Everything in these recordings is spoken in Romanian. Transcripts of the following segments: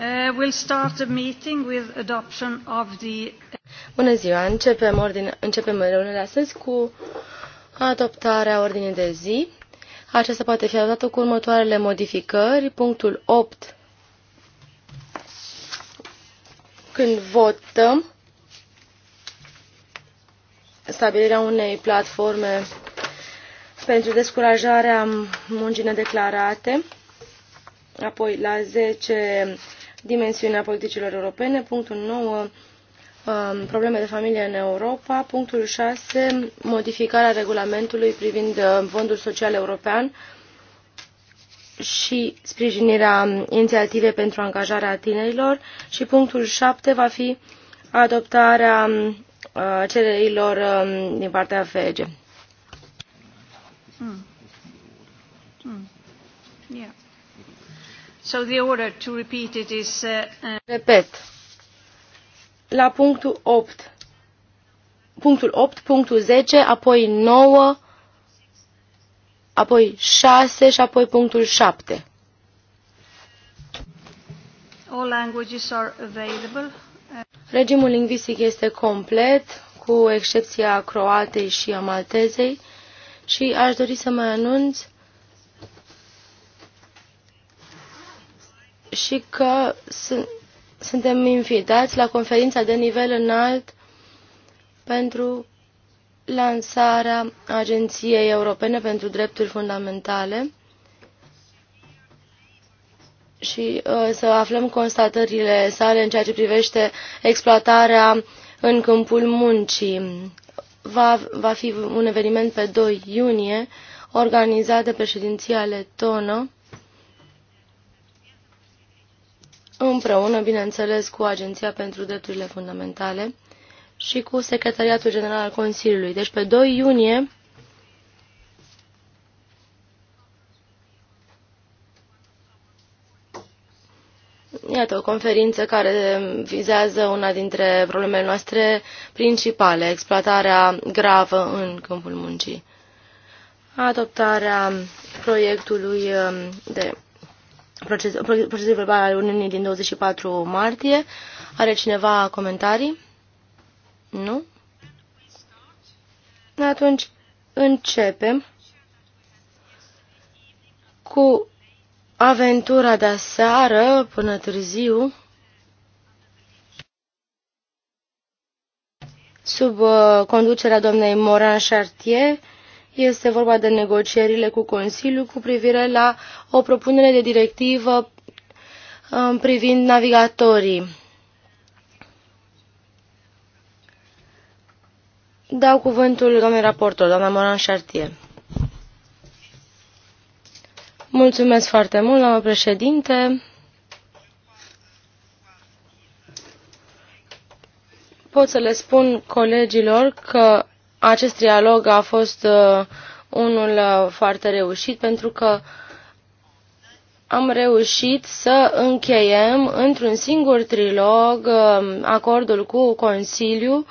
Uh, we'll start the meeting with adoption of the... Bună ziua! Începem, ordine, începem reuniunea astăzi cu adoptarea ordinii de zi. Aceasta poate fi adoptată cu următoarele modificări. Punctul 8. Când votăm stabilirea unei platforme pentru descurajarea muncii nedeclarate, apoi la 10 dimensiunea politicilor europene, punctul 9 um, probleme de familie în Europa, punctul 6 modificarea regulamentului privind uh, fondul social european și sprijinirea um, inițiativei pentru angajarea tinerilor și punctul 7 va fi adoptarea um, uh, cererilor din partea FEG. Mm. Mm. Yeah. So the order to repeat it is, uh, uh Repet. La punctul 8. Punctul 8, punctul 10, apoi 9, apoi 6 și apoi punctul 7. All languages are available. Regimul lingvistic este complet, cu excepția croatei și a maltezei, și aș dori să mai anunț și că suntem invitați la conferința de nivel înalt pentru lansarea Agenției Europene pentru Drepturi Fundamentale și uh, să aflăm constatările sale în ceea ce privește exploatarea în câmpul muncii. Va, va fi un eveniment pe 2 iunie organizat de președinția letonă împreună, bineînțeles, cu Agenția pentru Drepturile Fundamentale și cu Secretariatul General al Consiliului. Deci, pe 2 iunie Iată, o conferință care vizează una dintre problemele noastre principale, exploatarea gravă în câmpul muncii. Adoptarea proiectului um, de procesul proces verbal al Uniunii din 24 martie. Are cineva comentarii? Nu? Atunci începem cu aventura de seară până târziu sub uh, conducerea doamnei Moran Chartier este vorba de negocierile cu Consiliul cu privire la o propunere de directivă um, privind navigatorii. Dau cuvântul domnului raportor, doamna Moran Chartier. Mulțumesc foarte mult, doamnă președinte. Pot să le spun colegilor că acest trialog a fost uh, unul uh, foarte reușit pentru că am reușit să încheiem într-un singur trilog uh, acordul cu Consiliu,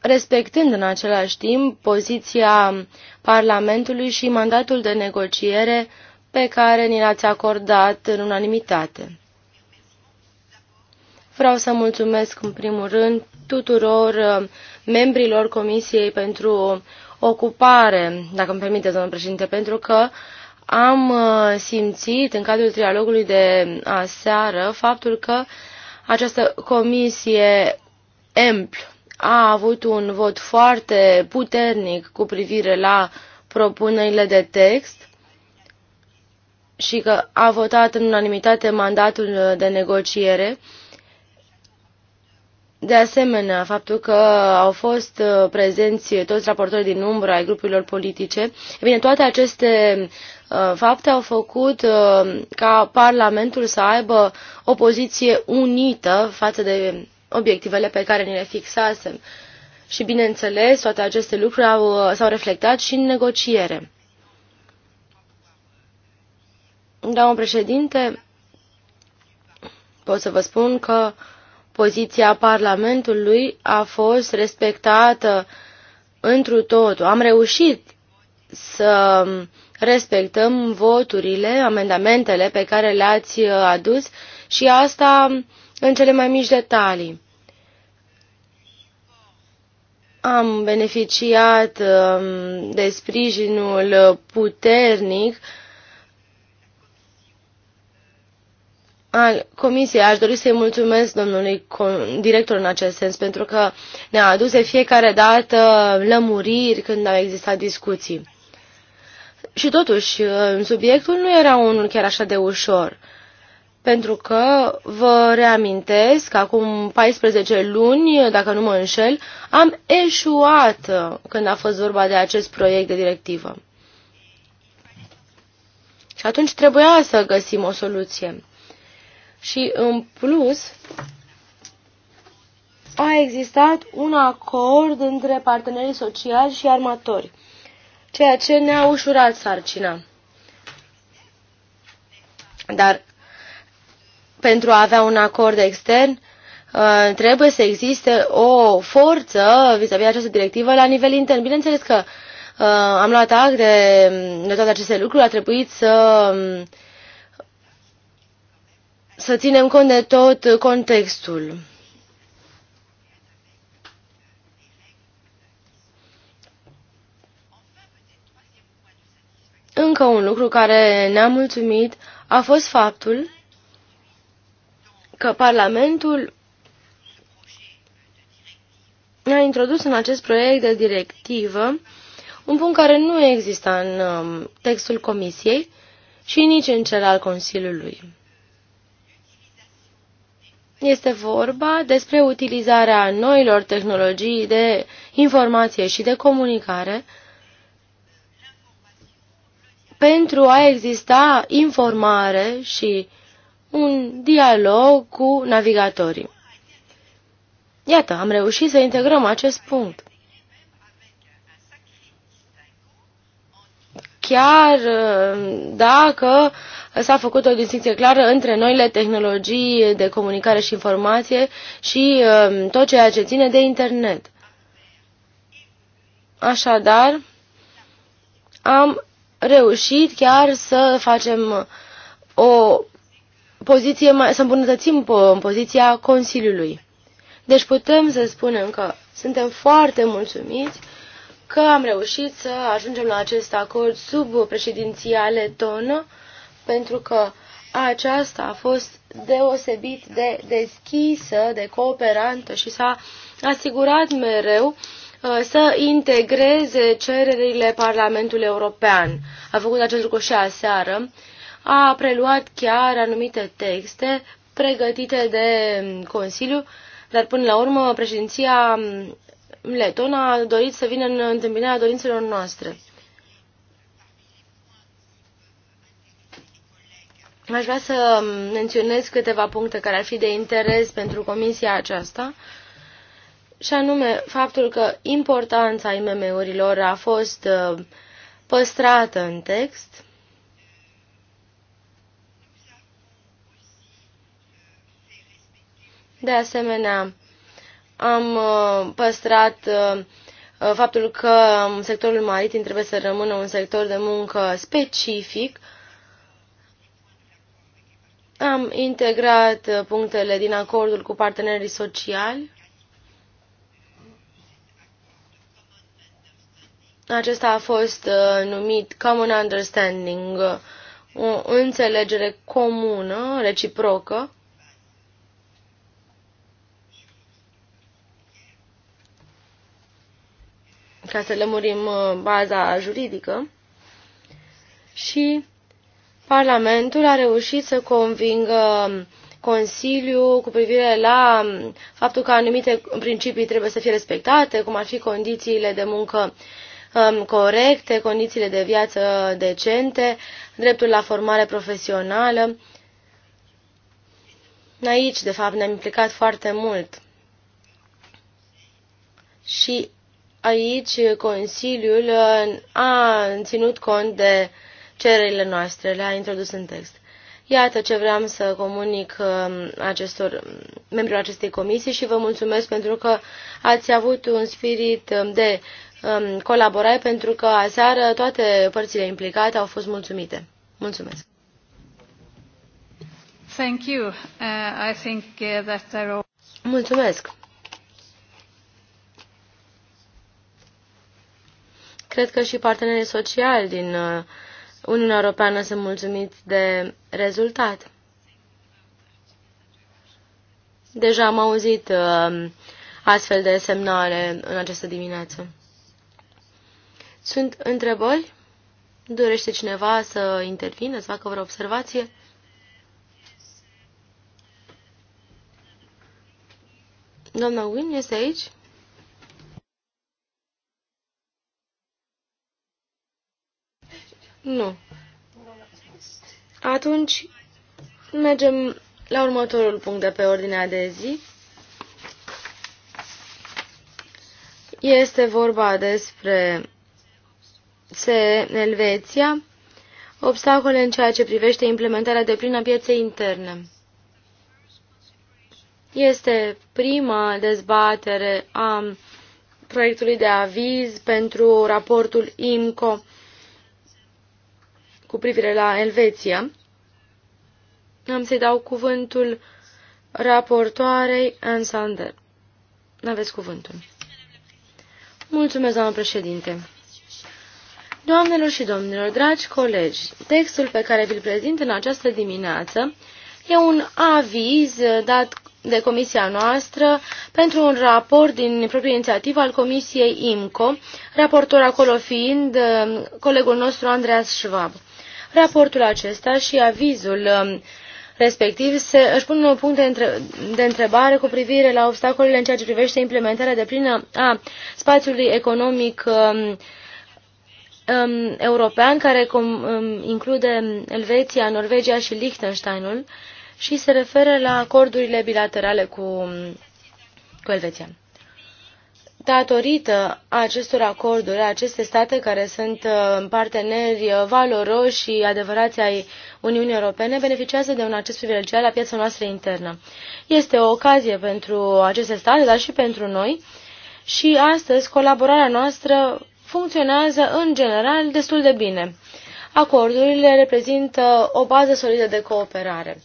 respectând în același timp poziția Parlamentului și mandatul de negociere pe care ni l-ați acordat în unanimitate. Vreau să mulțumesc în primul rând tuturor uh, membrilor Comisiei pentru Ocupare, dacă îmi permite, domnul președinte, pentru că am uh, simțit în cadrul trialogului de aseară faptul că această comisie EMPL a avut un vot foarte puternic cu privire la propunerile de text și că a votat în unanimitate mandatul de negociere de asemenea, faptul că au fost uh, prezenți toți raportorii din umbră ai grupurilor politice, e bine, toate aceste uh, fapte au făcut uh, ca Parlamentul să aibă o poziție unită față de obiectivele pe care ni le fixasem. Și, bineînțeles, toate aceste lucruri au, s-au reflectat și în negociere. Domnul președinte, pot să vă spun că Poziția Parlamentului a fost respectată întru totul. Am reușit să respectăm voturile, amendamentele pe care le-ați adus și asta în cele mai mici detalii. Am beneficiat um, de sprijinul puternic al Comisiei. Aș dori să-i mulțumesc domnului director în acest sens, pentru că ne-a adus de fiecare dată lămuriri când au existat discuții. Și totuși, uh, subiectul nu era unul chiar așa de ușor, pentru că vă reamintesc că acum 14 luni, dacă nu mă înșel, am eșuat uh, când a fost vorba de acest proiect de directivă. Și atunci trebuia să găsim o soluție. Și în plus, a existat un acord între partenerii sociali și armatori, ceea ce ne-a ușurat sarcina. Dar pentru a avea un acord extern, uh, trebuie să existe o forță vis-a-vis -vis această directivă la nivel intern. Bineînțeles că uh, am luat act de, de toate aceste lucruri, a trebuit să um, să ținem cont de tot contextul. Încă un lucru care ne-a mulțumit a fost faptul că Parlamentul a introdus în acest proiect de directivă un punct care nu exista în um, textul Comisiei și nici în cel al Consiliului. Este vorba despre utilizarea noilor tehnologii de informație și de comunicare pentru a exista informare și un dialog cu navigatorii. Iată, am reușit să integrăm acest punct. chiar uh, dacă s-a făcut o distinție clară între noile tehnologii de comunicare și informație și um, tot ceea ce ține de internet. Așadar, am reușit chiar să facem o poziție mai, să îmbunătățim uh, poziția Consiliului. Deci putem să spunem că suntem foarte mulțumiți că am reușit să ajungem la acest acord sub președinția letonă, pentru că aceasta a fost deosebit de deschisă, de cooperantă și s-a asigurat mereu uh, să integreze cererile Parlamentului European. A făcut acest lucru și aseară. A preluat chiar anumite texte pregătite de Consiliu, dar până la urmă președinția um, Letona a dorit să vină în întâmpinarea dorințelor noastre. Aș vrea să menționez câteva puncte care ar fi de interes pentru comisia aceasta, și anume faptul că importanța IMM-urilor a fost uh, păstrată în text, De asemenea, am uh, păstrat uh, uh, faptul că um, sectorul maritim trebuie să rămână un sector de muncă specific. Am integrat punctele din acordul cu partenerii sociali. Acesta a fost numit Common Understanding, o înțelegere comună, reciprocă, ca să lămurim uh, baza juridică și Parlamentul a reușit să convingă um, Consiliu cu privire la um, faptul că anumite principii trebuie să fie respectate, cum ar fi condițiile de muncă um, corecte, condițiile de viață decente, dreptul la formare profesională. Aici, de fapt, ne-am implicat foarte mult. Și Aici Consiliul uh, a ținut cont de cererile noastre, le-a introdus în text. Iată ce vreau să comunic um, acestor um, membrilor acestei comisii și vă mulțumesc pentru că ați avut un spirit um, de colaborare pentru că aseară toate părțile implicate au fost mulțumite. Mulțumesc. Thank you. Uh, I think uh, that all... Mulțumesc. Cred că și partenerii sociali din uh, Uniunea Europeană sunt mulțumiți de rezultat. Deja am auzit uh, astfel de semnale în această dimineață. Sunt întrebări? Dorește cineva să intervină, să facă vreo observație? Doamna Win este aici? Nu. Atunci, mergem la următorul punct de pe ordinea de zi. Este vorba despre se Elveția, obstacole în ceea ce privește implementarea de plină pieței interne. Este prima dezbatere a proiectului de aviz pentru raportul IMCO cu privire la Elveția. Am să-i dau cuvântul raportoarei Ann Sander. N-aveți cuvântul. Mulțumesc, doamnă președinte. Doamnelor și domnilor, dragi colegi, textul pe care vi-l prezint în această dimineață e un aviz dat de comisia noastră pentru un raport din proprie inițiativă al comisiei IMCO, raportor acolo fiind uh, colegul nostru Andreas Schwab. Raportul acesta și avizul um, respectiv se, își pun punct de, între, de întrebare cu privire la obstacolele în ceea ce privește implementarea de plină a spațiului economic um, um, european, care com, um, include Elveția, Norvegia și Liechtensteinul și se referă la acordurile bilaterale cu, um, cu Elveția. Datorită acestor acorduri, aceste state care sunt uh, parteneri uh, valoroși și adevărați ai Uniunii Europene beneficiază de un acces privilegiat la piața noastră internă. Este o ocazie pentru aceste state, dar și pentru noi și astăzi colaborarea noastră funcționează în general destul de bine. Acordurile reprezintă o bază solidă de cooperare.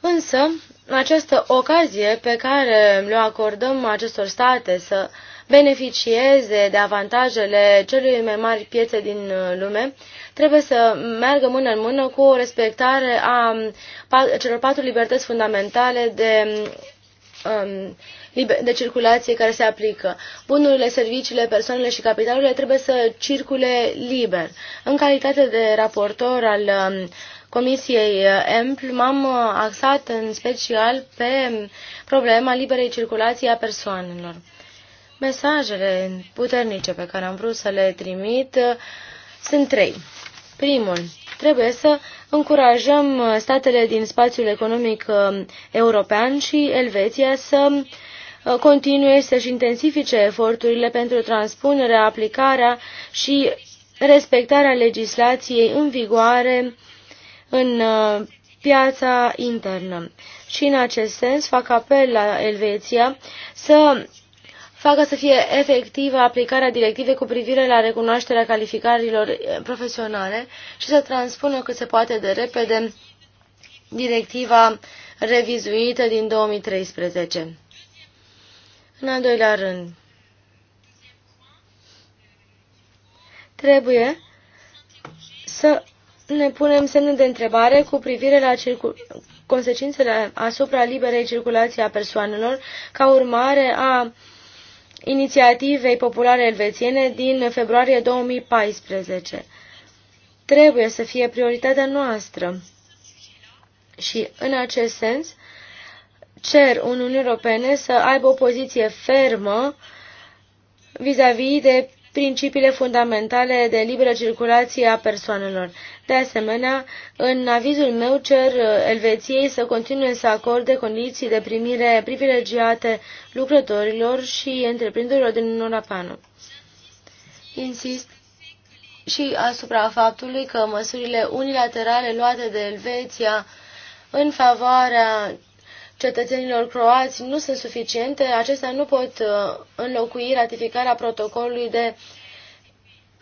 Însă, această ocazie pe care le acordăm acestor state să beneficieze de avantajele celui mai mari piețe din uh, lume, trebuie să meargă mână în mână cu o respectare a celor patru libertăți fundamentale de, um, de circulație care se aplică. Bunurile, serviciile, persoanele și capitalurile trebuie să circule liber. În calitate de raportor al um, Comisiei EMPL eh, m-am eh, axat în special pe problema liberei circulații a persoanelor. Mesajele puternice pe care am vrut să le trimit eh, sunt trei. Primul, trebuie să încurajăm statele din spațiul economic european și Elveția să continue să-și intensifice eforturile pentru transpunerea, aplicarea și respectarea legislației în vigoare în uh, piața internă. Și în acest sens fac apel la Elveția să facă să fie efectivă aplicarea directivei cu privire la recunoașterea calificărilor uh, profesionale și să transpună cât se poate de repede directiva revizuită din 2013. În al doilea rând, trebuie să ne punem semne de întrebare cu privire la consecințele asupra liberei circulații a persoanelor ca urmare a inițiativei populare elvețiene din februarie 2014. Trebuie să fie prioritatea noastră și, în acest sens, cer Uniunii Europene să aibă o poziție fermă vis-a-vis -vis de principiile fundamentale de liberă circulație a persoanelor. De asemenea, în avizul meu cer uh, Elveției să continue să acorde condiții de primire privilegiate lucrătorilor și întreprinderilor din Norapanu. Insist și asupra faptului că măsurile unilaterale luate de Elveția în favoarea cetățenilor croați nu sunt suficiente, acestea nu pot uh, înlocui ratificarea protocolului de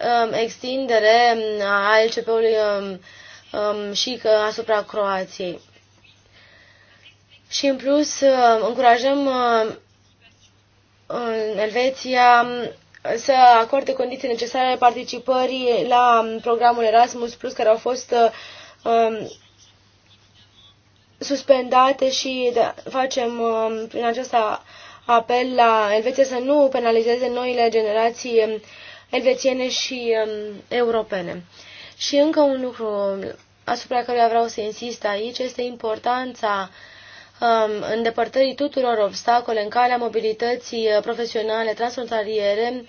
Um, extindere a LCP-ului um, um, și asupra Croației. Și în plus încurajăm Elveția să acorde condiții necesare participării la programul Erasmus Plus care au fost uh, suspendate și da, facem prin acesta apel la Elveția să nu penalizeze noile generații elvețiene și um, europene. Și încă un lucru asupra căruia vreau să insist aici este importanța um, îndepărtării tuturor obstacole în calea mobilității uh, profesionale transfrontaliere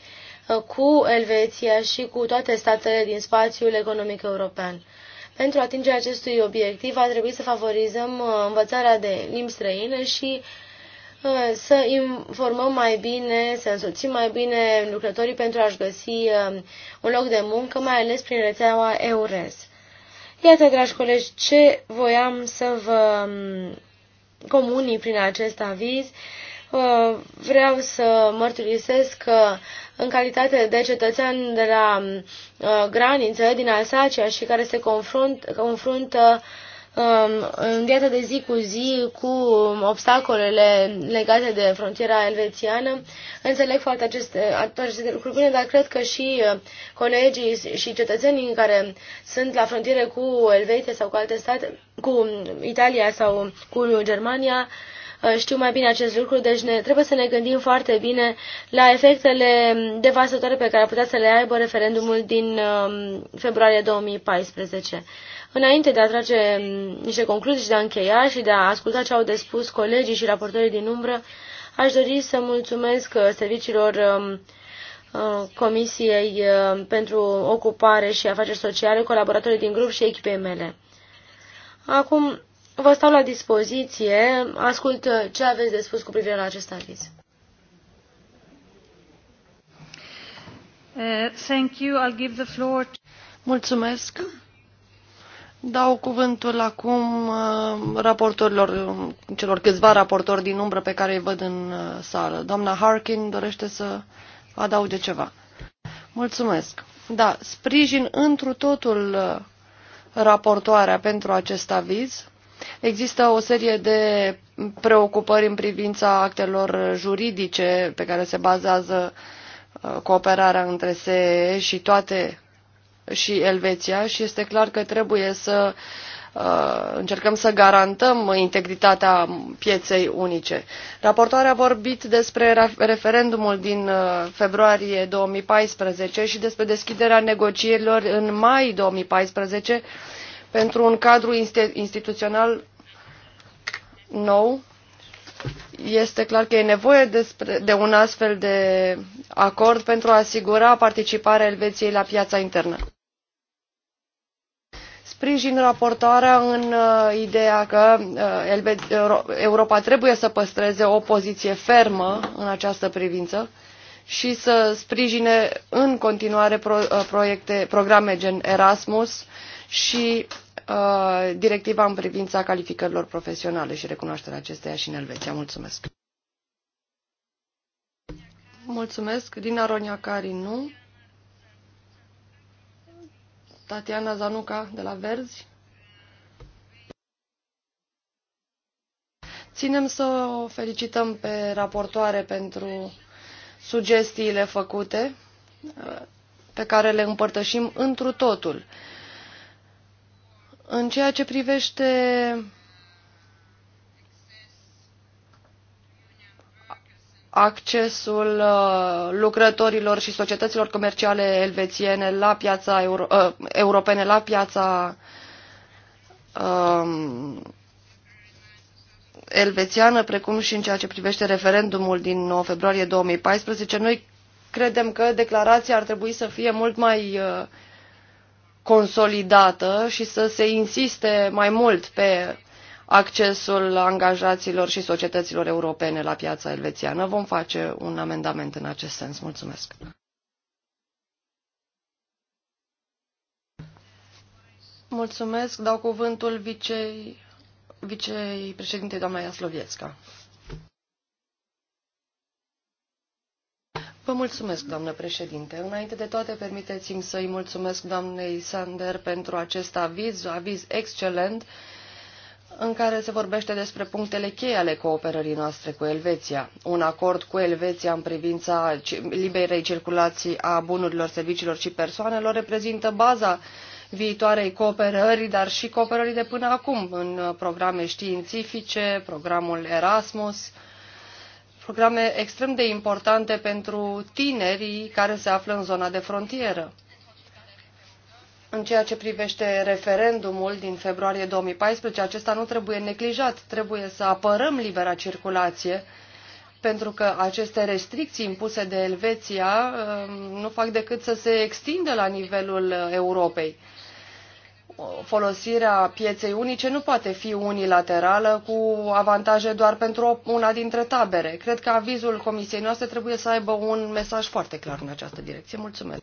uh, cu Elveția și cu toate statele din spațiul economic european. Pentru atingerea acestui obiectiv, a trebuit să favorizăm uh, învățarea de limbi străine și uh, Eh, să informăm mai bine, să însoțim mai bine lucrătorii pentru a-și găsi eh, un loc de muncă, mai ales prin rețeaua EURES. Iată, dragi colegi, ce voiam să vă mm, comunic prin acest aviz. Eh, vreau să mărturisesc că în calitate de cetățean de la mm, graniță din Alsacia și care se confrunt, confruntă Um, în viața de zi cu zi cu obstacolele legate de frontiera elvețiană. Înțeleg foarte aceste, aceste lucruri bine, dar cred că și uh, colegii și cetățenii care sunt la frontiere cu Elveția sau cu alte state, cu Italia sau cu Germania, uh, știu mai bine acest lucru, deci ne, trebuie să ne gândim foarte bine la efectele devastatoare pe care putea să le aibă referendumul din um, februarie 2014. Înainte de a trage mm, niște concluzii și de a încheia și de a asculta ce au de spus colegii și raportorii din umbră, aș dori să mulțumesc uh, serviciilor um, uh, Comisiei uh, pentru Ocupare și Afaceri Sociale, colaboratorii din grup și echipei mele. Acum vă stau la dispoziție, ascult ce aveți de spus cu privire la acest aviz. Thank you. I'll give the floor to... Mulțumesc. Dau cuvântul acum uh, raportorilor, celor câțiva raportori din umbră pe care îi văd în uh, sală. Doamna Harkin dorește să adauge ceva. Mulțumesc. Da, sprijin întru totul uh, raportoarea pentru acest aviz. Există o serie de preocupări în privința actelor juridice pe care se bazează cooperarea între SE și toate și Elveția și este clar că trebuie să uh, încercăm să garantăm integritatea pieței unice. Raportoarea a vorbit despre referendumul din uh, februarie 2014 și despre deschiderea negocierilor în mai 2014 pentru un cadru instituțional nou este clar că e nevoie de un astfel de acord pentru a asigura participarea Elveției la piața internă. Sprijin raportoarea în uh, ideea că uh, Euro Europa trebuie să păstreze o poziție fermă în această privință și să sprijine în continuare pro, uh, proiecte, programe gen Erasmus și Uh, directiva în privința calificărilor profesionale și recunoașterea acesteia și în Elveția. Mulțumesc! Mulțumesc! Dina Cari, nu. Tatiana Zanuca de la Verzi. Ținem să o felicităm pe raportoare pentru sugestiile făcute, uh, pe care le împărtășim întru totul. În ceea ce privește accesul uh, lucrătorilor și societăților comerciale elvețiene la piața euro, uh, europene, la piața um, elvețiană, precum și în ceea ce privește referendumul din 9 februarie 2014. Noi credem că declarația ar trebui să fie mult mai uh, consolidată și să se insiste mai mult pe accesul angajaților și societăților europene la piața elvețiană. Vom face un amendament în acest sens. Mulțumesc. Mulțumesc. Dau cuvântul vicei, vicepreședintei doamna Iasloviețca. Vă mulțumesc, doamnă președinte. Înainte de toate, permiteți-mi să-i mulțumesc doamnei Sander pentru acest aviz, aviz excelent, în care se vorbește despre punctele cheie ale cooperării noastre cu Elveția. Un acord cu Elveția în privința liberei circulații a bunurilor, serviciilor și persoanelor reprezintă baza viitoarei cooperări, dar și cooperării de până acum în programe științifice, programul Erasmus, programe extrem de importante pentru tinerii care se află în zona de frontieră. În ceea ce privește referendumul din februarie 2014, acesta nu trebuie neglijat. Trebuie să apărăm libera circulație, pentru că aceste restricții impuse de Elveția um, nu fac decât să se extindă la nivelul Europei folosirea pieței unice nu poate fi unilaterală cu avantaje doar pentru una dintre tabere. Cred că avizul comisiei noastre trebuie să aibă un mesaj foarte clar în această direcție. Mulțumesc.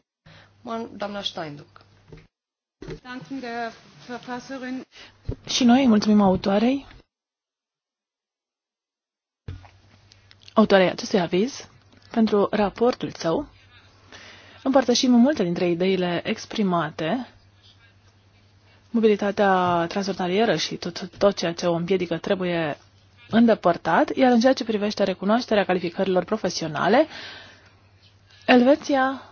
Doamna Steinduc. Și noi mulțumim autoarei. Autoarei acestui aviz pentru raportul său. Împărtășim multe dintre ideile exprimate mobilitatea transfrontalieră și tot, tot ceea ce o împiedică trebuie îndepărtat, iar în ceea ce privește recunoașterea calificărilor profesionale, Elveția,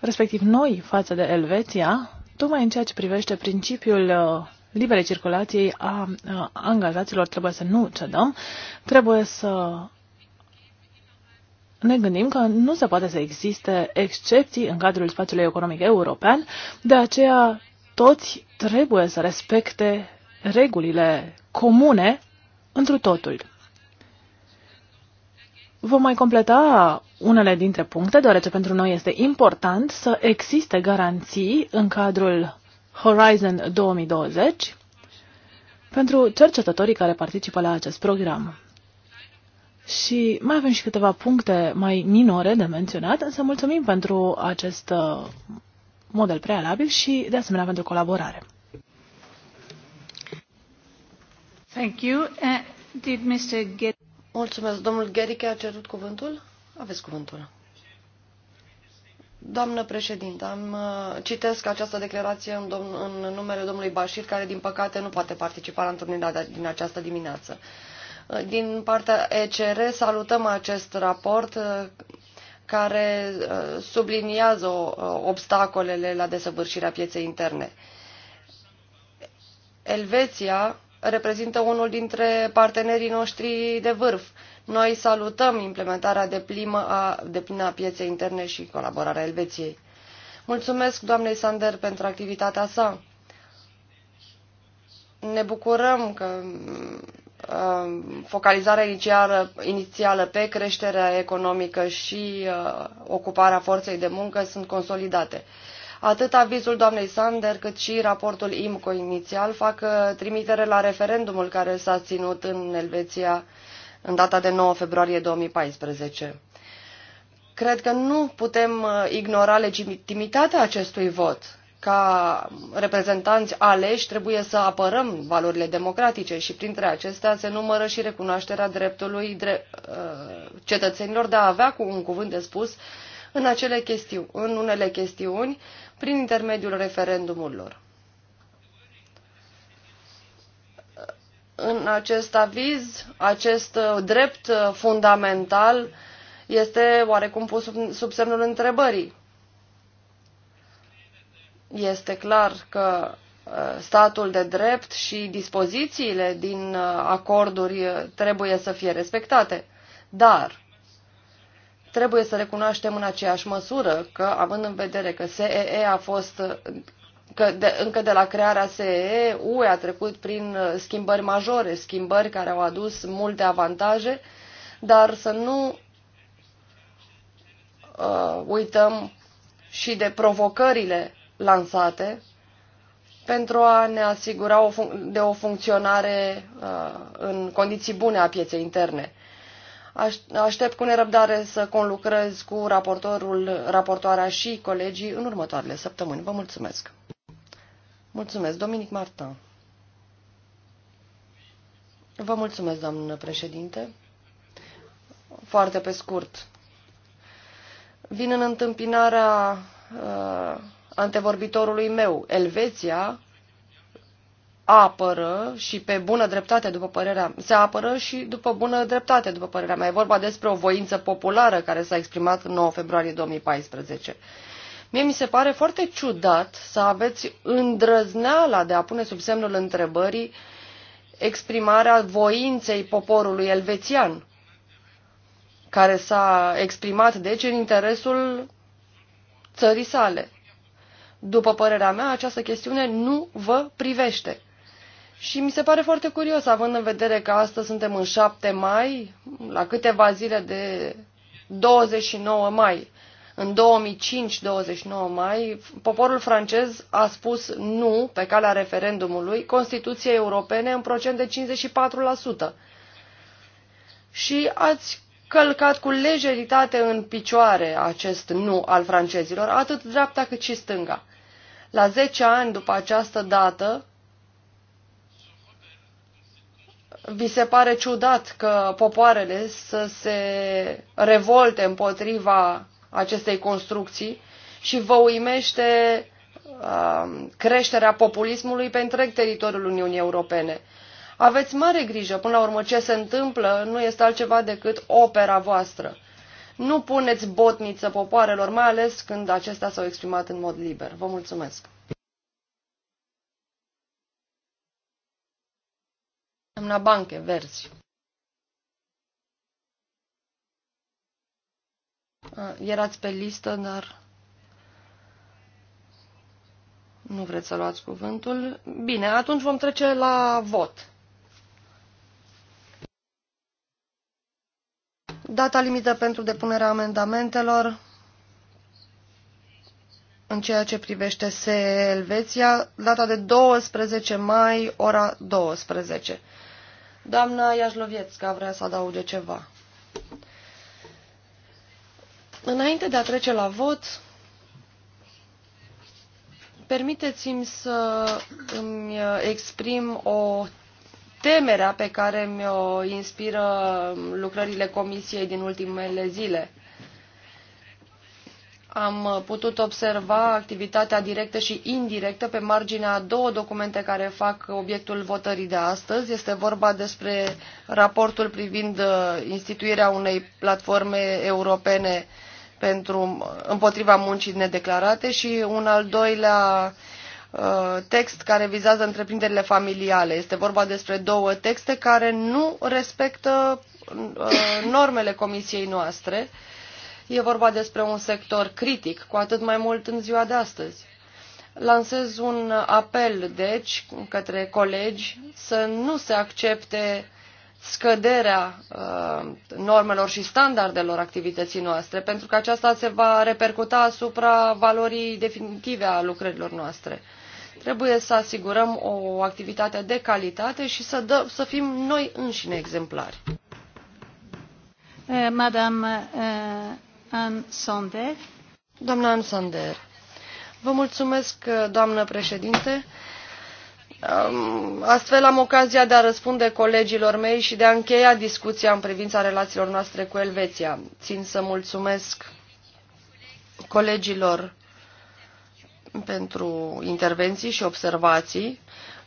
respectiv noi față de Elveția, tocmai în ceea ce privește principiul uh, liberei circulației a uh, angajaților, trebuie să nu cedăm, trebuie să ne gândim că nu se poate să existe excepții în cadrul spațiului economic european, de aceea toți trebuie să respecte regulile comune întru totul. Vom mai completa unele dintre puncte, deoarece pentru noi este important să existe garanții în cadrul Horizon 2020 pentru cercetătorii care participă la acest program. Și mai avem și câteva puncte mai minore de menționat, însă mulțumim pentru acest uh, model prealabil și, de asemenea, pentru colaborare. Thank you. Uh, did Mr. Get... Mulțumesc. Domnul Gheriche a cerut cuvântul? Aveți cuvântul. Doamnă președinte, am, uh, citesc această declarație în, domn, în numele domnului Bașir, care din păcate nu poate participa la întâlnirea din această dimineață. Uh, din partea ECR salutăm acest raport uh, care uh, subliniază uh, obstacolele la desăvârșirea pieței interne. Elveția reprezintă unul dintre partenerii noștri de vârf. Noi salutăm implementarea de, plină a, de plină a pieței interne și colaborarea Elveției. Mulțumesc doamnei Sander pentru activitatea sa. Ne bucurăm că Um, focalizarea inițială, inițială pe creșterea economică și uh, ocuparea forței de muncă sunt consolidate. Atât avizul doamnei Sander cât și raportul IMCO inițial fac uh, trimitere la referendumul care s-a ținut în Elveția în data de 9 februarie 2014. Cred că nu putem uh, ignora legitimitatea acestui vot ca reprezentanți aleși trebuie să apărăm valorile democratice și printre acestea se numără și recunoașterea dreptului dre- uh, cetățenilor de a avea cu un cuvânt de spus în, acele chestiuni, în unele chestiuni prin intermediul referendumurilor. În acest aviz, acest uh, drept uh, fundamental este oarecum pus sub, sub semnul întrebării este clar că uh, statul de drept și dispozițiile din uh, acorduri uh, trebuie să fie respectate, dar trebuie să recunoaștem în aceeași măsură că, având în vedere că SEE a fost, că de, încă de la crearea SEE, UE a trecut prin schimbări majore, schimbări care au adus multe avantaje, dar să nu uh, uităm și de provocările lansate pentru a ne asigura o de o funcționare uh, în condiții bune a pieței interne. Aș aștept cu nerăbdare să conlucrez cu raportorul, raportoarea și colegii în următoarele săptămâni. Vă mulțumesc! Mulțumesc, Dominic Marta. Vă mulțumesc, doamnă președinte. Foarte pe scurt. Vin în întâmpinarea uh, antevorbitorului meu. Elveția apără și pe bună dreptate, după părerea se apără și după bună dreptate, după părerea mea. E vorba despre o voință populară care s-a exprimat în 9 februarie 2014. Mie mi se pare foarte ciudat să aveți îndrăzneala de a pune sub semnul întrebării exprimarea voinței poporului elvețian, care s-a exprimat, deci, în interesul țării sale. După părerea mea, această chestiune nu vă privește. Și mi se pare foarte curios, având în vedere că astăzi suntem în 7 mai, la câteva zile de 29 mai. În 2005-29 mai, poporul francez a spus nu, pe calea referendumului, Constituției Europene în procent de 54%. Și ați călcat cu lejeritate în picioare acest nu al francezilor, atât dreapta cât și stânga la 10 ani după această dată, vi se pare ciudat că popoarele să se revolte împotriva acestei construcții și vă uimește uh, creșterea populismului pe întreg teritoriul Uniunii Europene. Aveți mare grijă, până la urmă ce se întâmplă nu este altceva decât opera voastră. Nu puneți botniță popoarelor, mai ales când acestea s-au exprimat în mod liber. Vă mulțumesc! Semna Banche, verzi. Erați pe listă, dar nu vreți să luați cuvântul. Bine, atunci vom trece la vot. Data limită pentru depunerea amendamentelor în ceea ce privește SE Elveția, data de 12 mai, ora 12. Doamna Iașlovietska vrea să adauge ceva. Înainte de a trece la vot, permiteți-mi să îmi exprim o temerea pe care mi-o inspiră lucrările comisiei din ultimele zile. Am putut observa activitatea directă și indirectă pe marginea a două documente care fac obiectul votării de astăzi. Este vorba despre raportul privind uh, instituirea unei platforme europene pentru, împotriva muncii nedeclarate și un al doilea Uh, text care vizează întreprinderile familiale. Este vorba despre două texte care nu respectă uh, normele comisiei noastre. E vorba despre un sector critic, cu atât mai mult în ziua de astăzi. Lansez un apel, deci, către colegi să nu se accepte scăderea uh, normelor și standardelor activității noastre, pentru că aceasta se va repercuta asupra valorii definitive a lucrărilor noastre. Trebuie să asigurăm o activitate de calitate și să, dă, să fim noi înșine exemplari. Eh, Madame eh, Ansander. Doamna Ansander, vă mulțumesc, eh, doamnă președinte. Astfel am ocazia de a răspunde colegilor mei și de a încheia discuția în privința relațiilor noastre cu Elveția. Țin să mulțumesc colegilor pentru intervenții și observații.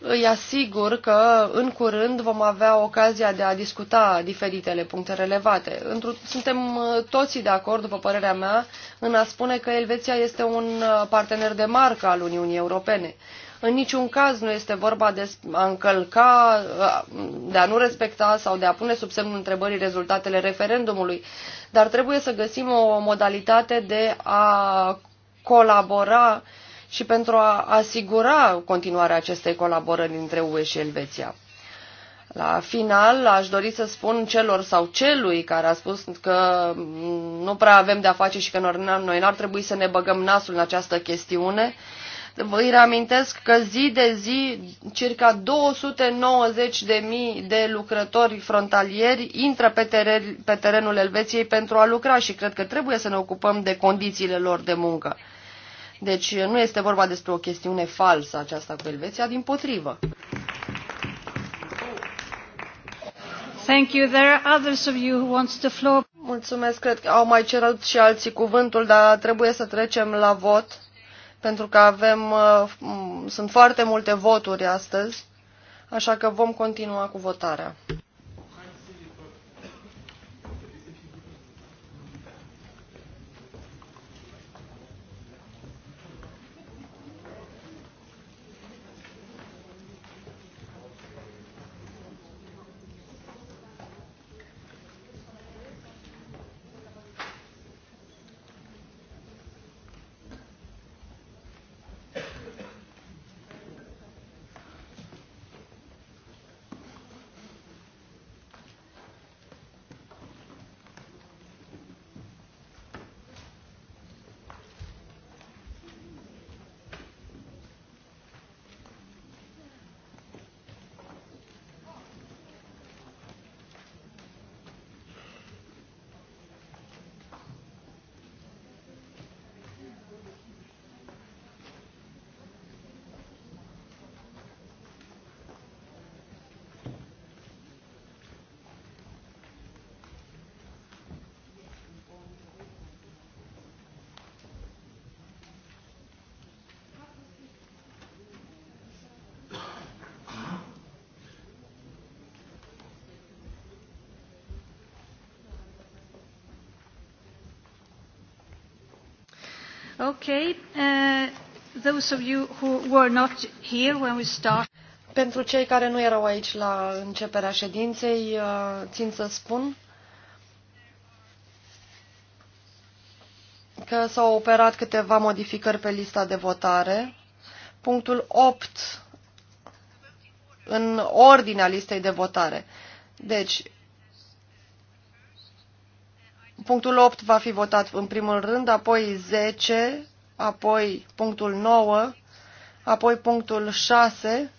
Îi asigur că în curând vom avea ocazia de a discuta diferitele puncte relevate. Suntem uh, toți de acord, după părerea mea, în a spune că Elveția este un uh, partener de marcă al Uniunii Europene. În niciun caz nu este vorba de a încălca, uh, de a nu respecta sau de a pune sub semnul întrebării rezultatele referendumului, dar trebuie să găsim o modalitate de a colabora și pentru a asigura continuarea acestei colaborări între UE și Elveția. La final, aș dori să spun celor sau celui care a spus că nu prea avem de-a face și că noi n-ar trebui să ne băgăm nasul în această chestiune, îi reamintesc că zi de zi circa 290 de mii de lucrători frontalieri intră pe, teren, pe terenul Elveției pentru a lucra și cred că trebuie să ne ocupăm de condițiile lor de muncă. Deci nu este vorba despre o chestiune falsă aceasta cu Elveția, din potrivă. Thank you. There are others of you who wants the floor. Mulțumesc. Cred că au mai cerut și alții cuvântul, dar trebuie să trecem la vot, pentru că avem, uh, sunt foarte multe voturi astăzi, așa că vom continua cu votarea. Pentru cei care nu erau aici la începerea ședinței, uh, țin să spun că s-au operat câteva modificări pe lista de votare. Punctul 8 în ordinea listei de votare. Deci, punctul 8 va fi votat în primul rând, apoi 10, apoi punctul 9, apoi punctul 6,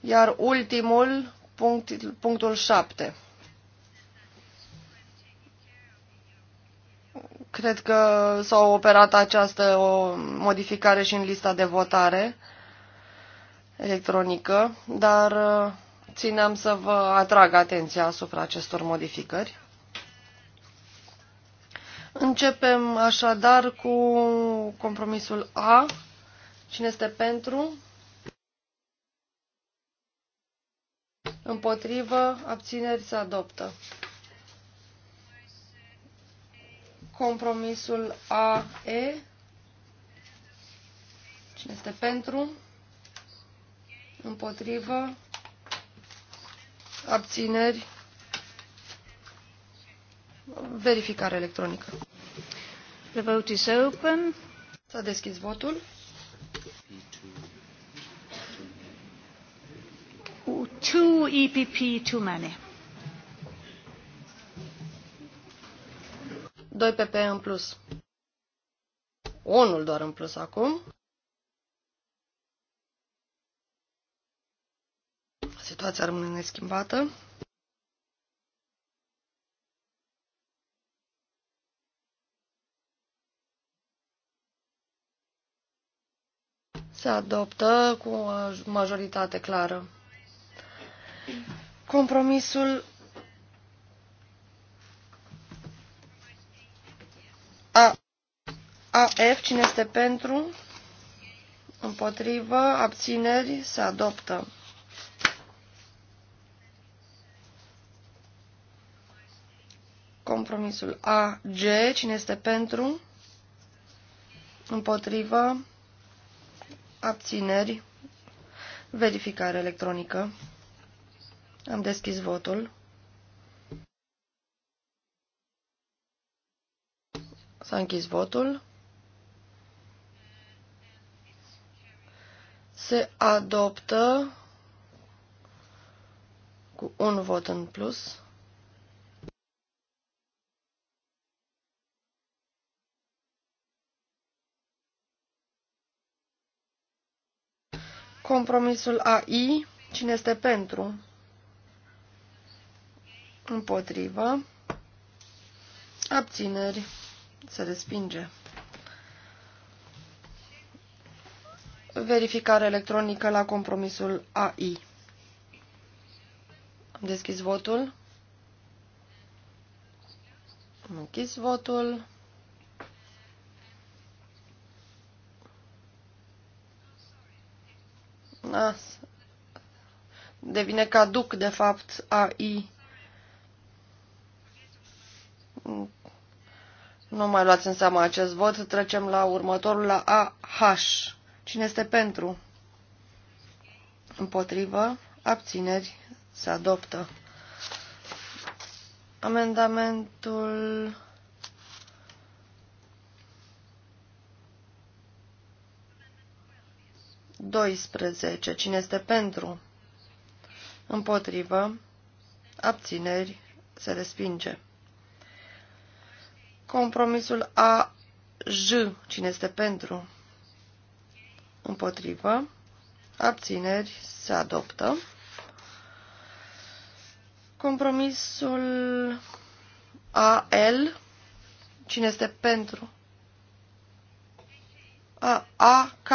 iar ultimul, punct, punctul 7. Cred că s-a operat această o modificare și în lista de votare electronică, dar uh, țineam să vă atrag atenția asupra acestor modificări. Începem așadar cu compromisul A. Cine este pentru? Împotrivă, abțineri se adoptă. Compromisul AE. Cine este pentru? Împotrivă, abțineri Verificare electronică. The vote is open. S-a deschis votul. Two EPP too many. Doi PP în plus. Unul doar în plus acum. Situația rămâne neschimbată. Se adoptă cu o majoritate clară. Compromisul A. AF, cine este pentru, împotrivă, abțineri, se adoptă. Compromisul AG, cine este pentru, împotrivă, abțineri, verificare electronică. Am deschis votul. S-a închis votul. Se adoptă cu un vot în plus. Compromisul AI, cine este pentru? Împotrivă. Abțineri. Se respinge. Verificare electronică la compromisul AI. Am deschis votul. Am închis votul. nas devine caduc, de fapt, AI. Nu mai luați în seama acest vot. Trecem la următorul, la AH. Cine este pentru? Împotrivă. Abțineri. Se adoptă. Amendamentul 12. Cine este pentru? Împotrivă. Abțineri. Se respinge. Compromisul A. J. Cine este pentru? Împotrivă. Abțineri. Se adoptă. Compromisul A. L. Cine este pentru? A. A. K.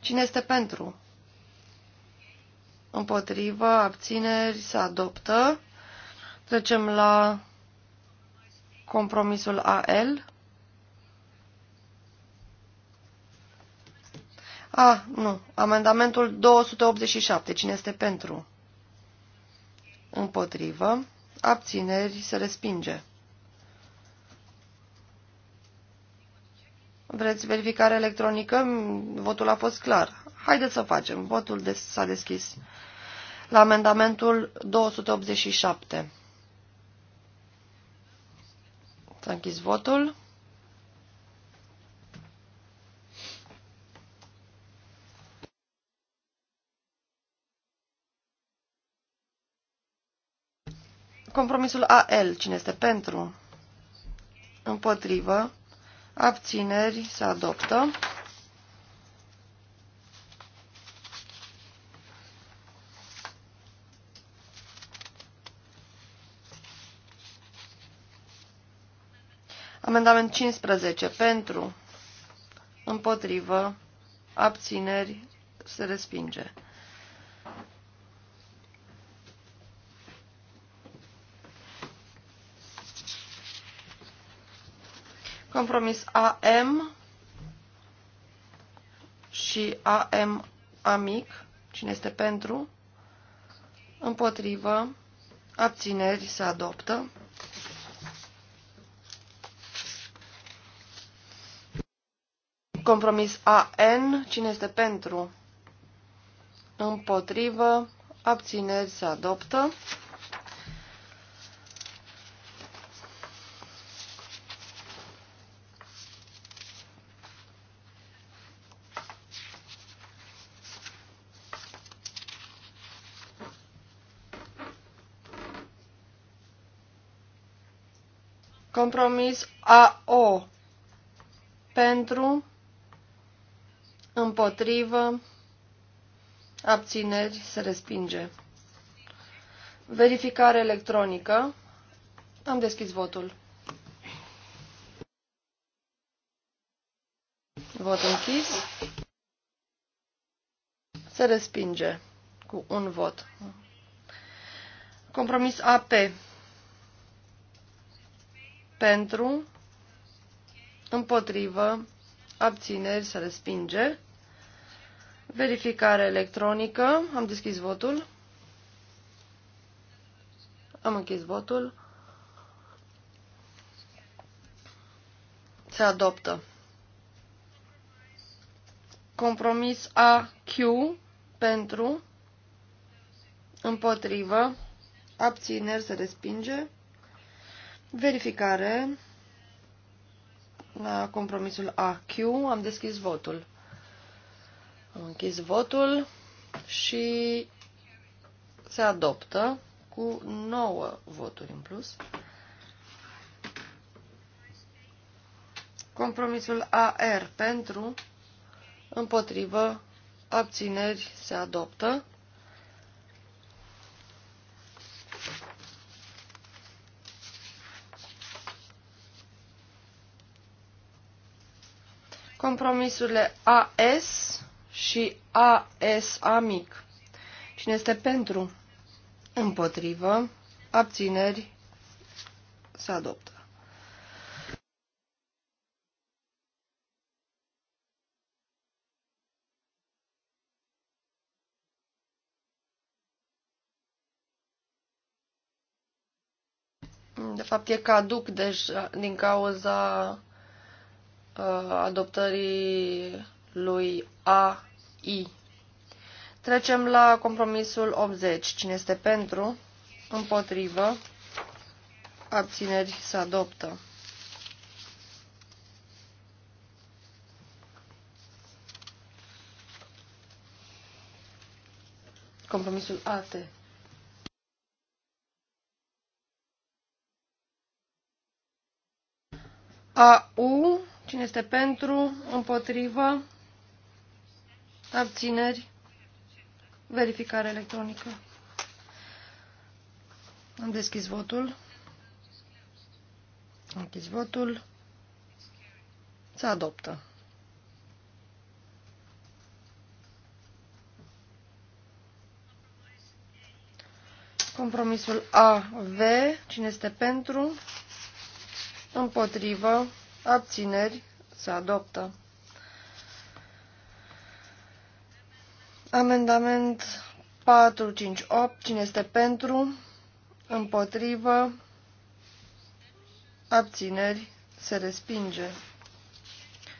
Cine este pentru? Împotrivă, abțineri, se adoptă. Trecem la compromisul AL. A, nu. Amendamentul 287. Cine este pentru? Împotrivă. Abțineri se respinge. Vreți verificare electronică? Votul a fost clar. Haideți să facem. Votul s-a deschis. La amendamentul 287. S-a închis votul. Compromisul AL. Cine este pentru? Împotrivă abțineri, se adoptă. Amendament 15. Pentru, împotrivă, abțineri, se respinge. Compromis AM și AM amic, cine este pentru, împotrivă, abțineri se adoptă. Compromis AN, cine este pentru, împotrivă, abțineri se adoptă. Compromis AO pentru, împotrivă, abțineri, se respinge. Verificare electronică. Am deschis votul. Vot închis. Se respinge cu un vot. Compromis AP pentru, împotrivă, abțineri, se respinge. Verificare electronică, am deschis votul. Am închis votul. Se adoptă. Compromis AQ pentru, împotrivă, abțineri se respinge. Verificare la compromisul AQ. Am deschis votul. Am închis votul și se adoptă cu 9 voturi în plus. Compromisul AR pentru, împotrivă, abțineri se adoptă. compromisurile AS și AS-amic Cine este pentru? Împotrivă. Abțineri. Se adoptă. De fapt, e caduc deja din cauza Uh, adoptării lui AI. Trecem la compromisul 80. Cine este pentru? Împotrivă? Abțineri se adoptă. Compromisul AT. AU Cine este pentru? Împotrivă? Abțineri? Verificare electronică. Am deschis votul. Am deschis votul. Se adoptă. Compromisul AV. Cine este pentru? Împotrivă abțineri, se adoptă. Amendament 458. Cine este pentru? Împotrivă? Abțineri? Se respinge.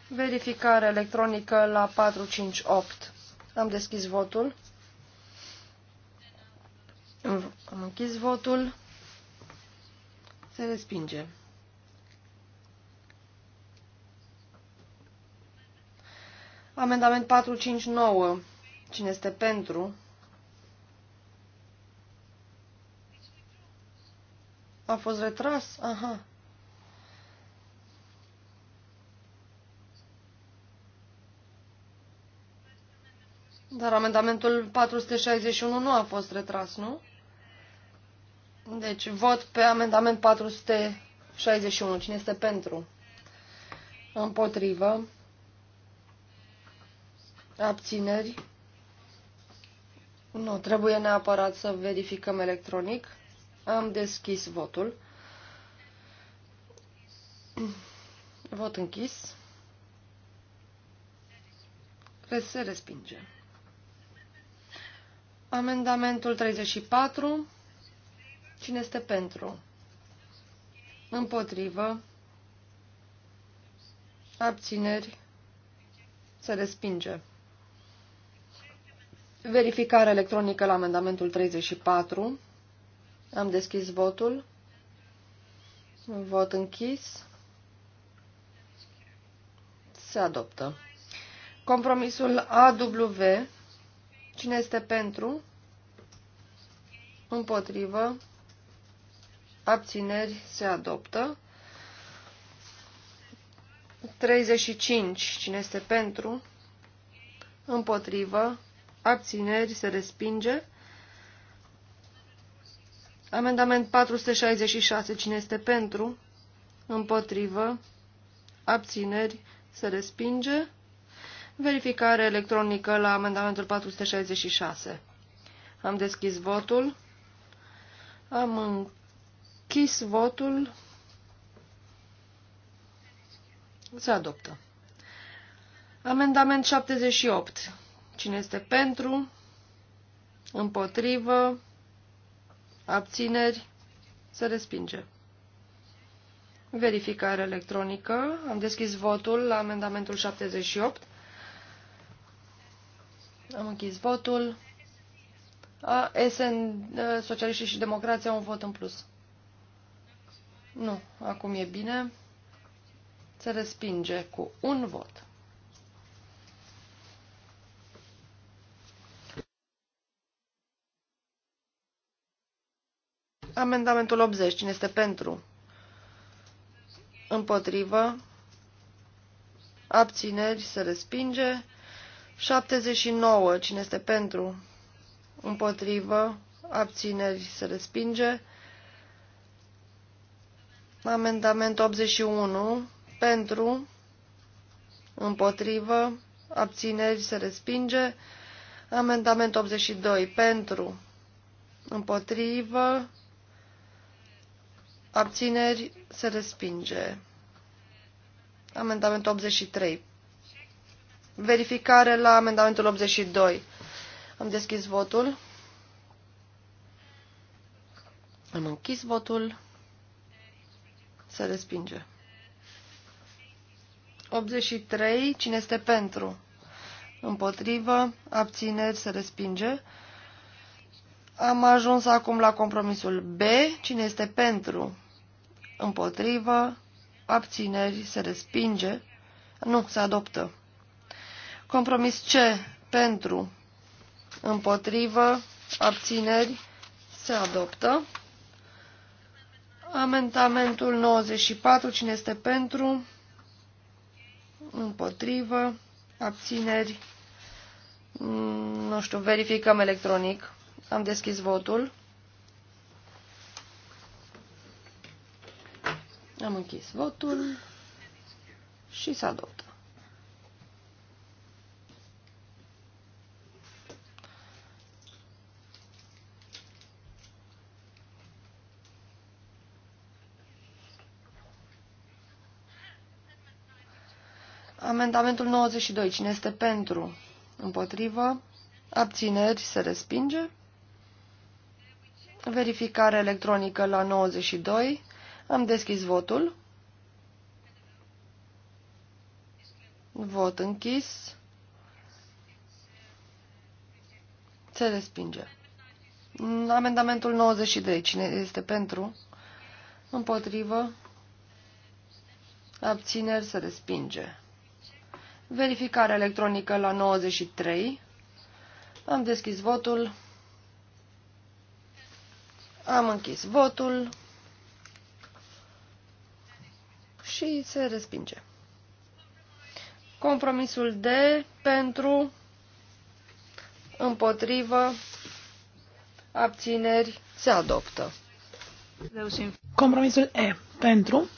Verificare electronică la 458. Am deschis votul. Am închis votul. Se respinge. Amendament 459. Cine este pentru? A fost retras? Aha. Dar amendamentul 461 nu a fost retras, nu? Deci, vot pe amendament 461. Cine este pentru? Împotrivă. Abțineri. Nu, trebuie neapărat să verificăm electronic. Am deschis votul. Vot închis. Se respinge. Amendamentul 34. Cine este pentru? Împotrivă. Abțineri. Se respinge. Verificare electronică la amendamentul 34. Am deschis votul. Vot închis. Se adoptă. Compromisul AW. Cine este pentru? Împotrivă. Abțineri se adoptă. 35. Cine este pentru? Împotrivă abțineri, se respinge. Amendament 466. Cine este pentru? Împotrivă. Abțineri. Se respinge. Verificare electronică la amendamentul 466. Am deschis votul. Am închis votul. Se adoptă. Amendament 78. Cine este pentru? Împotrivă? Abțineri? Se respinge. Verificare electronică. Am deschis votul la amendamentul 78. Am închis votul. A, SN, uh, Socialiștii și Democrația, un vot în plus. Nu, acum e bine. Se respinge cu un vot. Amendamentul 80. Cine este pentru? Împotrivă. Abțineri. Se respinge. 79. Cine este pentru? Împotrivă. Abțineri. Se respinge. Amendament 81. Pentru. Împotrivă. Abțineri. Se respinge. Amendament 82. Pentru. Împotrivă. Abțineri se respinge. Amendamentul 83. Verificare la amendamentul 82. Am deschis votul. Am închis votul. Se respinge. 83. Cine este pentru? Împotrivă. Abțineri se respinge. Am ajuns acum la compromisul B. Cine este pentru? Împotrivă. Abțineri. Se respinge. Nu, se adoptă. Compromis C. Pentru. Împotrivă. Abțineri. Se adoptă. Amendamentul 94. Cine este pentru? Împotrivă. Abțineri. Nu știu, verificăm electronic. Am deschis votul. Am închis votul și se adoptă. Amendamentul 92. Cine este pentru? Împotrivă? Abțineri? Se respinge? Verificare electronică la 92. Am deschis votul. Vot închis. Se respinge. Amendamentul 93. Cine este pentru? Împotrivă. Abțineri se respinge. Verificare electronică la 93. Am deschis votul. Am închis votul și se respinge. Compromisul D pentru, împotrivă, abțineri, se adoptă. Compromisul E pentru,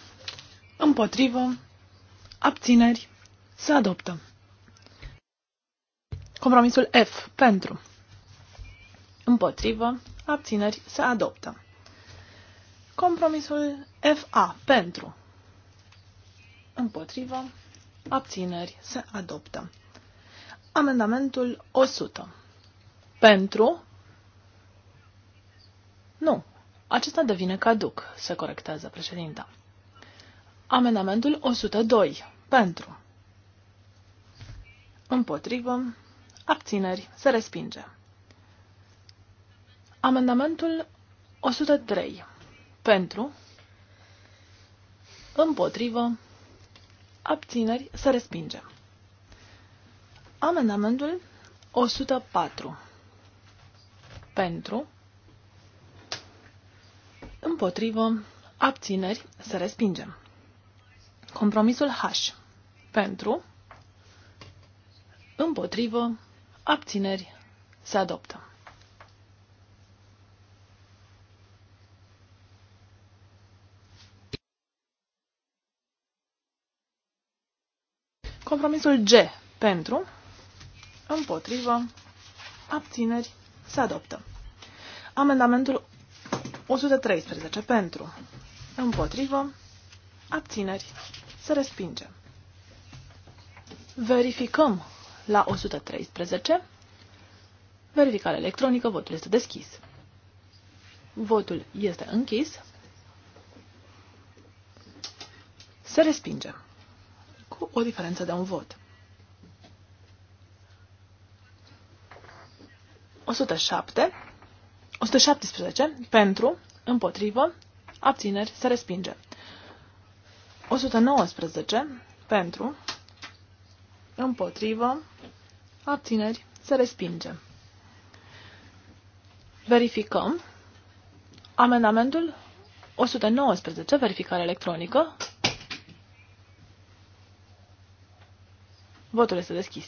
împotrivă, abțineri, se adoptă. Compromisul F pentru, împotrivă, abțineri, se adoptă. Compromisul FA, pentru, împotrivă, abțineri, se adoptă. Amendamentul 100. Pentru? Nu. Acesta devine caduc, se corectează președinta. Amendamentul 102. Pentru. Împotrivă. Abțineri. Se respinge. Amendamentul 103. Pentru, împotrivă, abțineri, să respingem. Amendamentul 104. Pentru, împotrivă, abțineri, să respingem. Compromisul H. Pentru, împotrivă, abțineri, se adoptă. Compromisul G pentru, împotrivă, abțineri, se adoptă. Amendamentul 113 pentru, împotrivă, abțineri, se respinge. Verificăm la 113. Verificare electronică, votul este deschis. Votul este închis. Se respinge cu o diferență de un vot. 107, 117 pentru, împotrivă, abțineri, se respinge. 119 pentru, împotrivă, abțineri, se respinge. Verificăm amendamentul 119, verificare electronică, Votul este deschis.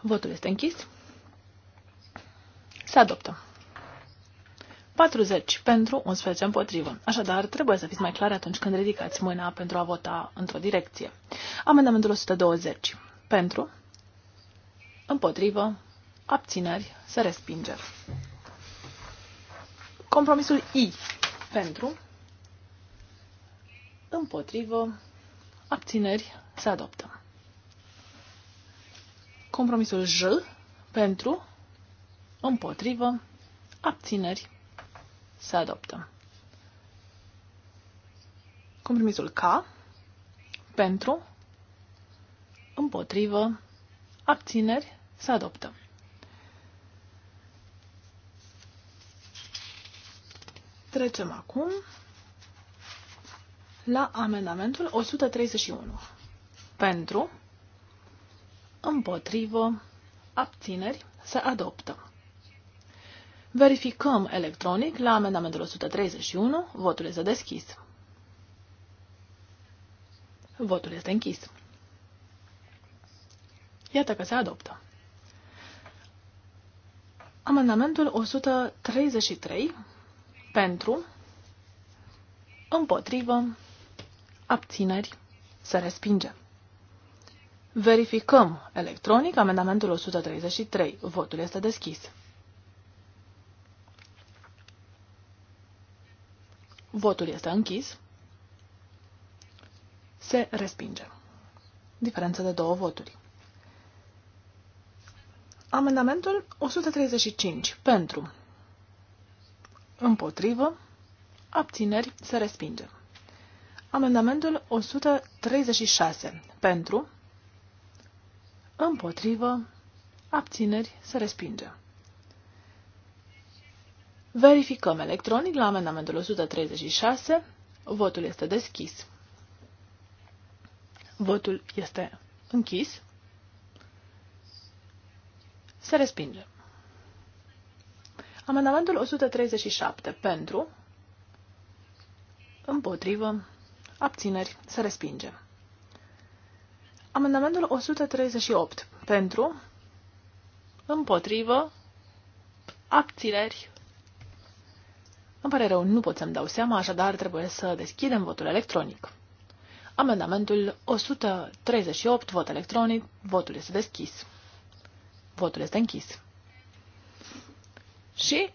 Votul este închis. Se adoptă. 40 pentru, 11 împotrivă. Așadar, trebuie să fiți mai clari atunci când ridicați mâna pentru a vota într-o direcție. Amendamentul 120. Pentru, împotrivă, abțineri, se respinge. Compromisul I. Pentru, împotrivă, abțineri, se adoptă. Compromisul J pentru, împotrivă, abțineri, se adoptă. Compromisul K pentru, împotrivă, abțineri, se adoptă. Trecem acum la amendamentul 131. Pentru, împotrivă, abțineri, se adoptă. Verificăm electronic la amendamentul 131. Votul este deschis. Votul este închis. Iată că se adoptă. Amendamentul 133 pentru, împotrivă, abțineri, se respinge. Verificăm electronic amendamentul 133. Votul este deschis. Votul este închis. Se respinge. Diferență de două voturi. Amendamentul 135. Pentru. Împotrivă. Abțineri. Se respinge. Amendamentul 136. Pentru, împotrivă, abțineri, se respinge. Verificăm electronic la amendamentul 136. Votul este deschis. Votul este închis. Se respinge. Amendamentul 137. Pentru, împotrivă, Abțineri. Se respinge. Amendamentul 138. Pentru. Împotrivă. Abțineri. Îmi pare rău, nu pot să-mi dau seama, așadar trebuie să deschidem votul electronic. Amendamentul 138, vot electronic, votul este deschis. Votul este închis. Și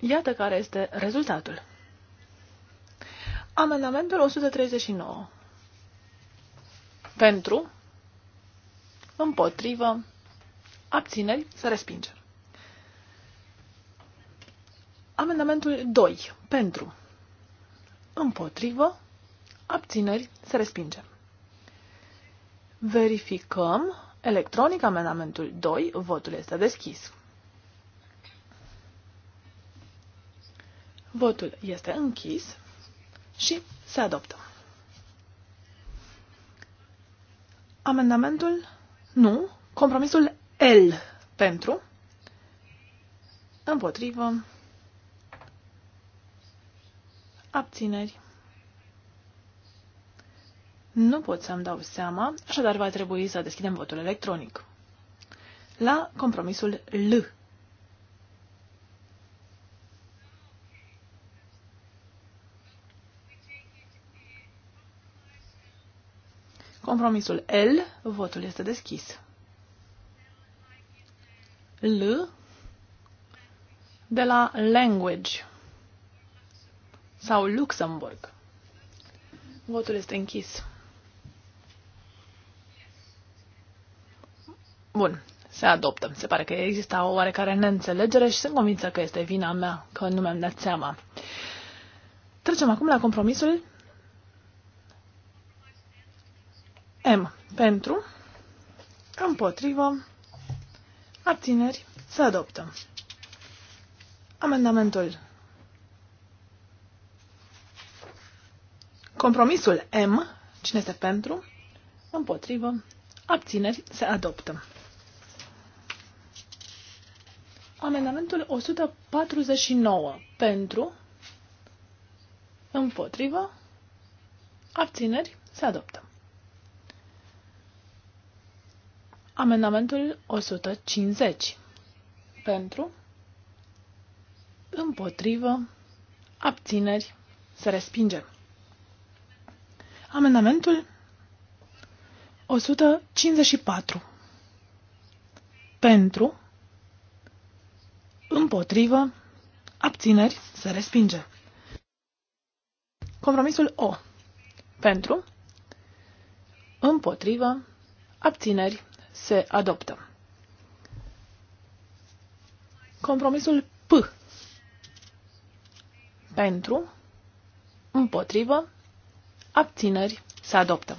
iată care este rezultatul. Amendamentul 139. Pentru, împotrivă, abțineri, se respinge. Amendamentul 2. Pentru, împotrivă, abțineri, se respinge. Verificăm electronic amendamentul 2. Votul este deschis. Votul este închis și se adoptă. Amendamentul? Nu. Compromisul L pentru. Împotrivă. Abțineri. Nu pot să-mi dau seama, așadar va trebui să deschidem votul electronic. La compromisul L. Compromisul L, votul este deschis. L de la language sau Luxemburg. Votul este închis. Bun, se adoptă. Se pare că există o oarecare neînțelegere și sunt convinsă că este vina mea că nu mi-am dat seama. Trecem acum la compromisul M. Pentru, împotrivă, abțineri, se adoptă. Amendamentul. Compromisul M, cine este pentru, împotrivă, abțineri, se adoptă. Amendamentul 149 pentru, împotrivă, abțineri, se adoptă. Amendamentul 150. Pentru, împotrivă, abțineri, se respinge. Amendamentul 154. Pentru, împotrivă, abțineri, se respinge. Compromisul O. Pentru, împotrivă, abțineri, se adoptă. Compromisul P. Pentru, împotrivă, abțineri se adoptă.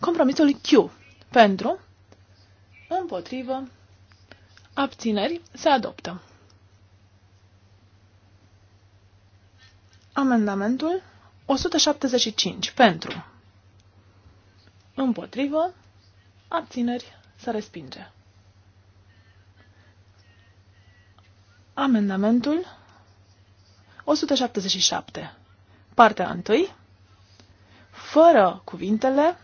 Compromisul Q. Pentru, împotrivă, abțineri se adoptă. Amendamentul 175 pentru. Împotrivă. Abțineri. să respinge. Amendamentul 177. Partea 1. Fără cuvintele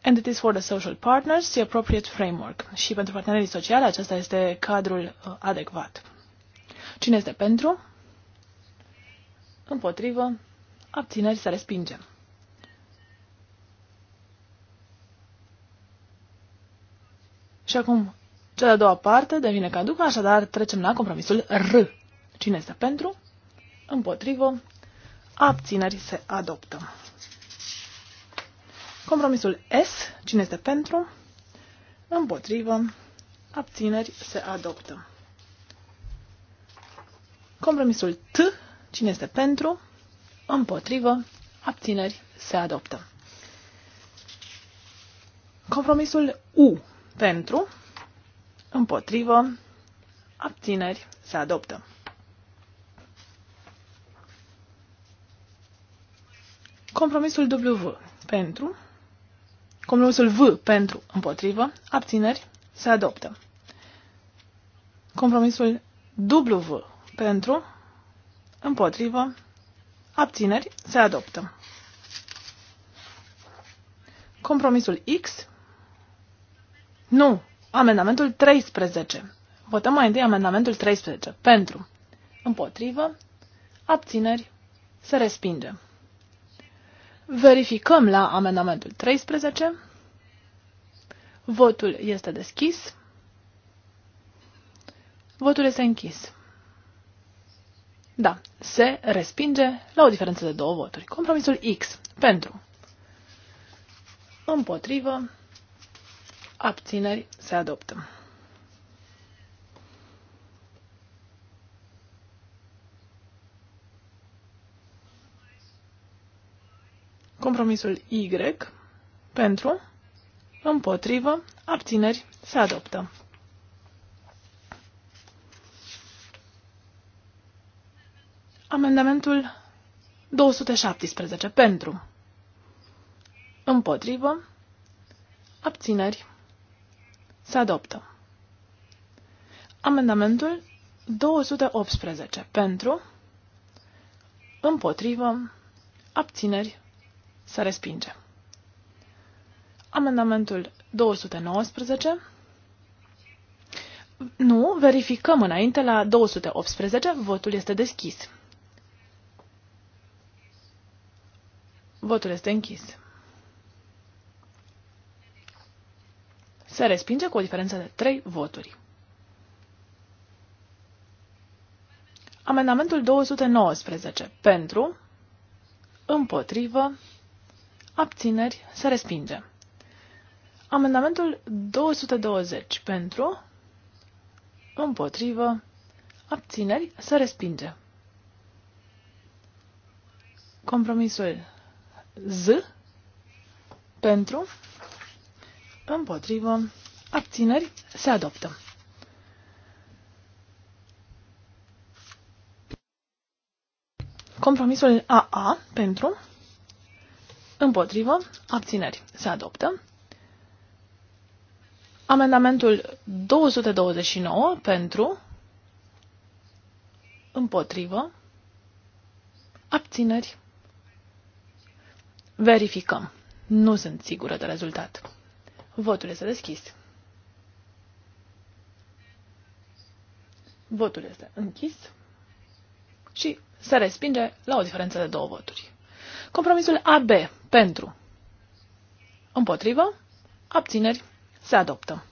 Entities for the Social Partners, the appropriate framework. Și pentru partenerii sociale acesta este cadrul uh, adecvat. Cine este pentru? împotrivă, abțineri să respingem. Și acum, cea de-a doua parte devine caducă, așadar trecem la compromisul R. Cine este pentru? Împotrivă, abțineri se adoptă. Compromisul S. Cine este pentru? Împotrivă, abțineri se adoptă. Compromisul T Cine este pentru? Împotrivă. Abțineri. Se adoptă. Compromisul U. Pentru. Împotrivă. Abțineri. Se adoptă. Compromisul W. Pentru. Compromisul V. Pentru. Împotrivă. Abțineri. Se adoptă. Compromisul W. Pentru Împotrivă. Abțineri. Se adoptă. Compromisul X. Nu. Amendamentul 13. Votăm mai întâi amendamentul 13. Pentru. Împotrivă. Abțineri. Se respinge. Verificăm la amendamentul 13. Votul este deschis. Votul este închis. Da, se respinge la o diferență de două voturi. Compromisul X pentru împotrivă abțineri se adoptă. Compromisul Y pentru împotrivă abțineri se adoptă. Amendamentul 217 pentru. Împotrivă. Abțineri. Se adoptă. Amendamentul 218 pentru. Împotrivă. Abțineri. Se respinge. Amendamentul 219. Nu, verificăm înainte la 218. Votul este deschis. Votul este închis. Se respinge cu o diferență de 3 voturi. Amendamentul 219. Pentru, împotrivă, abțineri, se respinge. Amendamentul 220. Pentru, împotrivă, abțineri, se respinge. Compromisul Z pentru, împotrivă, abțineri, se adoptă. Compromisul AA pentru, împotrivă, abțineri, se adoptă. Amendamentul 229 pentru, împotrivă, abțineri, Verificăm. Nu sunt sigură de rezultat. Votul este deschis. Votul este închis și se respinge la o diferență de două voturi. Compromisul AB pentru împotrivă, abțineri, se adoptă.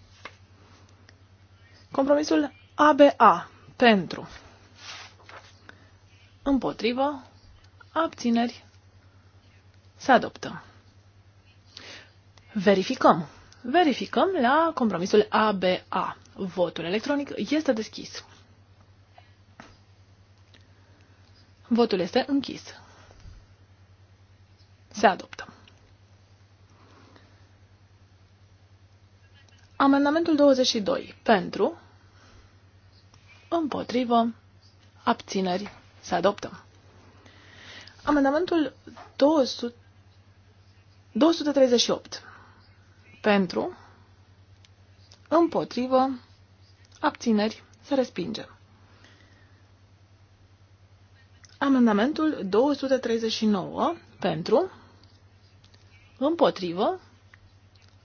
Compromisul ABA pentru împotrivă, abțineri, se adoptă. Verificăm. Verificăm la compromisul ABA. Votul electronic este deschis. Votul este închis. Se adoptă. Amendamentul 22. Pentru. Împotrivă. Abțineri. Se adoptă. Amendamentul 200. 238. Pentru, împotrivă, abțineri, se respinge. Amendamentul 239 pentru, împotrivă,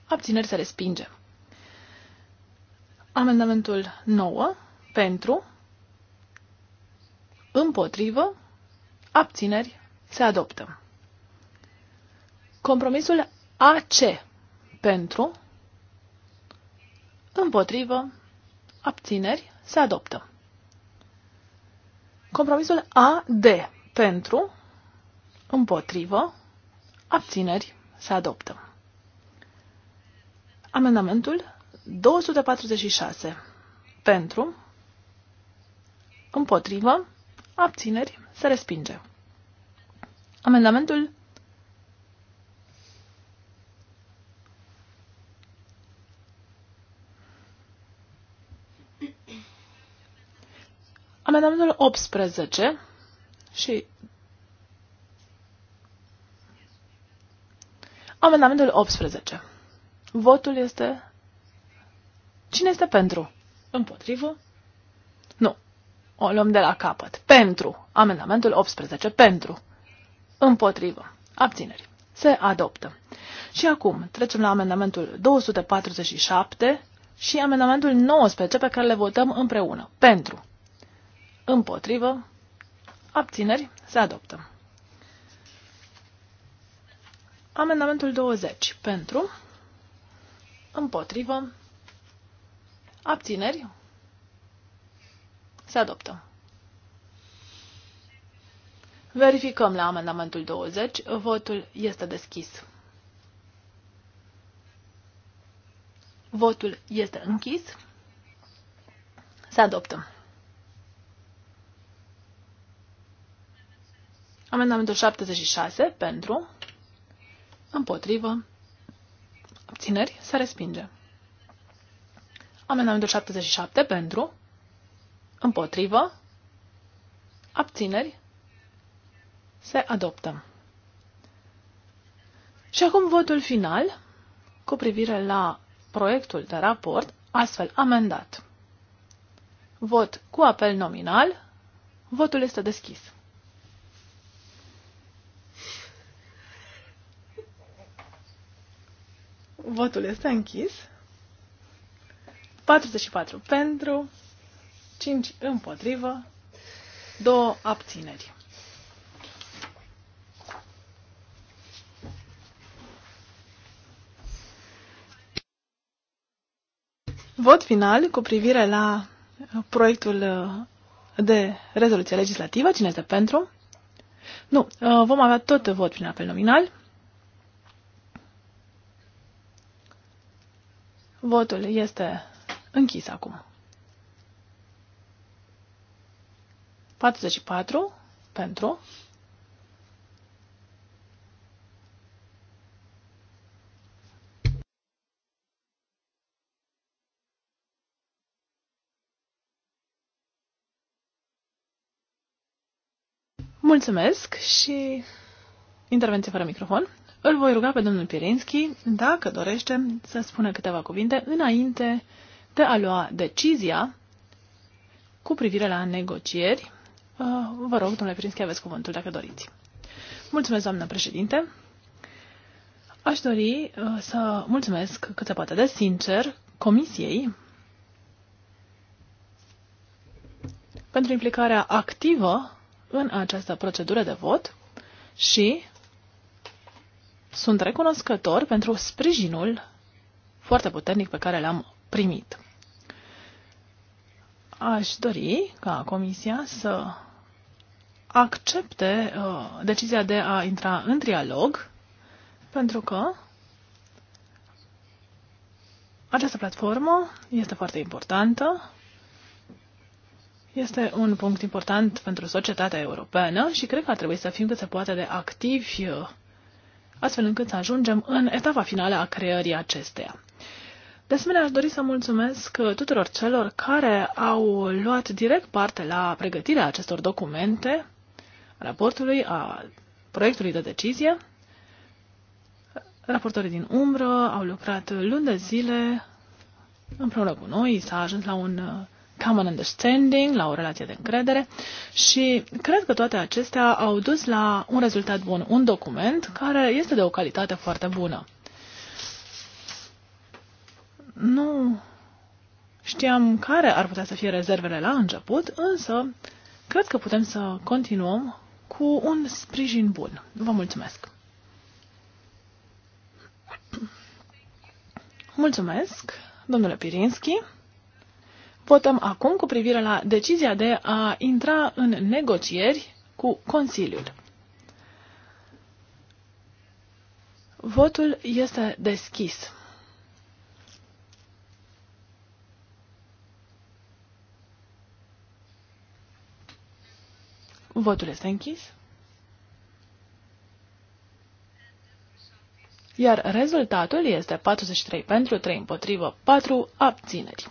abțineri se respinge. Amendamentul 9 pentru, împotrivă, abțineri se adoptă. Compromisul AC pentru, împotrivă, abțineri se adoptă. Compromisul AD pentru, împotrivă, abțineri se adoptă. Amendamentul 246 pentru, împotrivă, abțineri se respinge. Amendamentul Amendamentul 18 și Amendamentul 18. Votul este... Cine este pentru? Împotrivă? Nu. O luăm de la capăt. Pentru. Amendamentul 18. Pentru. Împotrivă. Abțineri. Se adoptă. Și acum trecem la amendamentul 247 și amendamentul 19 pe care le votăm împreună. Pentru. Împotrivă. Abțineri. Se adoptă. Amendamentul 20. Pentru. Împotrivă. Abțineri. Se adoptă. Verificăm la amendamentul 20. Votul este deschis. Votul este închis. Se adoptă. Amendamentul 76 pentru, împotrivă, abțineri, se respinge. Amendamentul 77 pentru, împotrivă, abțineri, se adoptă. Și acum votul final cu privire la proiectul de raport astfel amendat. Vot cu apel nominal. Votul este deschis. Votul este închis. 44 pentru, 5 împotrivă, 2 abțineri. Vot final cu privire la proiectul de rezoluție legislativă. Cine este pentru? Nu, uh, vom avea tot vot final apel nominal. Votul este închis acum. 44 pentru. Mulțumesc și intervenție fără microfon. Îl voi ruga pe domnul Pirinski, dacă dorește, să spună câteva cuvinte înainte de a lua decizia cu privire la negocieri. Uh, vă rog, domnule Pirinski, aveți cuvântul dacă doriți. Mulțumesc, doamnă președinte. Aș dori uh, să mulțumesc cât se poate de sincer Comisiei pentru implicarea activă în această procedură de vot și sunt recunoscător pentru sprijinul foarte puternic pe care l-am primit. Aș dori ca Comisia să accepte uh, decizia de a intra în trialog, pentru că această platformă este foarte importantă, este un punct important pentru societatea europeană și cred că ar trebui să fim cât se poate de activi uh, astfel încât să ajungem în etapa finală a creării acesteia. De asemenea, aș dori să mulțumesc tuturor celor care au luat direct parte la pregătirea acestor documente, raportului, a proiectului de decizie. Raportorii din umbră au lucrat luni de zile împreună cu noi, s-a ajuns la un common understanding, la o relație de încredere și cred că toate acestea au dus la un rezultat bun, un document care este de o calitate foarte bună. Nu știam care ar putea să fie rezervele la început, însă cred că putem să continuăm cu un sprijin bun. Vă mulțumesc! Mulțumesc, domnule Pirinski. Votăm acum cu privire la decizia de a intra în negocieri cu Consiliul. Votul este deschis. Votul este închis. Iar rezultatul este 43 pentru, 3 împotrivă, 4 abțineri.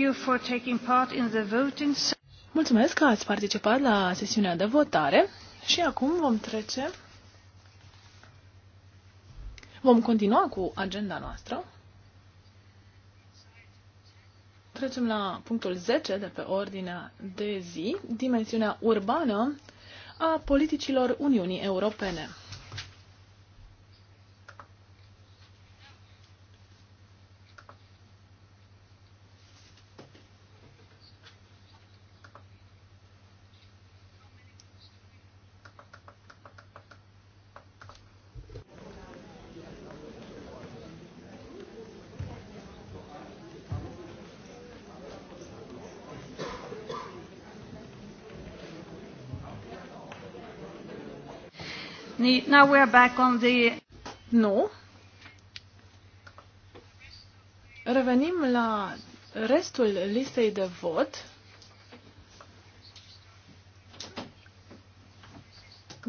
you for taking part in the voting. Mulțumesc că ați participat la sesiunea de votare și acum vom trece Vom continua cu agenda noastră. Trecem la punctul 10 de pe ordinea de zi, dimensiunea urbană a politicilor Uniunii Europene. we, now we are back on the... Nu. Revenim la restul listei de vot.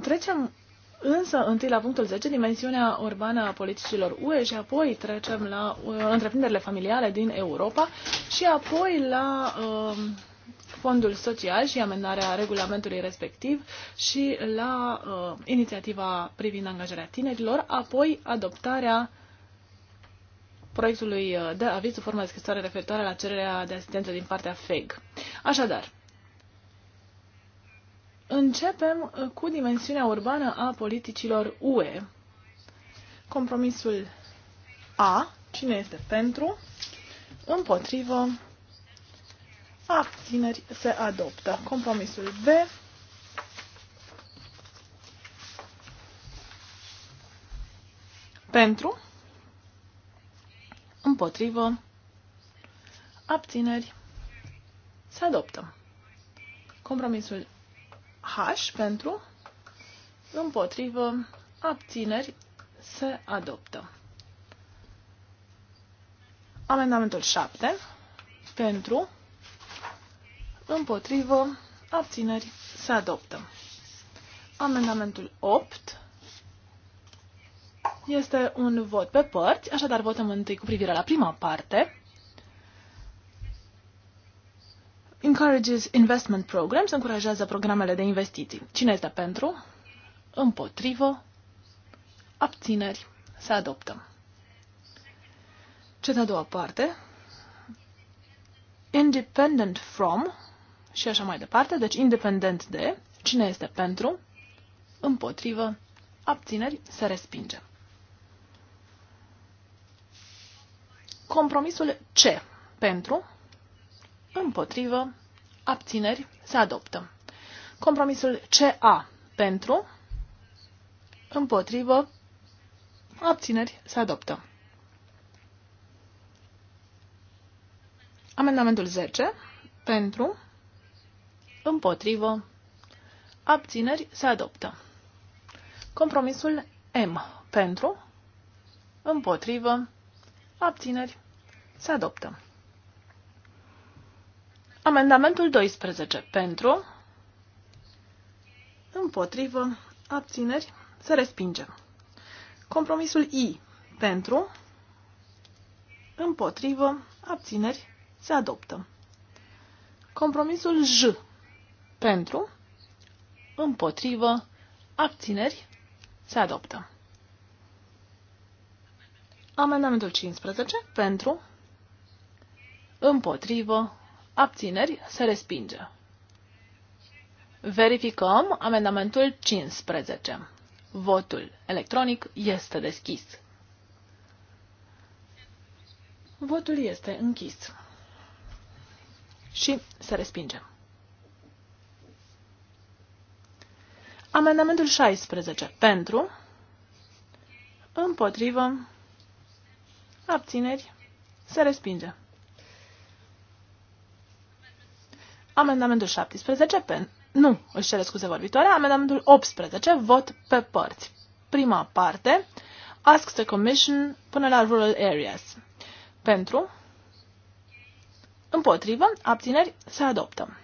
Trecem însă întâi la punctul 10, dimensiunea urbană a politicilor UE și apoi trecem la uh, întreprinderile familiale din Europa și apoi la uh, fondul social și amendarea regulamentului respectiv și la uh, inițiativa privind angajarea tinerilor, apoi adoptarea proiectului uh, de aviz sub formă de scrisoare referitoare la cererea de asistență din partea FEG. Așadar, începem uh, cu dimensiunea urbană a politicilor UE. Compromisul A, cine este pentru, împotrivă, abțineri se adoptă. Compromisul B. Pentru, împotrivă, abțineri se adoptă. Compromisul H pentru, împotrivă, abțineri se adoptă. Amendamentul 7 pentru, împotrivă, abțineri, se adoptă. Amendamentul 8 este un vot pe părți, așadar votăm întâi cu privire la prima parte. Encourages investment programs, încurajează programele de investiții. Cine este pentru? Împotrivă, abțineri, se adoptă. Cea de-a doua parte, independent from, și așa mai departe. Deci, independent de cine este pentru, împotrivă, abțineri, se respinge. Compromisul C pentru, împotrivă, abțineri, se adoptă. Compromisul CA pentru, împotrivă, abțineri, se adoptă. Amendamentul 10 pentru, împotrivă, abțineri, se adoptă. Compromisul M pentru, împotrivă, abțineri, se adoptă. Amendamentul 12 pentru, împotrivă, abțineri, se respinge. Compromisul I pentru, împotrivă, abțineri, se adoptă. Compromisul J pentru, împotrivă, abțineri, se adoptă. Amendamentul 15. Pentru, împotrivă, abțineri, se respinge. Verificăm amendamentul 15. Votul electronic este deschis. Votul este închis. Și se respinge. Amendamentul 16. Pentru. Împotrivă. Abțineri. Se respinge. Amendamentul 17. Pen... Nu, își cere scuze vorbitoarea. Amendamentul 18. Vot pe părți. Prima parte. ask the Commission până la Rural Areas. Pentru. Împotrivă. Abțineri. Se adoptă.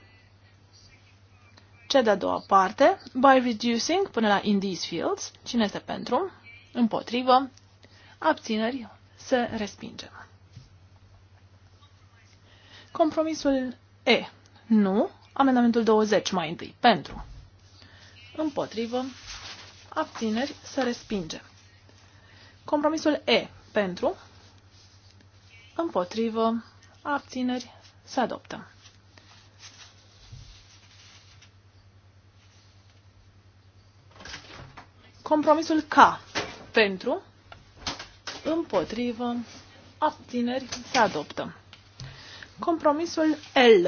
Cea de-a doua parte, by reducing, până la in these fields, cine este pentru, împotrivă, abțineri, se respinge. Compromisul E. Nu. Amendamentul 20 mai întâi. Pentru. Împotrivă. Abțineri. Se respinge. Compromisul E. Pentru. Împotrivă. Abțineri. Se adoptă. Compromisul K. Pentru, împotrivă, abțineri, se adoptă. Compromisul L.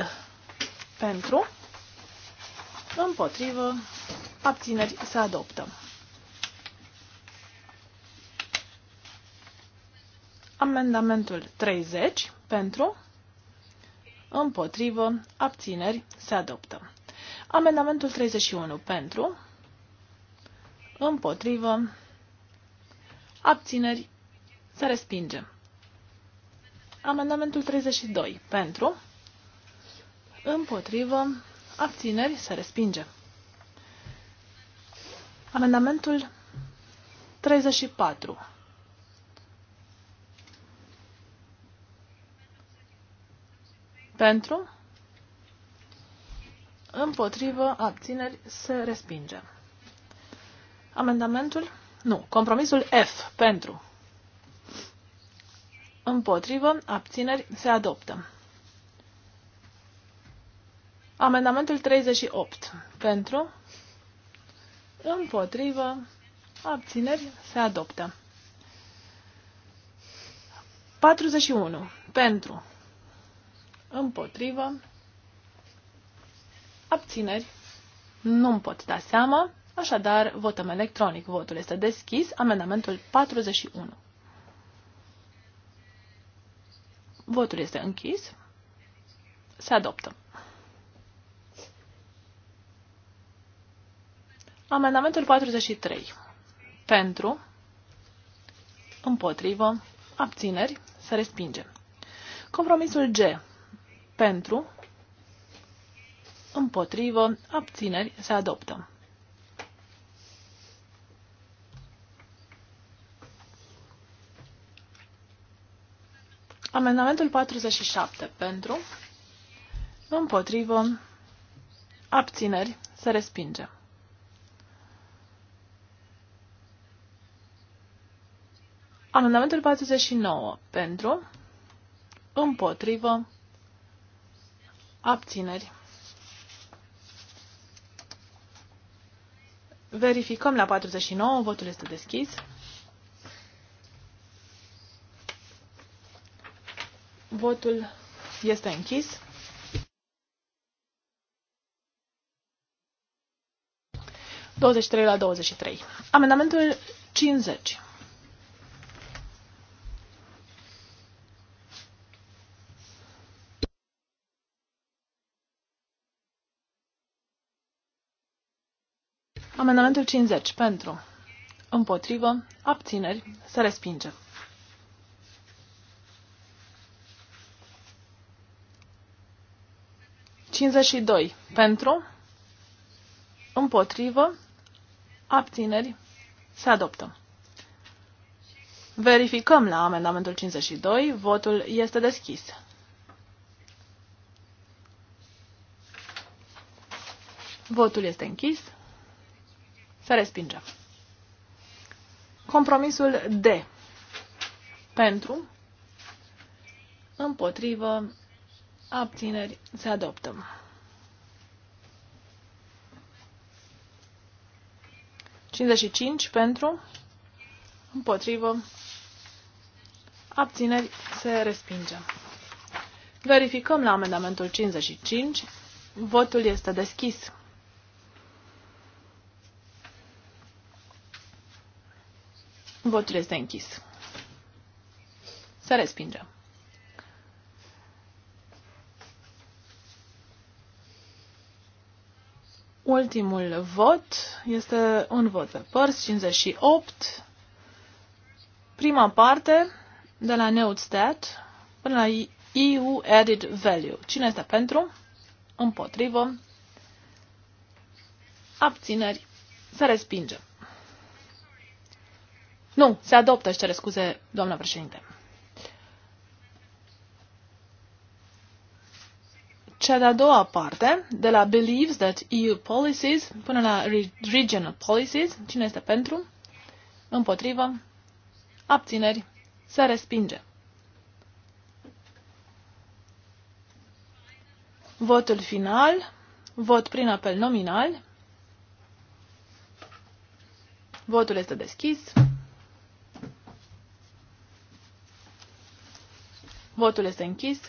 Pentru, împotrivă, abțineri, se adoptă. Amendamentul 30 pentru, împotrivă, abțineri, se adoptă. Amendamentul 31 pentru, împotrivă, abțineri, se respinge. Amendamentul 32, pentru, împotrivă, abțineri, se respinge. Amendamentul 34. Pentru, împotrivă, abțineri, se respinge. Amendamentul? Nu. Compromisul F. Pentru. Împotrivă. Abțineri. Se adoptă. Amendamentul 38. Pentru. Împotrivă. Abțineri. Se adoptă. 41. Pentru. Împotrivă. Abțineri. Nu-mi pot da seama. Așadar, votăm electronic. Votul este deschis. Amendamentul 41. Votul este închis. Se adoptă. Amendamentul 43. Pentru, împotrivă, abțineri, se respinge. Compromisul G. Pentru, împotrivă, abțineri, se adoptă. Amendamentul 47 pentru, împotrivă, abțineri, se respinge. Amendamentul 49 pentru, împotrivă, abțineri. Verificăm la 49, votul este deschis. Votul este închis. Douăzeci trei la douăzeci trei. Amendamentul cincizeci. Amendamentul 50. Pentru. Împotrivă. Abțineri. Se respinge. 52. Pentru, împotrivă, abțineri, se adoptă. Verificăm la amendamentul 52. Votul este deschis. Votul este închis. Se respinge. Compromisul D. Pentru, împotrivă, Abțineri. Se adoptă. cinci pentru. Împotrivă. Abțineri. Se respinge. Verificăm la amendamentul 55. Votul este deschis. Votul este închis. Să respingem. ultimul vot este un vot pe părți, 58. Prima parte, de la Neudstat până la EU Added Value. Cine este pentru? Împotrivă. Abțineri. Se respinge. Nu, se adoptă, își cere scuze, doamna președinte. cea de-a doua parte, de la Believes that EU Policies până la Regional Policies. Cine este pentru? Împotrivă? Abțineri? Se respinge. Votul final, vot prin apel nominal. Votul este deschis. Votul este închis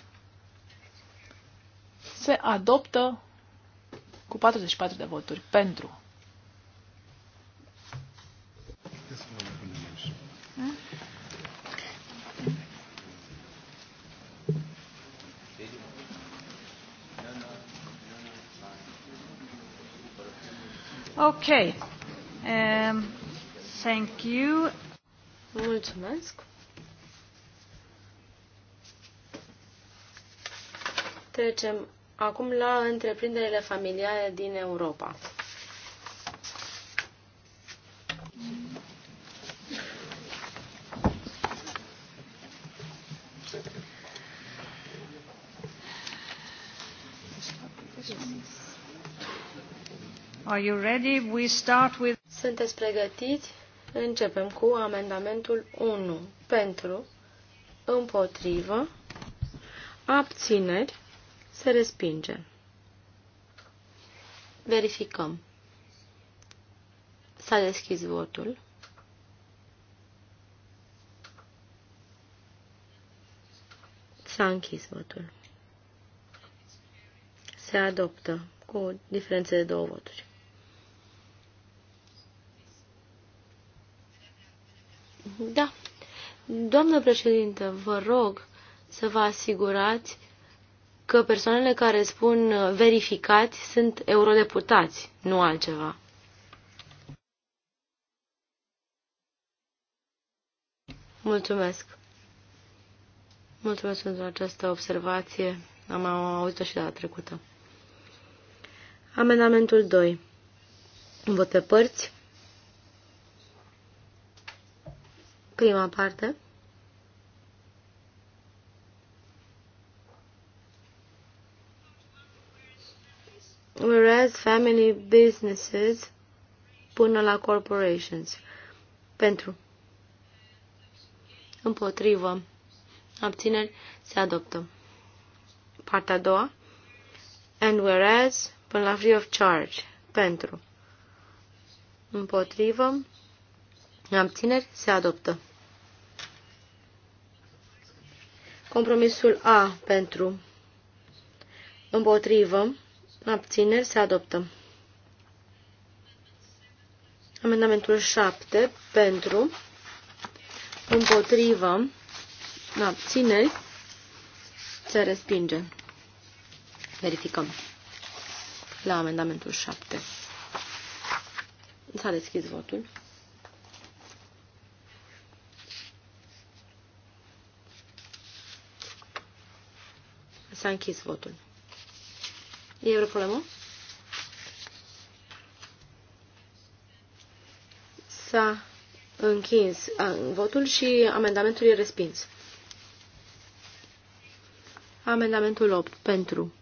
se adoptă cu 44 de voturi pentru. Okay. Um, thank you. Mulțumesc. Trecem Acum la întreprinderile familiale din Europa. Are you ready? We start with... Sunteți pregătiți? Începem cu amendamentul 1. Pentru, împotrivă, abțineri, se respinge. Verificăm. S-a deschis votul. S-a închis votul. Se adoptă cu diferențe de două voturi. Da. Doamnă președintă, vă rog să vă asigurați că persoanele care spun verificați sunt eurodeputați, nu altceva. Mulțumesc. Mulțumesc pentru această observație. Am auzit-o și data trecută. Amendamentul 2. Vot pe părți. Prima parte. whereas family businesses până la corporations. Pentru. Împotrivă. Abțineri se adoptă. Partea a doua. And whereas până la free of charge. Pentru. Împotrivă. Abțineri se adoptă. Compromisul A pentru împotrivă, abțineri, se adoptă. Amendamentul 7 pentru, împotrivă, abțineri, se respinge. Verificăm la amendamentul 7. S-a deschis votul. S-a închis votul. E vreo problemă? S-a închins votul și amendamentul e respins. Amendamentul 8 pentru.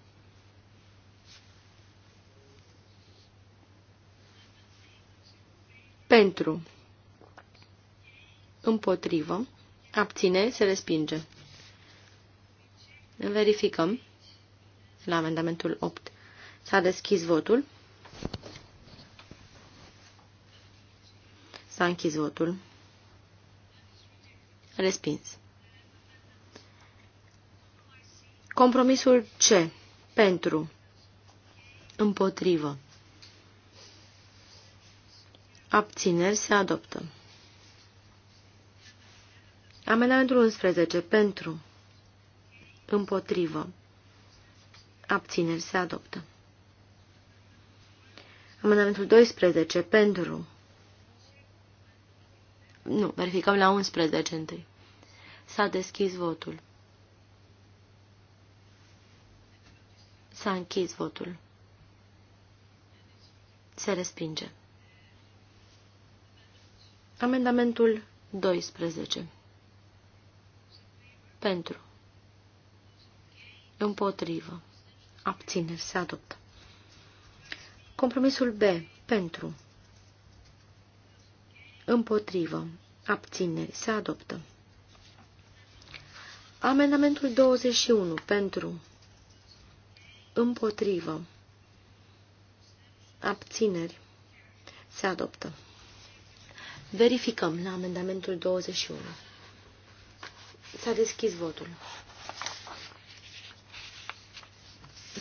Pentru. Împotrivă. Abține. Se respinge. Verificăm la amendamentul 8. S-a deschis votul. S-a închis votul. Respins. Compromisul C. Pentru. Împotrivă. Abțineri se adoptă. Amendamentul 11. Pentru. Împotrivă. Abțineri se adoptă. Amendamentul 12 pentru. Nu, verificăm la 11 întâi. S-a deschis votul. S-a închis votul. Se respinge. Amendamentul 12. Pentru. Împotrivă abțineri se adoptă. Compromisul B. Pentru. Împotrivă. Abțineri. Se adoptă. Amendamentul 21. Pentru. Împotrivă. Abțineri. Se adoptă. Verificăm la amendamentul 21. S-a deschis votul.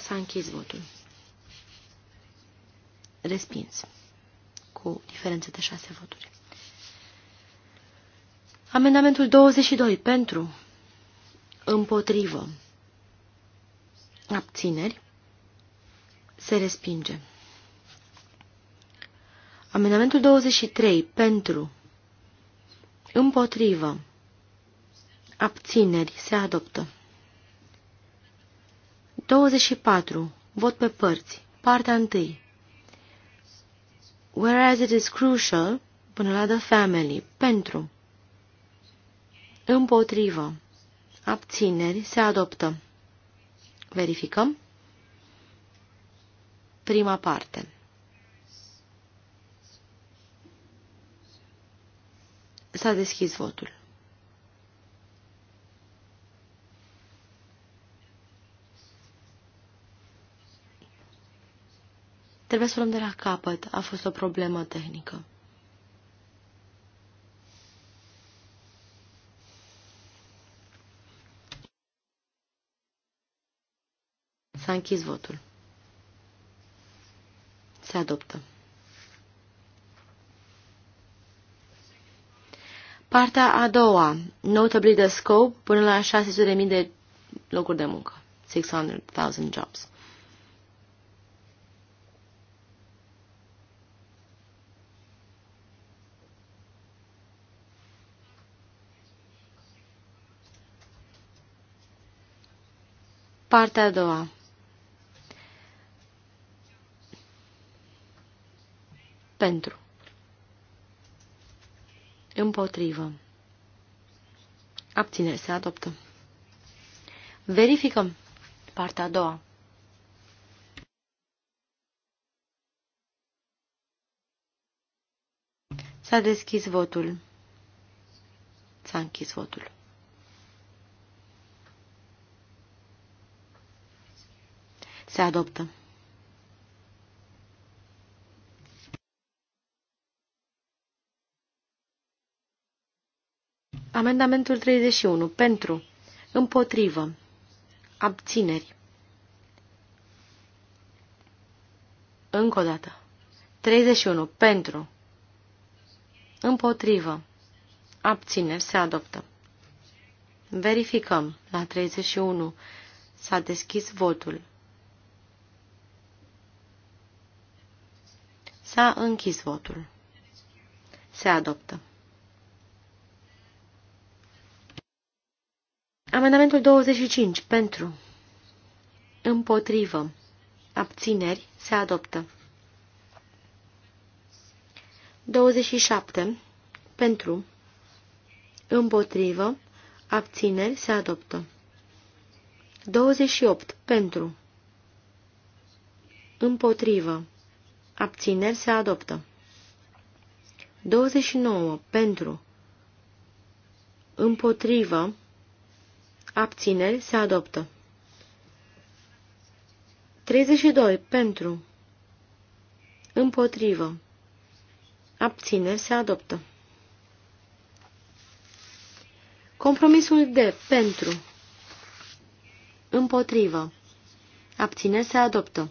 S-a închis votul. Respins. Cu diferență de șase voturi. Amendamentul 22. Pentru. Împotrivă. Abțineri. Se respinge. Amendamentul 23. Pentru. Împotrivă. Abțineri. Se adoptă. 24. Vot pe părți. Partea 1. Whereas it is crucial, până la the family, pentru. Împotrivă. Abțineri se adoptă. Verificăm. Prima parte. S-a deschis votul. Trebuie să luăm de la capăt. A fost o problemă tehnică. S-a închis votul. Se adoptă. Partea a doua, notably the scope, până la 600.000 de locuri de muncă, 600.000 jobs. Partea a doua. Pentru. Împotrivă. Abținere. Se adoptă. Verificăm. Partea a doua. S-a deschis votul. S-a închis votul. Se adoptă. Amendamentul 31. Pentru. Împotrivă. Abțineri. Încă o dată. 31. Pentru. Împotrivă. Abțineri. Se adoptă. Verificăm. La 31. S-a deschis votul. S-a închis votul. Se adoptă. Amendamentul 25. Pentru. Împotrivă. Abțineri. Se adoptă. 27. Pentru. Împotrivă. Abțineri. Se adoptă. 28. Pentru. Împotrivă. Abțineri se adoptă. 29. Pentru. Împotrivă. Abțineri se adoptă. 32. Pentru. Împotrivă. Abțineri se adoptă. Compromisul de pentru. Împotrivă. Abțineri se adoptă.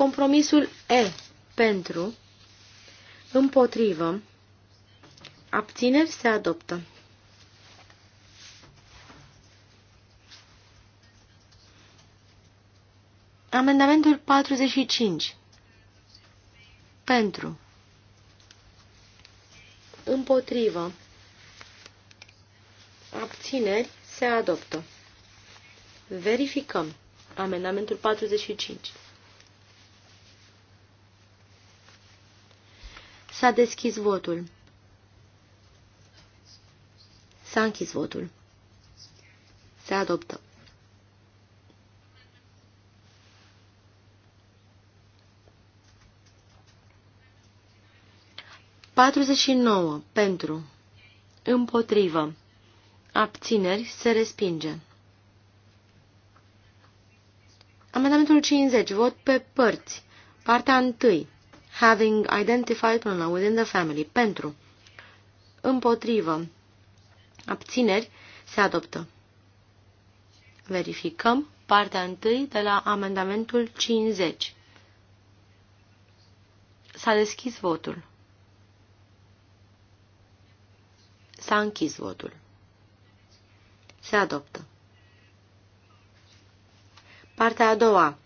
Compromisul E pentru, împotrivă, abțineri se adoptă. Amendamentul 45. Pentru. Împotrivă. Abțineri se adoptă. Verificăm. Amendamentul 45. S-a deschis votul. S-a închis votul. Se adoptă. Patruzeci și nouă. Pentru. Împotrivă. Abțineri se respinge. Amendamentul 50. Vot pe părți. Partea 1 having identified pronoun within the family, pentru, împotrivă, abțineri, se adoptă. Verificăm partea întâi de la amendamentul 50. S-a deschis votul. S-a închis votul. Se adoptă. Partea a doua.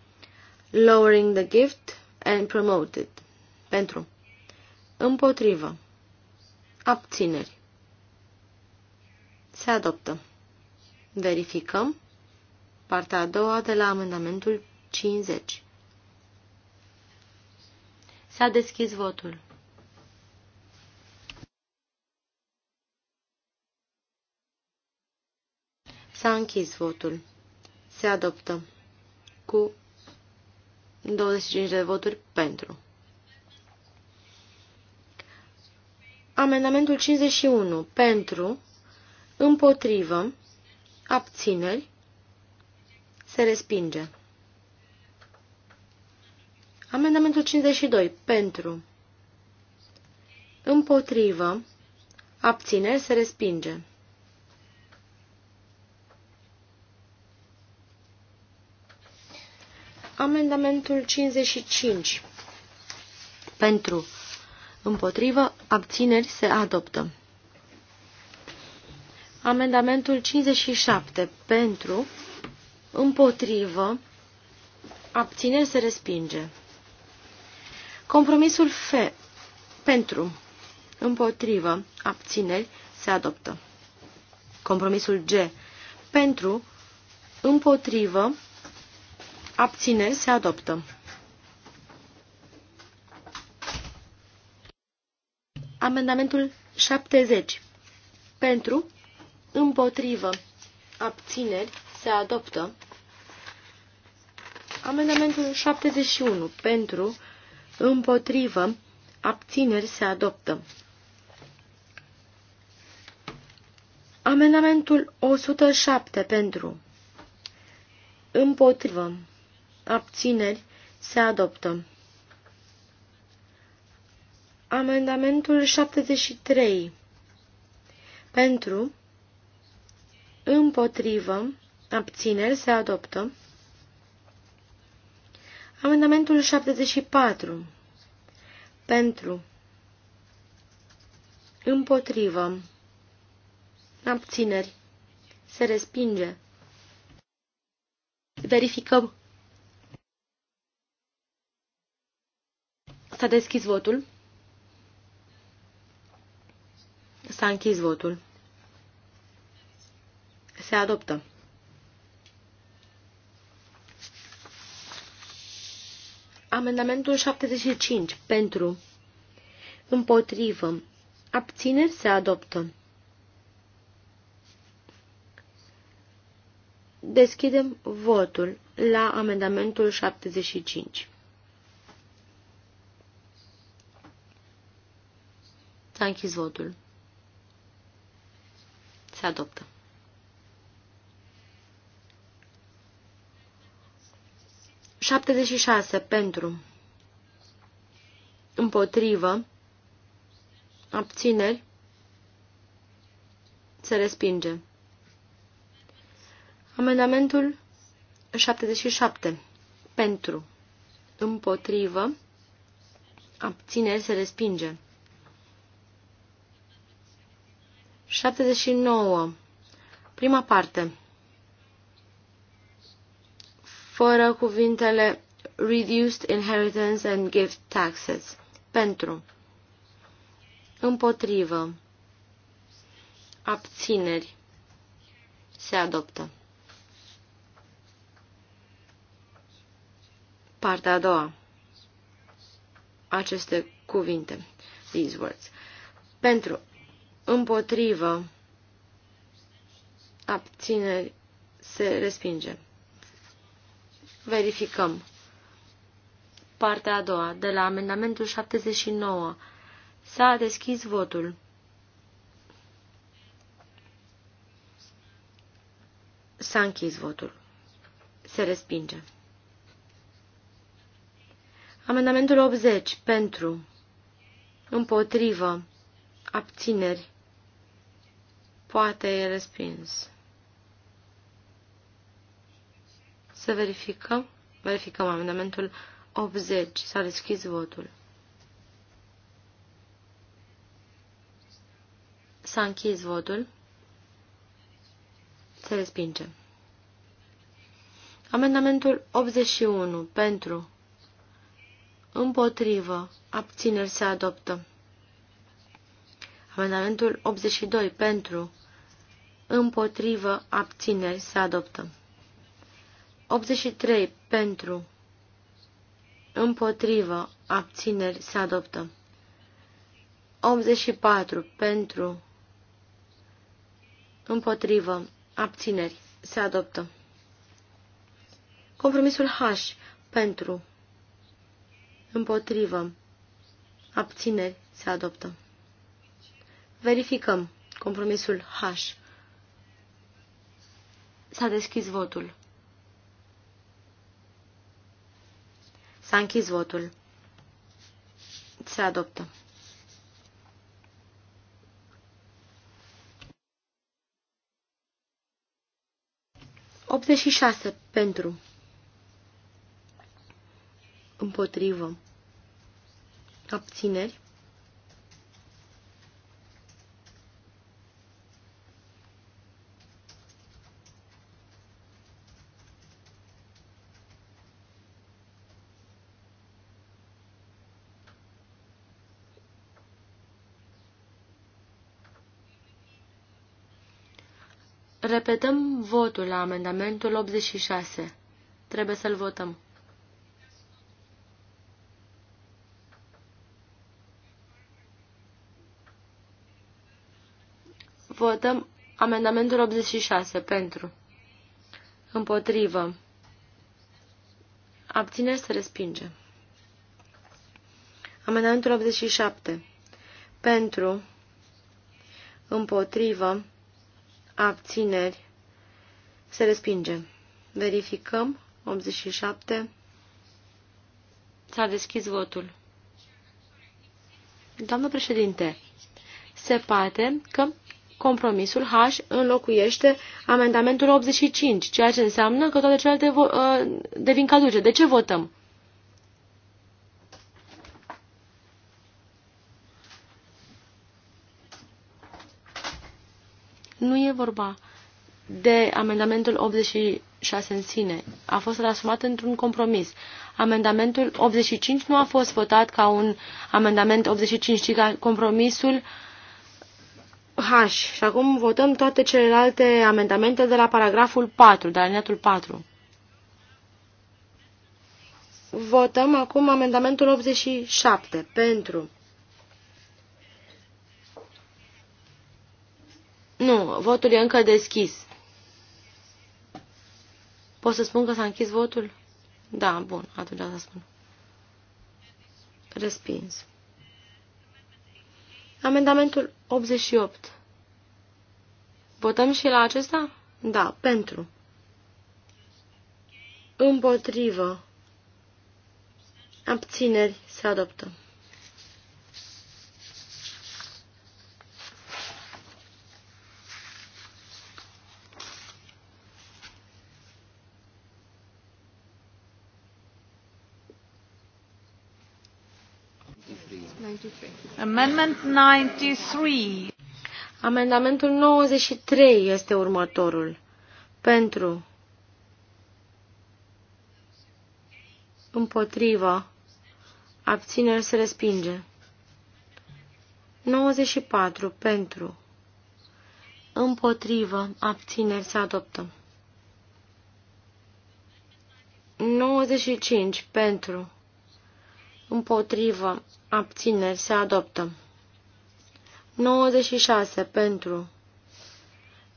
Lowering the gift and promoted. Pentru. Împotrivă. Abțineri. Se adoptă. Verificăm partea a doua de la amendamentul 50. S-a deschis votul. S-a închis votul. Se adoptă cu 25 de voturi pentru. Amendamentul 51. Pentru, împotrivă, abțineri, se respinge. Amendamentul 52. Pentru, împotrivă, abțineri, se respinge. Amendamentul 55. Pentru, Împotrivă. Abțineri se adoptă. Amendamentul 57. Pentru. Împotrivă. Abțineri se respinge. Compromisul F. Pentru. Împotrivă. Abțineri se adoptă. Compromisul G. Pentru. Împotrivă. Abțineri se adoptă. Amendamentul 70. Pentru, împotrivă, abțineri, se adoptă. Amendamentul 71. Pentru, împotrivă, abțineri, se adoptă. Amendamentul 107. Pentru, împotrivă, abțineri, se adoptă. Amendamentul 73. Pentru, împotrivă, abțineri se adoptă. Amendamentul 74. Pentru, împotrivă, abțineri se respinge. Verificăm. S-a deschis votul. S-a închis votul. Se adoptă. Amendamentul 75. Pentru. Împotrivă. Abțineri se adoptă. Deschidem votul la amendamentul 75. S-a închis votul. Se adoptă. Șaptezeci și șase pentru împotrivă abțineri se respinge. Amendamentul 77. Pentru. Împotrivă. Abțineri se respinge. 79. Prima parte. Fără cuvintele Reduced Inheritance and Gift Taxes. Pentru. Împotrivă. Abțineri. Se adoptă. Partea a doua. Aceste cuvinte. These words. Pentru împotrivă, abțineri, se respinge. Verificăm. Partea a doua, de la amendamentul 79. S-a deschis votul. S-a închis votul. Se respinge. Amendamentul 80. Pentru. Împotrivă. Abțineri. Poate e respins. Să verificăm. Verificăm amendamentul 80. S-a deschis votul. S-a închis votul. Se respinge. Amendamentul 81. Pentru. Împotrivă. Abțineri se adoptă. Amendamentul 82. Pentru împotrivă, abțineri, se adoptă. 83. Pentru, împotrivă, abțineri, se adoptă. 84. Pentru, împotrivă, abțineri, se adoptă. Compromisul H. Pentru, împotrivă, abțineri, se adoptă. Verificăm compromisul H. S-a deschis votul. S-a închis votul. Se adoptă. Optzeci și șase pentru. Împotrivă. Abțineri. Repetăm votul la amendamentul 86. Trebuie să-l votăm. Votăm amendamentul 86 pentru. Împotrivă. Abțineri se respinge. Amendamentul 87. Pentru. Împotrivă abțineri, se respinge. Verificăm, 87, s-a deschis votul. Doamnă președinte, se poate că compromisul H înlocuiește amendamentul 85, ceea ce înseamnă că toate celelalte uh, devin caduce. De ce votăm? nu e vorba de amendamentul 86 în sine. A fost transformat într-un compromis. Amendamentul 85 nu a fost votat ca un amendament 85, ci ca compromisul H. Și acum votăm toate celelalte amendamente de la paragraful 4, de la alineatul 4. Votăm acum amendamentul 87 pentru Nu, votul e încă deschis. Pot să spun că s-a închis votul? Da, bun, atunci să spun. Respins. Amendamentul 88. Votăm și la acesta? Da, pentru. Împotrivă. Abțineri se adoptă. Amendamentul 93 este următorul. Pentru. Împotriva. Abțineri se respinge. 94. Pentru. Împotrivă. Abțineri se adoptă. 95. Pentru împotrivă, abțineri, se adoptă. 96 pentru,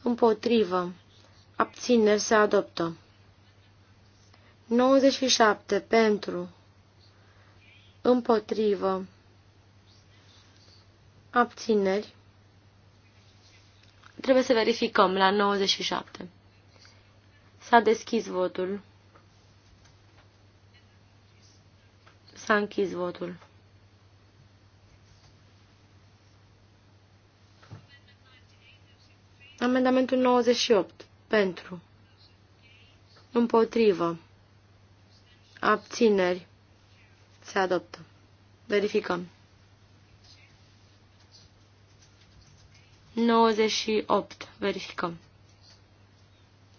împotrivă, abțineri, se adoptă. 97 pentru, împotrivă, abțineri. Trebuie să verificăm la 97. S-a deschis votul. S-a închis votul. Amendamentul 98. Pentru. Împotrivă. Abțineri. Se adoptă. Verificăm. 98. Verificăm.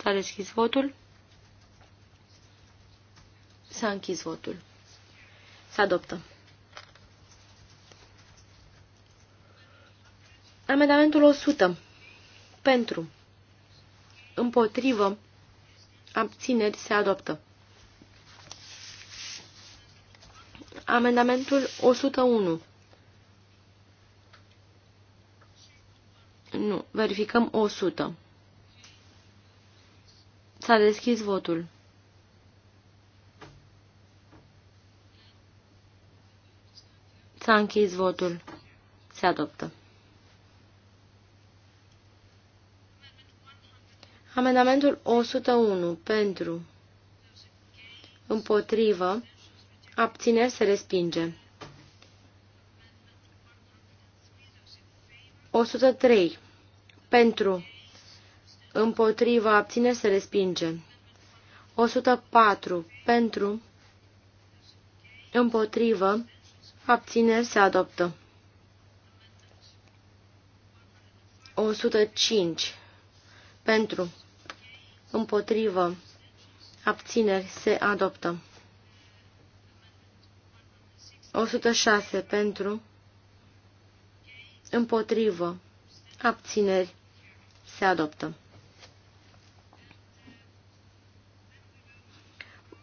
S-a deschis votul. S-a închis votul. Se adoptă. Amendamentul 100. Pentru. Împotrivă. Abțineri se adoptă. Amendamentul 101. Nu, verificăm 100. S-a deschis votul. S-a închis votul. Se adoptă. Amendamentul 101 pentru împotrivă abțineri se respinge. 103 pentru împotrivă abțineri se respinge. 104 pentru împotrivă Abțineri se adoptă. 105. Pentru. Împotrivă. Abțineri se adoptă. 106. Pentru. Împotrivă. Abțineri se adoptă.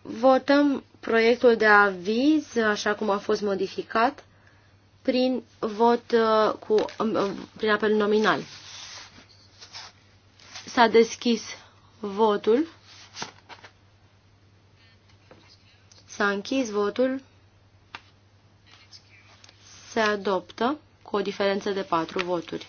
Votăm proiectul de aviz, așa cum a fost modificat, prin vot uh, cu, um, um, prin apel nominal. S-a deschis votul. S-a închis votul. Se adoptă cu o diferență de 4 voturi.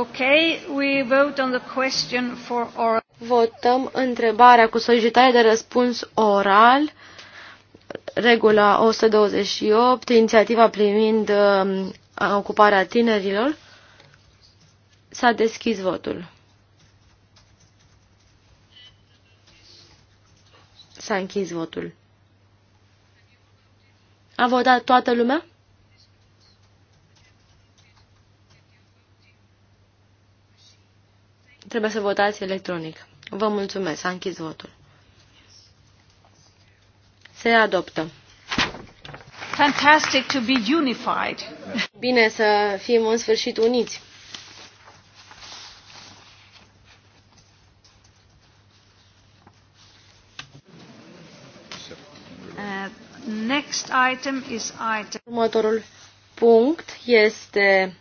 Okay, we vote on the question for oral. Votăm întrebarea cu solicitare de răspuns oral, regula 128, inițiativa primind uh, um, ocuparea tinerilor. S-a deschis votul. S-a închis votul. A votat toată lumea? Trebuie să votați electronic. Vă mulțumesc. a închis votul. Se adoptă. Fantastic to be unified. Bine să fim în sfârșit uniți. Uh, next item is item. Următorul punct este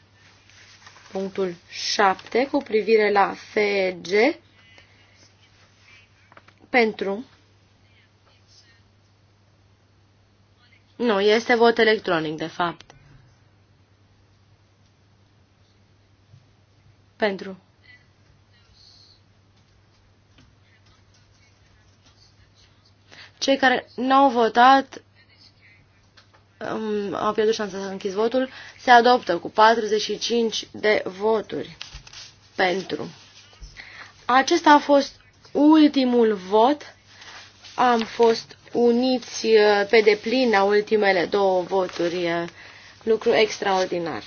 punctul 7 cu privire la FG pentru Nu, este vot electronic, de fapt. Pentru. Cei care n-au votat au pierdut șansa să închis votul, se adoptă cu 45 de voturi pentru. Acesta a fost ultimul vot. Am fost uniți eh, pe deplin la ultimele două voturi. Eh, lucru extraordinar.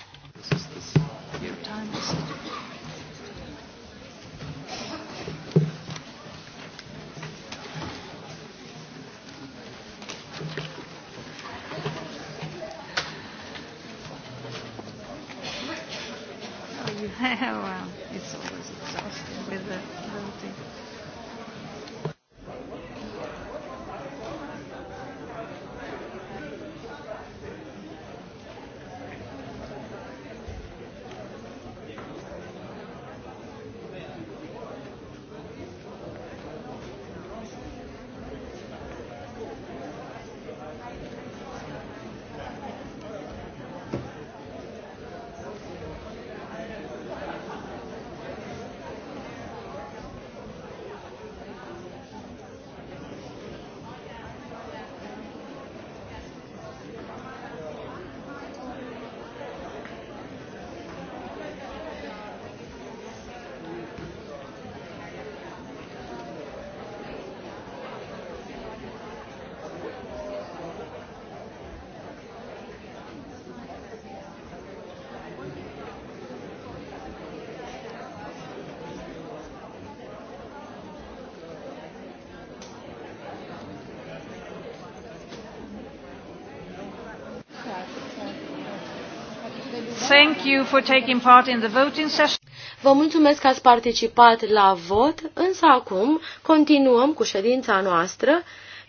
you for taking part in the voting session. Vă mulțumesc că ați participat la vot, însă acum continuăm cu ședința noastră,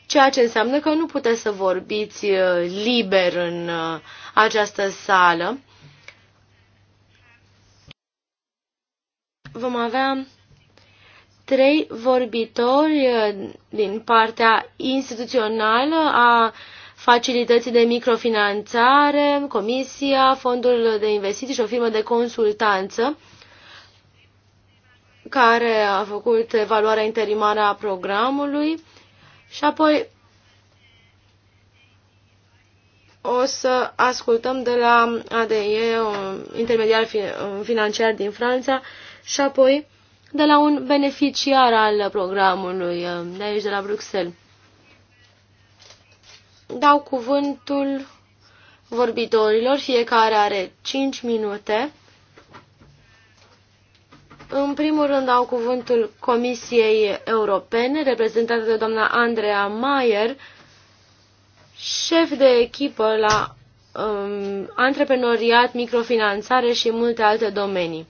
ceea ce înseamnă că nu puteți să vorbiți uh, liber în uh, această sală. Vom avea trei vorbitori uh, din partea instituțională a facilității de microfinanțare, comisia, fondul de investiții și o firmă de consultanță care a făcut evaluarea interimară a programului și apoi o să ascultăm de la ADE, un intermediar financiar din Franța, și apoi de la un beneficiar al programului de aici, de la Bruxelles dau cuvântul vorbitorilor, fiecare are 5 minute. În primul rând dau cuvântul Comisiei Europene, reprezentată de doamna Andrea Mayer, șef de echipă la um, antreprenoriat, microfinanțare și multe alte domenii.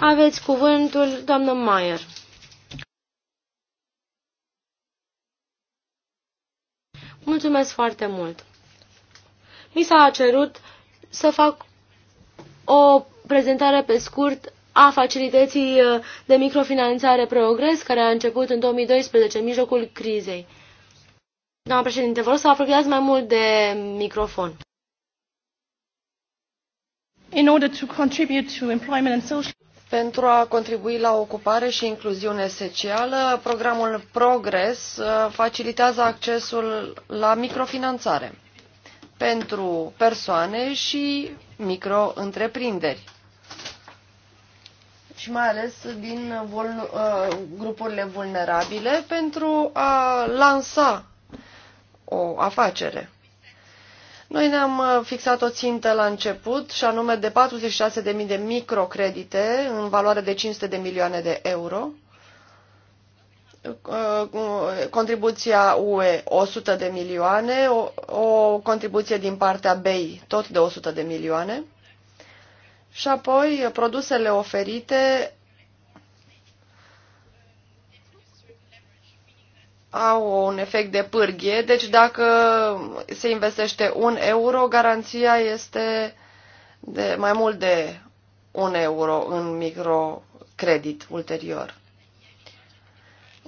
Aveți cuvântul, doamnă Mayer. Mulțumesc foarte mult! Mi s-a cerut să fac o prezentare pe scurt a facilității uh, de microfinanțare Progres, care a început în 2012, în mijlocul crizei. Doamna președinte, vă rog să apropiați mai mult de microfon. In order to contribute to employment and social pentru a contribui la ocupare și incluziune socială, programul Progress uh, facilitează accesul la microfinanțare pentru persoane și micro-întreprinderi și mai ales din vul, uh, grupurile vulnerabile pentru a lansa o afacere. Noi ne-am uh, fixat o țintă la început și anume de 46.000 de microcredite în valoare de 500 de milioane de euro, uh, uh, contribuția UE 100 de milioane, o, o contribuție din partea BEI tot de 100 de milioane și apoi produsele oferite au un efect de pârghie, deci dacă se investește un euro, garanția este de mai mult de un euro în microcredit ulterior.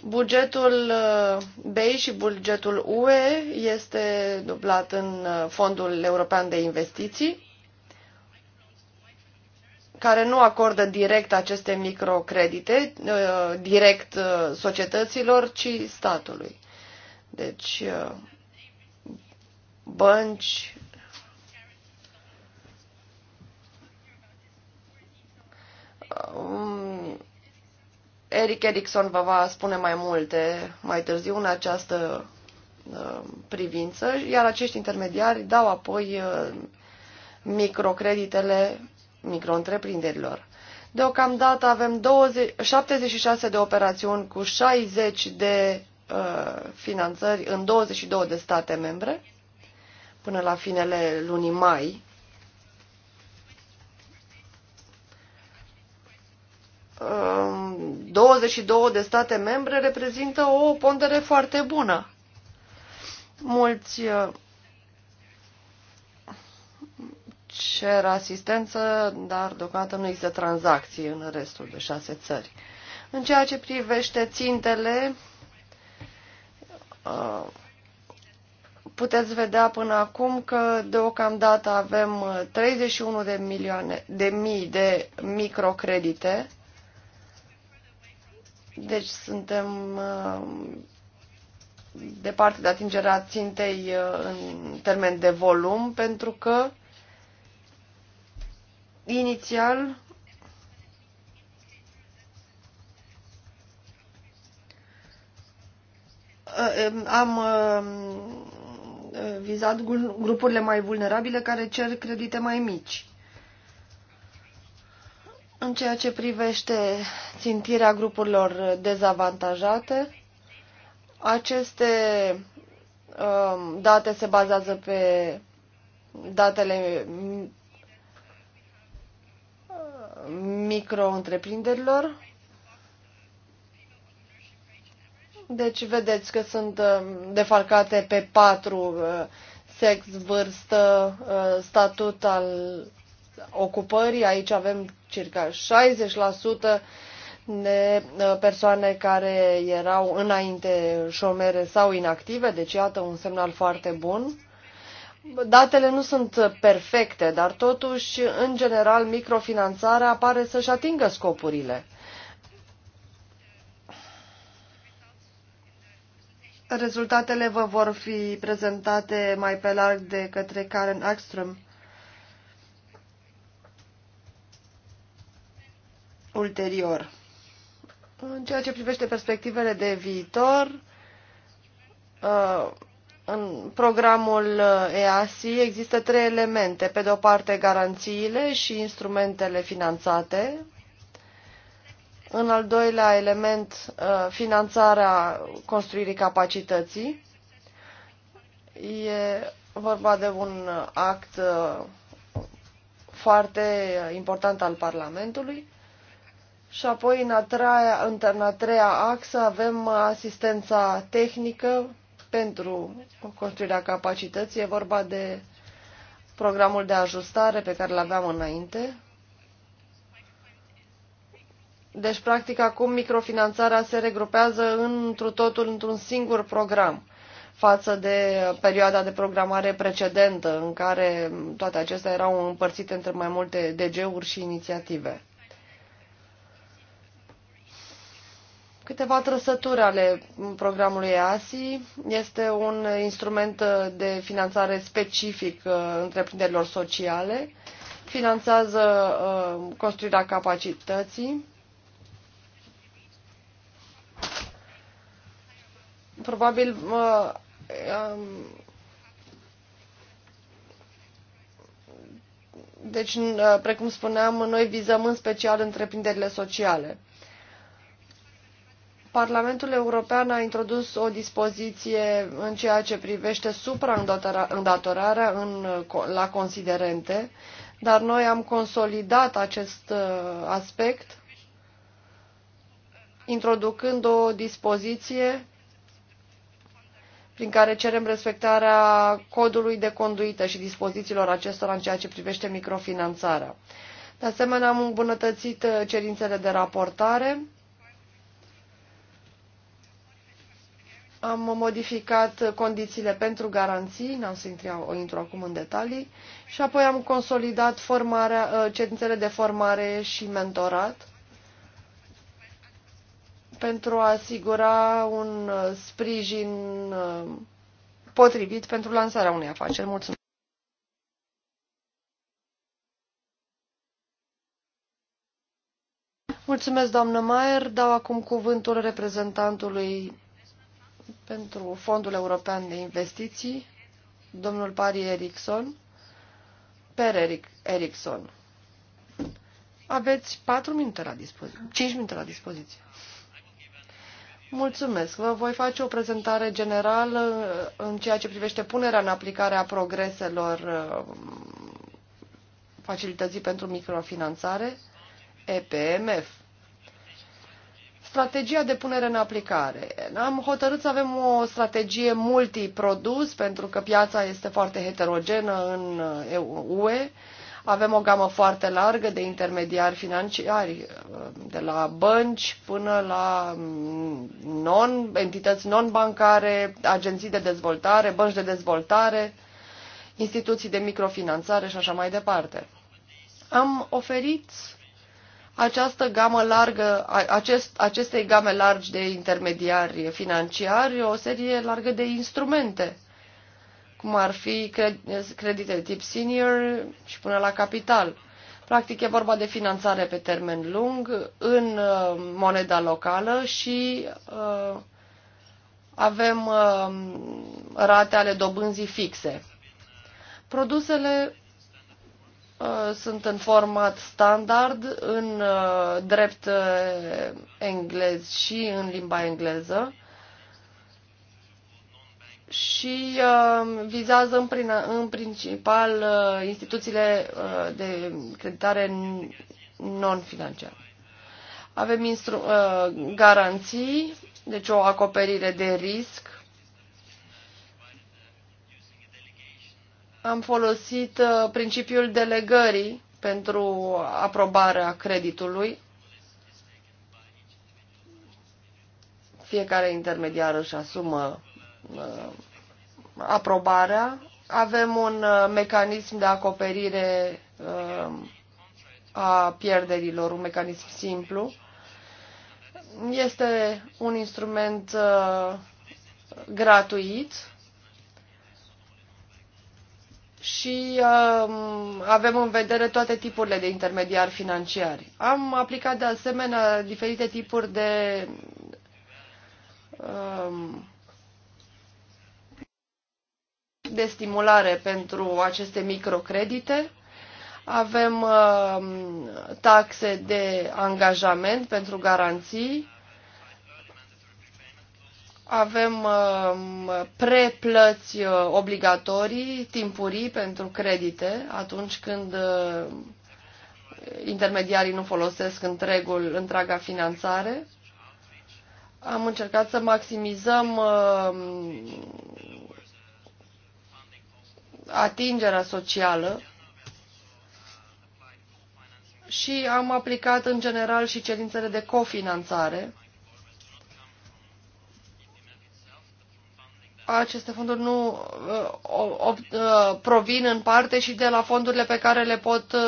Bugetul uh, BEI și bugetul UE este dublat în uh, Fondul European de Investiții care nu acordă direct aceste microcredite, uh, direct uh, societăților, ci statului. Deci, uh, bănci, um, Eric Erickson vă va spune mai multe mai târziu în această privință, iar acești intermediari dau apoi microcreditele micro-întreprinderilor. Deocamdată avem 20, 76 de operațiuni cu 60 de uh, finanțări în 22 de state membre până la finele lunii mai. Um, 22 de state membre reprezintă o pondere foarte bună. Mulți uh, cer asistență, dar deocamdată nu există tranzacții în restul de șase țări. În ceea ce privește țintele, uh, puteți vedea până acum că deocamdată avem 31 de, milioane, de mii de microcredite, deci suntem uh, departe de atingerea țintei uh, în termen de volum, pentru că Inițial, uh, um, am uh, vizat grupurile mai vulnerabile care cer credite mai mici. În ceea ce privește țintirea grupurilor dezavantajate, aceste um, date se bazează pe datele micro-întreprinderilor. Deci vedeți că sunt uh, defalcate pe patru uh, sex, vârstă, uh, statut al ocupării. Aici avem circa 60% de persoane care erau înainte șomere sau inactive, deci iată un semnal foarte bun. Datele nu sunt perfecte, dar totuși, în general, microfinanțarea apare să-și atingă scopurile. Rezultatele vă vor fi prezentate mai pe larg de către Karen Axström ulterior. În ceea ce privește perspectivele de viitor, uh, în programul EASI există trei elemente. Pe de o parte, garanțiile și instrumentele finanțate. În al doilea element, uh, finanțarea construirii capacității. E vorba de un act uh, foarte important al Parlamentului. Și apoi, în a treia, în a treia axă, avem asistența tehnică pentru construirea capacității. E vorba de programul de ajustare pe care îl aveam înainte. Deci, practic, acum microfinanțarea se regrupează întru totul într-un singur program față de perioada de programare precedentă, în care toate acestea erau împărțite între mai multe DG-uri și inițiative. Câteva trăsături ale programului EASI este un instrument de finanțare specific uh, întreprinderilor sociale, finanțează uh, construirea capacității, probabil uh, um, deci, precum spuneam, noi vizăm în special întreprinderile sociale. Parlamentul European a introdus o dispoziție în ceea ce privește supraîndatorarea în, la considerente, dar noi am consolidat acest uh, aspect introducând o dispoziție prin care cerem respectarea codului de conduită și dispozițiilor acestora în ceea ce privește microfinanțarea. De asemenea, am îmbunătățit uh, cerințele de raportare Am modificat condițiile pentru garanții, n-am să intru, intru acum în detalii, și apoi am consolidat formarea, uh, cerințele de formare și mentorat pentru a asigura un uh, sprijin uh, potrivit pentru lansarea unei afaceri. Mulțumesc! Mulțumesc, doamnă Maier. Dau acum cuvântul reprezentantului pentru Fondul European de Investiții, domnul Pari Erickson, Per Erickson. Aveți 4 minute la dispoziție, 5 minute la dispoziție. Mulțumesc. Vă voi face o prezentare generală uh, în ceea ce privește punerea în aplicare a progreselor uh, facilității pentru microfinanțare, EPMF strategia de punere în aplicare. Am hotărât să avem o strategie multiprodus pentru că piața este foarte heterogenă în uh, UE. Avem o gamă foarte largă de intermediari financiari, uh, de la bănci până la mm, non, entități non-bancare, agenții de dezvoltare, bănci de dezvoltare, instituții de microfinanțare și așa mai departe. Am oferit această gamă largă, acest, acestei game largi de intermediari financiari, o serie largă de instrumente, cum ar fi credite de tip senior și până la capital. Practic e vorba de finanțare pe termen lung în uh, moneda locală și uh, avem uh, rate ale dobânzii fixe. Produsele Uh, sunt în format standard, în uh, drept uh, englez și în limba engleză și vizează în, prin, în principal instituțiile de creditare non-financiară. Avem garanții, deci o acoperire de risc am folosit uh, principiul delegării pentru aprobarea creditului. Fiecare intermediar își asumă uh, aprobarea. Avem un uh, mecanism de acoperire a pierderilor, un mecanism simplu. Este un instrument gratuit și um, avem în vedere toate tipurile de intermediari financiari. Am aplicat de asemenea diferite tipuri de um, de stimulare pentru aceste microcredite. Avem um, taxe de angajament pentru garanții avem um, preplăți uh, obligatorii, timpurii pentru credite, atunci când uh, intermediarii nu folosesc întregul, întreaga finanțare. Am încercat să maximizăm um, atingerea socială și am aplicat în general și cerințele de cofinanțare aceste fonduri nu uh, ob, uh, provin în parte și de la fondurile pe care le pot uh,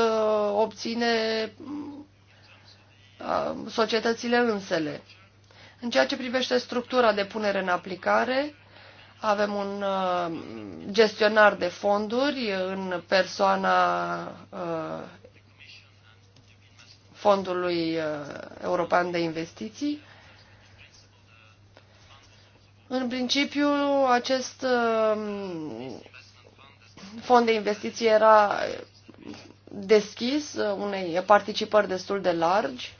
obține uh, societățile însele. În ceea ce privește structura de punere în aplicare, avem un uh, gestionar de fonduri în persoana uh, Fondului uh, European de Investiții, în principiu, acest um, fond de investiții era deschis uh, unei participări destul de largi.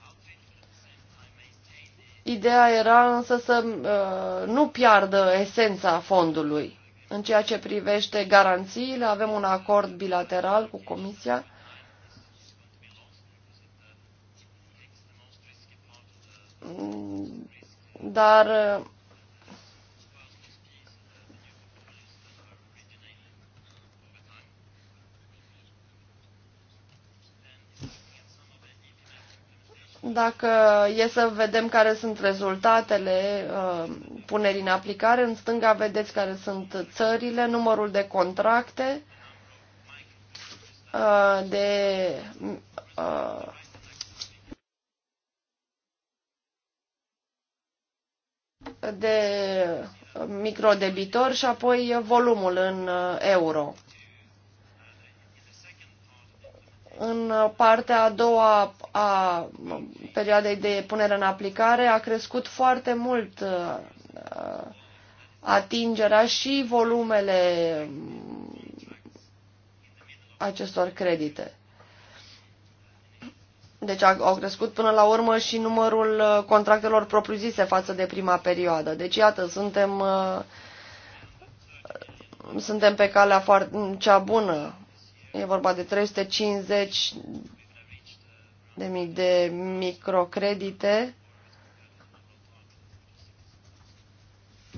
Ideea era însă să uh, nu piardă esența fondului. În ceea ce privește garanțiile, avem un acord bilateral cu Comisia mm, dar uh, Dacă e să vedem care sunt rezultatele uh, punerii în aplicare, în stânga vedeți care sunt țările, numărul de contracte, uh, de uh, de microdebitor și apoi volumul în uh, euro. în partea a doua a perioadei de punere în aplicare a crescut foarte mult uh, atingerea și volumele mm, acestor credite. Deci au crescut până la urmă și numărul uh, contractelor propriu-zise față de prima perioadă. Deci iată, suntem, uh, suntem pe calea cea bună E vorba de 350 de mii de microcredite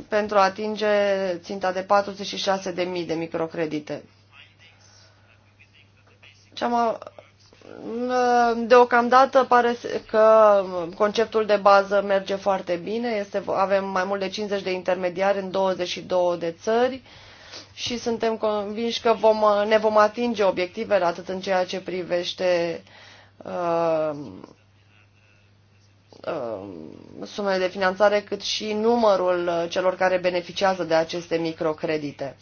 pentru a atinge ținta de 46 de mii de microcredite. Ce am Deocamdată pare că conceptul de bază merge foarte bine. Este, avem mai mult de 50 de intermediari în 22 de țări și suntem convinși că vom, ne vom atinge obiectivele atât în ceea ce privește uh, uh, sumele de finanțare, cât și numărul celor care beneficiază de aceste microcredite.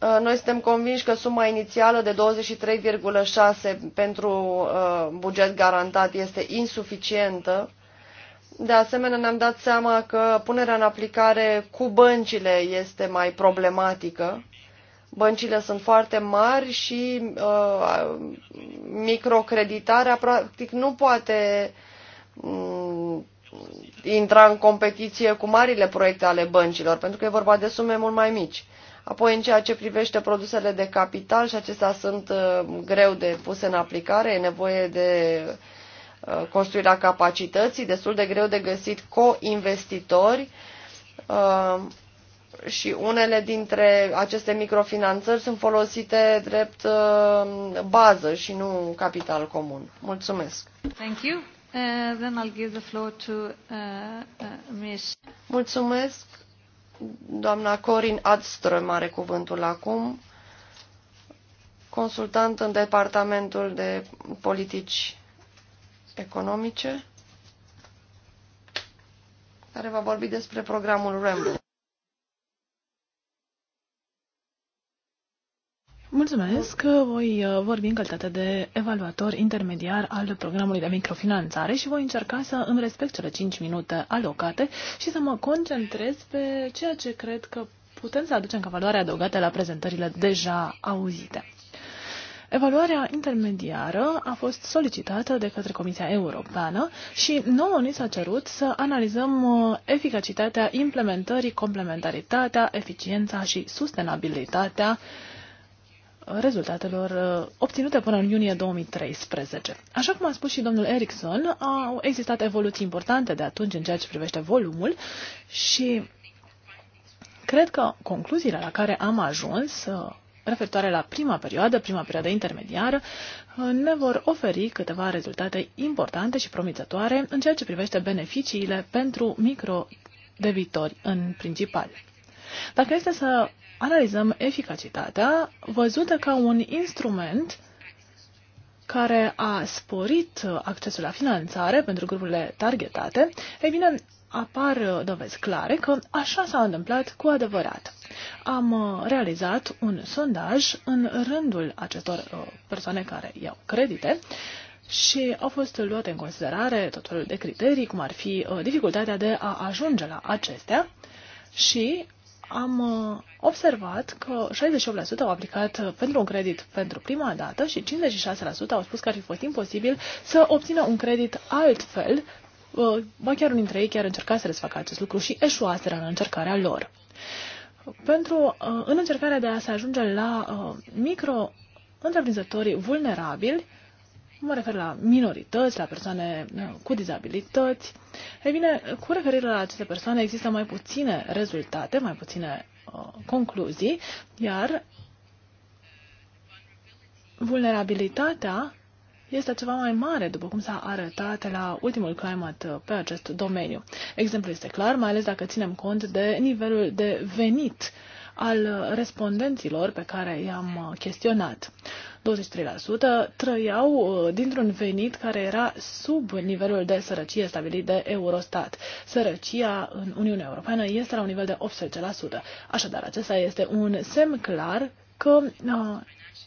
Uh, noi suntem convinși că suma inițială de 23,6 pentru uh, buget garantat este insuficientă de asemenea, ne-am dat seama că punerea în aplicare cu băncile este mai problematică. Băncile sunt foarte mari și uh, microcreditarea practic nu poate um, intra în competiție cu marile proiecte ale băncilor, pentru că e vorba de sume mult mai mici. Apoi, în ceea ce privește produsele de capital, și acestea sunt uh, greu de puse în aplicare, e nevoie de uh, Uh, construirea capacității, destul de greu de găsit co-investitori uh, și unele dintre aceste microfinanțări sunt folosite drept uh, bază și nu capital comun. Mulțumesc! Thank you. Uh, then I'll give the floor to uh, uh, Ms. Mulțumesc. Doamna Corin Adström are cuvântul acum, consultant în Departamentul de Politici economice, care va vorbi despre programul REMBO. Mulțumesc că voi uh, vorbi în calitate de evaluator intermediar al programului de microfinanțare și voi încerca să îmi respect cele 5 minute alocate și să mă concentrez pe ceea ce cred că putem să aducem ca valoare adăugată la prezentările deja auzite. Evaluarea intermediară a fost solicitată de către Comisia Europeană și nouă ni s-a cerut să analizăm uh, eficacitatea implementării, complementaritatea, eficiența și sustenabilitatea uh, rezultatelor uh, obținute până în iunie 2013. Așa cum a spus și domnul Erickson, au existat evoluții importante de atunci în ceea ce privește volumul și cred că concluziile la care am ajuns referitoare la prima perioadă, prima perioadă intermediară, uh, ne vor oferi câteva rezultate importante și promițătoare în ceea ce privește beneficiile pentru microdebitori în principal. Dacă este să analizăm eficacitatea, văzută ca un instrument care a sporit accesul la finanțare pentru grupurile targetate, ei bine, apar uh, dovezi clare că așa s-a întâmplat cu adevărat. Am uh, realizat un sondaj în rândul acestor uh, persoane care iau credite și au fost luate în considerare tot felul de criterii, cum ar fi dificultatea de a ajunge la acestea și am observat că 68% au aplicat pentru un credit pentru prima dată și 56% au spus că ar fi fost imposibil să obțină un credit altfel Uh, ba chiar unii dintre ei chiar încerca să facă acest lucru și eșuaseră în încercarea lor. Pentru, uh, în încercarea de a se ajunge la uh, micro întreprinzătorii vulnerabili, mă refer la minorități, la persoane cu dizabilități. Ei bine, cu referire la aceste persoane există mai puține rezultate, mai puține concluzii, iar vulnerabilitatea este ceva mai mare, după cum s-a arătat la ultimul climat uh, pe acest domeniu. Exemplul este clar, mai ales dacă ținem cont de nivelul de venit al uh, respondenților pe care i-am uh, chestionat. 23% trăiau dintr-un venit care era sub nivelul de sărăcie stabilit de Eurostat. Sărăcia în Uniunea Europeană este la un nivel de 18%. Așadar, acesta este un semn clar că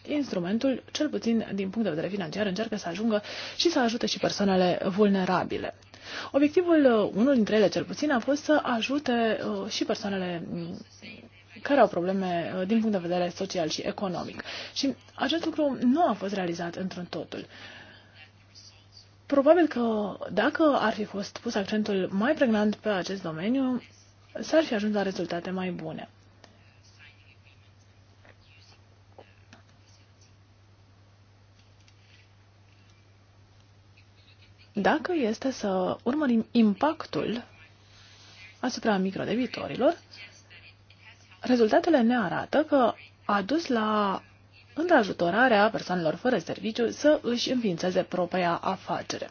instrumentul, cel puțin din punct de vedere financiar, încearcă să ajungă și să ajute și persoanele vulnerabile. Obiectivul, uh, unul dintre ele cel puțin, a fost să ajute uh, și persoanele mm, care au probleme uh, din punct de vedere social și economic. Și acest lucru nu a fost realizat într-un totul. Probabil că dacă ar fi fost pus accentul mai pregnant pe acest domeniu, s-ar fi ajuns la rezultate mai bune. Dacă este să urmărim impactul asupra microdebitorilor, rezultatele ne arată că a dus la întrajutorarea persoanelor fără serviciu să își înființeze propria afacere.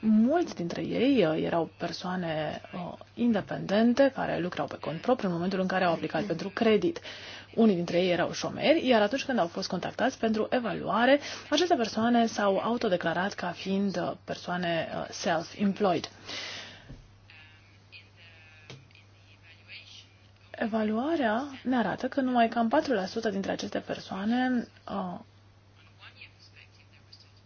Mulți dintre ei uh, erau persoane uh, independente care lucrau pe cont propriu în momentul în care au aplicat pentru credit unii dintre ei erau șomeri, iar atunci când au fost contactați pentru evaluare, aceste persoane s-au autodeclarat ca fiind uh, persoane uh, self-employed. Evaluarea ne arată că numai cam 4% dintre aceste persoane uh,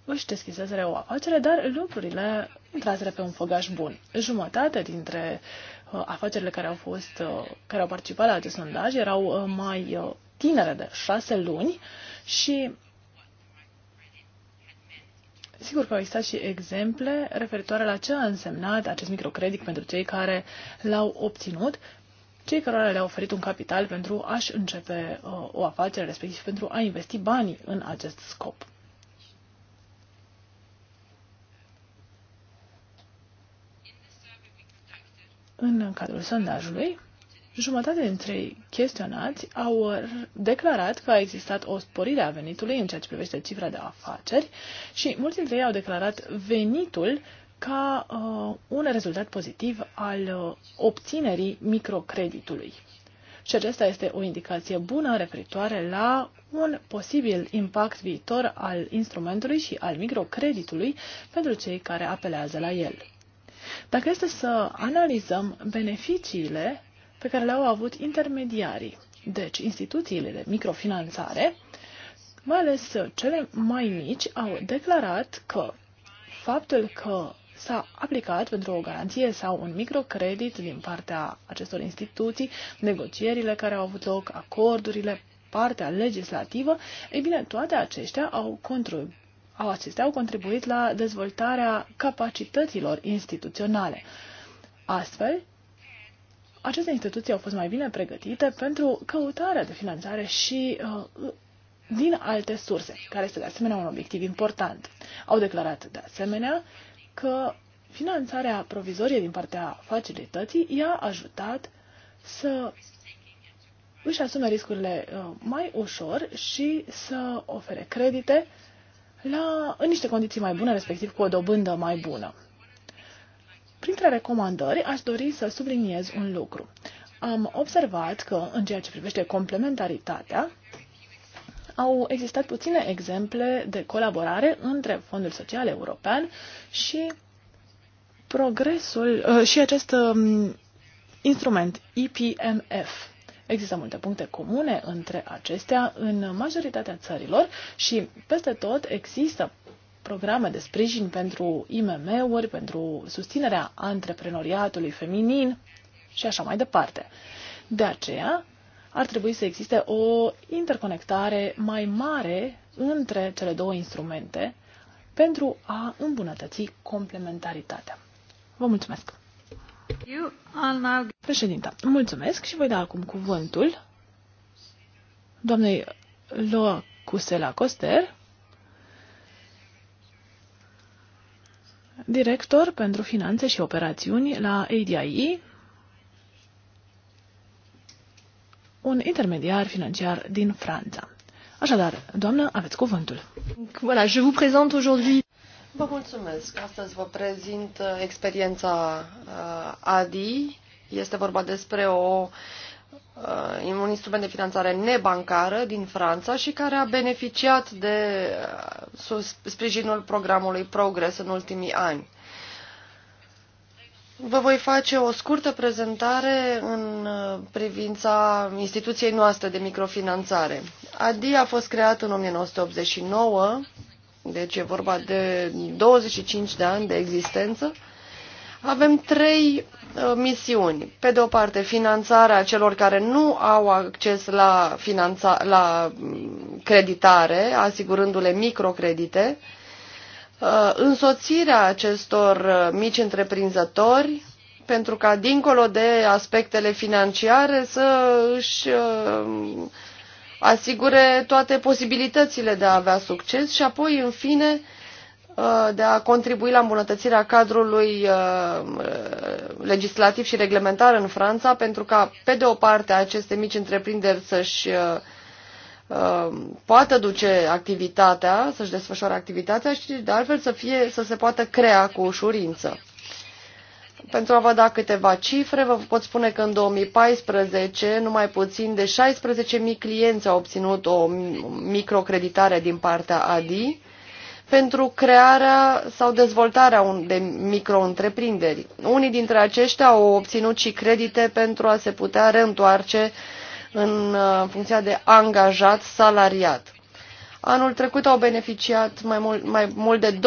își deschiseseră o afacere, dar lucrurile intraseră pe un făgaș bun. Jumătate dintre uh, Uh, afacerile care au, fost, uh, care au participat la acest sondaj erau uh, mai tinere de șase luni și Sigur că au existat și exemple referitoare la ce a însemnat acest microcredit pentru cei care l-au obținut, cei care le-au oferit un capital pentru a-și începe o afacere, respectiv pentru a investi banii în acest scop. În cadrul sondajului, jumătate dintre ei chestionați au declarat că a existat o sporire a venitului în ceea ce privește cifra de afaceri și mulți dintre ei au declarat venitul ca uh, un rezultat pozitiv al uh, obținerii microcreditului. Și acesta este o indicație bună referitoare la un posibil impact viitor al instrumentului și al microcreditului pentru cei care apelează la el. Dacă este să analizăm beneficiile pe care le-au avut intermediarii, deci instituțiile de microfinanțare, mai ales cele mai mici au declarat că faptul că s-a aplicat pentru o garanție sau un microcredit din partea acestor instituții, negocierile care au avut loc, acordurile, partea legislativă, ei bine, toate acestea au contribuit acestea au contribuit la dezvoltarea capacităților instituționale. Astfel, aceste instituții au fost mai bine pregătite pentru căutarea de finanțare și uh, din alte surse, care este de asemenea un obiectiv important. Au declarat de asemenea că finanțarea provizorie din partea facilității i-a ajutat să își asume riscurile uh, mai ușor și să ofere credite uh, la, în niște condiții mai bune, respectiv cu o dobândă mai bună. Printre recomandări, aș dori să subliniez un lucru. Am observat că, în ceea ce privește complementaritatea, au existat puține exemple de colaborare între Fondul Social European și progresul uh, și acest um, instrument IPMF. Există multe puncte comune între acestea în majoritatea țărilor și peste tot există programe de sprijin pentru IMM-uri, pentru susținerea antreprenoriatului feminin și așa mai departe. De aceea, ar trebui să existe o interconectare mai mare între cele două instrumente pentru a îmbunătăți complementaritatea. Vă mulțumesc! Președinta, mulțumesc și voi da acum cuvântul doamnei Loa Cusela Coster, director pentru finanțe și operațiuni la ADIE, un intermediar financiar din Franța. Așadar, doamnă, aveți cuvântul. Voilà, je vous présente aujourd'hui Vă mulțumesc. Astăzi vă prezint uh, experiența uh, ADI. Este vorba despre o, uh, un instrument de finanțare nebancară din Franța și care a beneficiat de sprijinul programului Progress în ultimii ani. Vă voi face o scurtă prezentare în privința instituției noastre de microfinanțare. ADI a fost creat în 1989 deci e vorba de 25 de ani de existență, avem trei uh, misiuni. Pe de o parte, finanțarea celor care nu au acces la, finanța, la mm, creditare, asigurându-le microcredite, uh, însoțirea acestor uh, mici întreprinzători pentru ca, dincolo de aspectele financiare, să își asigure toate posibilitățile de a avea succes și apoi, în fine, uh, de a contribui la îmbunătățirea cadrului uh, legislativ și reglementar în Franța, pentru ca, pe de o parte, aceste mici întreprinderi să-și uh, poată duce activitatea, să-și desfășoare activitatea și, de altfel, să, fie, să se poată crea cu ușurință. Pentru a vă da câteva cifre, vă pot spune că în 2014 numai puțin de 16.000 clienți au obținut o microcreditare din partea ADI pentru crearea sau dezvoltarea de micro-întreprinderi. Unii dintre aceștia au obținut și credite pentru a se putea reîntoarce în funcția de angajat salariat. Anul trecut au beneficiat mai mult, mai mult de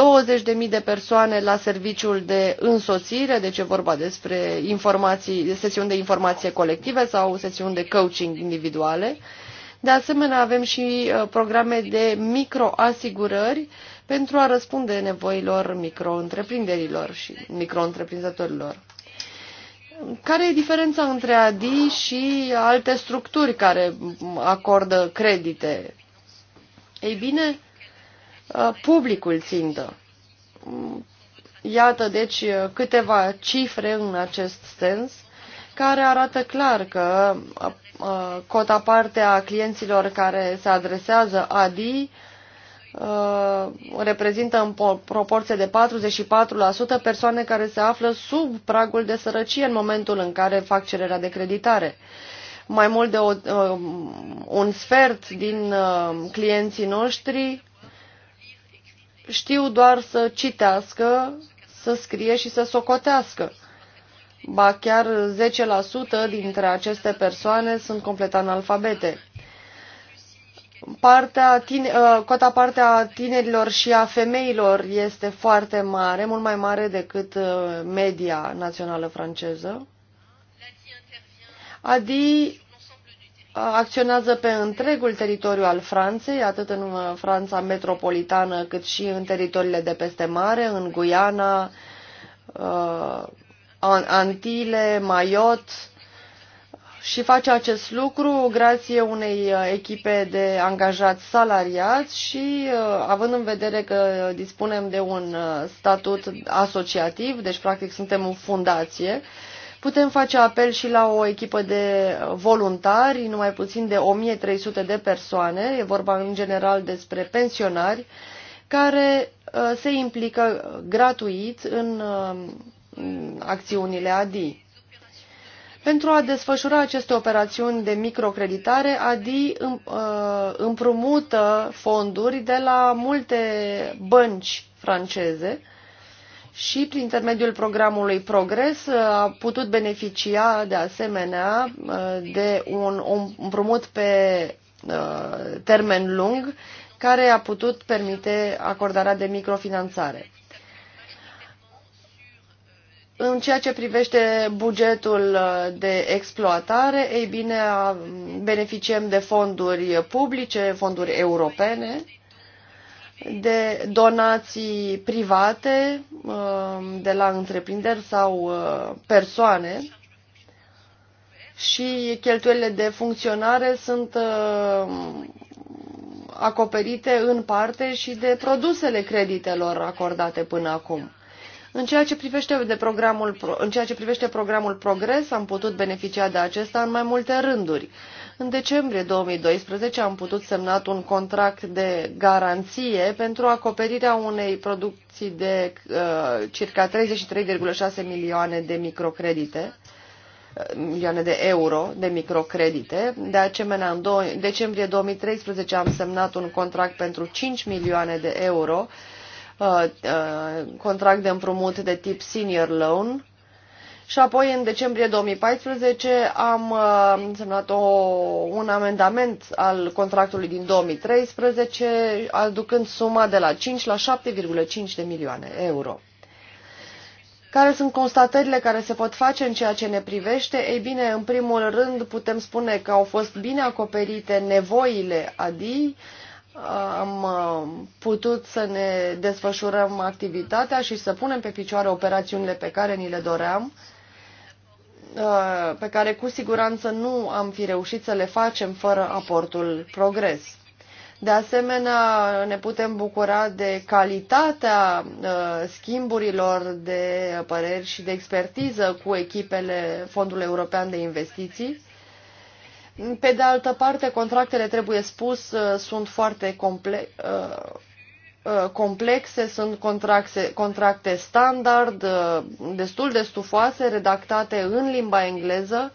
20.000 de persoane la serviciul de însoțire, deci e vorba despre informații, sesiuni de informație colective sau sesiuni de coaching individuale. De asemenea, avem și uh, programe de microasigurări pentru a răspunde nevoilor micro-întreprinderilor și micro-întreprinzătorilor. Care e diferența între ADI și alte structuri care acordă credite ei bine, uh, publicul țintă. Iată, deci, uh, câteva cifre în acest sens care arată clar că uh, cota parte a clienților care se adresează ADI reprezintă în proporție de 44% persoane care se află sub pragul de sărăcie în momentul în care fac cererea de creditare mai mult de o, uh, un sfert din uh, clienții noștri știu doar să citească, să scrie și să socotească. Ba chiar 10% dintre aceste persoane sunt complet analfabete. Partea tine, uh, cota partea tinerilor și a femeilor este foarte mare, mult mai mare decât media națională franceză. ADI acționează pe întregul teritoriu al Franței, atât în uh, Franța metropolitană, cât și în teritoriile de peste mare, în Guiana, uh, Antile, Maiot și face acest lucru grație unei uh, echipe de angajați salariați și având în vedere că dispunem de un statut asociativ, deci practic suntem o fundație, Putem face apel și la o echipă de voluntari, numai puțin de 1300 de persoane, e vorba în general despre pensionari, care uh, se implică gratuit în uh, acțiunile ADI. Pentru a desfășura aceste operațiuni de microcreditare, ADI uh, împrumută fonduri de la multe bănci franceze și prin intermediul programului Progres uh, a putut beneficia de asemenea uh, de un împrumut pe uh, termen lung care a putut permite acordarea de microfinanțare. În ceea ce privește bugetul de exploatare, ei bine, beneficiem de fonduri publice, fonduri europene, de donații private um, de la întreprinderi sau uh, persoane și cheltuielile de funcționare sunt um, acoperite în parte și de produsele creditelor acordate până acum. În ceea, ce privește de programul, în ceea ce privește programul Progres, am putut beneficia de acesta în mai multe rânduri. În decembrie 2012 am putut semna un contract de garanție pentru acoperirea unei producții de uh, circa 33,6 milioane de microcredite uh, milioane de euro de microcredite. De asemenea, în decembrie 2013 am semnat un contract pentru 5 milioane de euro, uh, uh, contract de împrumut de tip senior loan, și apoi în decembrie 2014 am uh, semnat o, un amendament al contractului din 2013, aducând suma de la 5 la 7,5 de milioane euro. Care sunt constatările care se pot face în ceea ce ne privește? Ei bine, în primul rând putem spune că au fost bine acoperite nevoile ADI, am uh, putut să ne desfășurăm activitatea și să punem pe picioare operațiunile pe care ni le doream Uh, pe care cu siguranță nu am fi reușit să le facem fără aportul progres. De asemenea, ne putem bucura de calitatea uh, schimburilor de păreri și de expertiză cu echipele Fondului European de Investiții. Pe de altă parte, contractele, trebuie spus, uh, sunt foarte comple- Uh, complexe, sunt contracte, contracte standard, uh, destul de stufoase, redactate în limba engleză,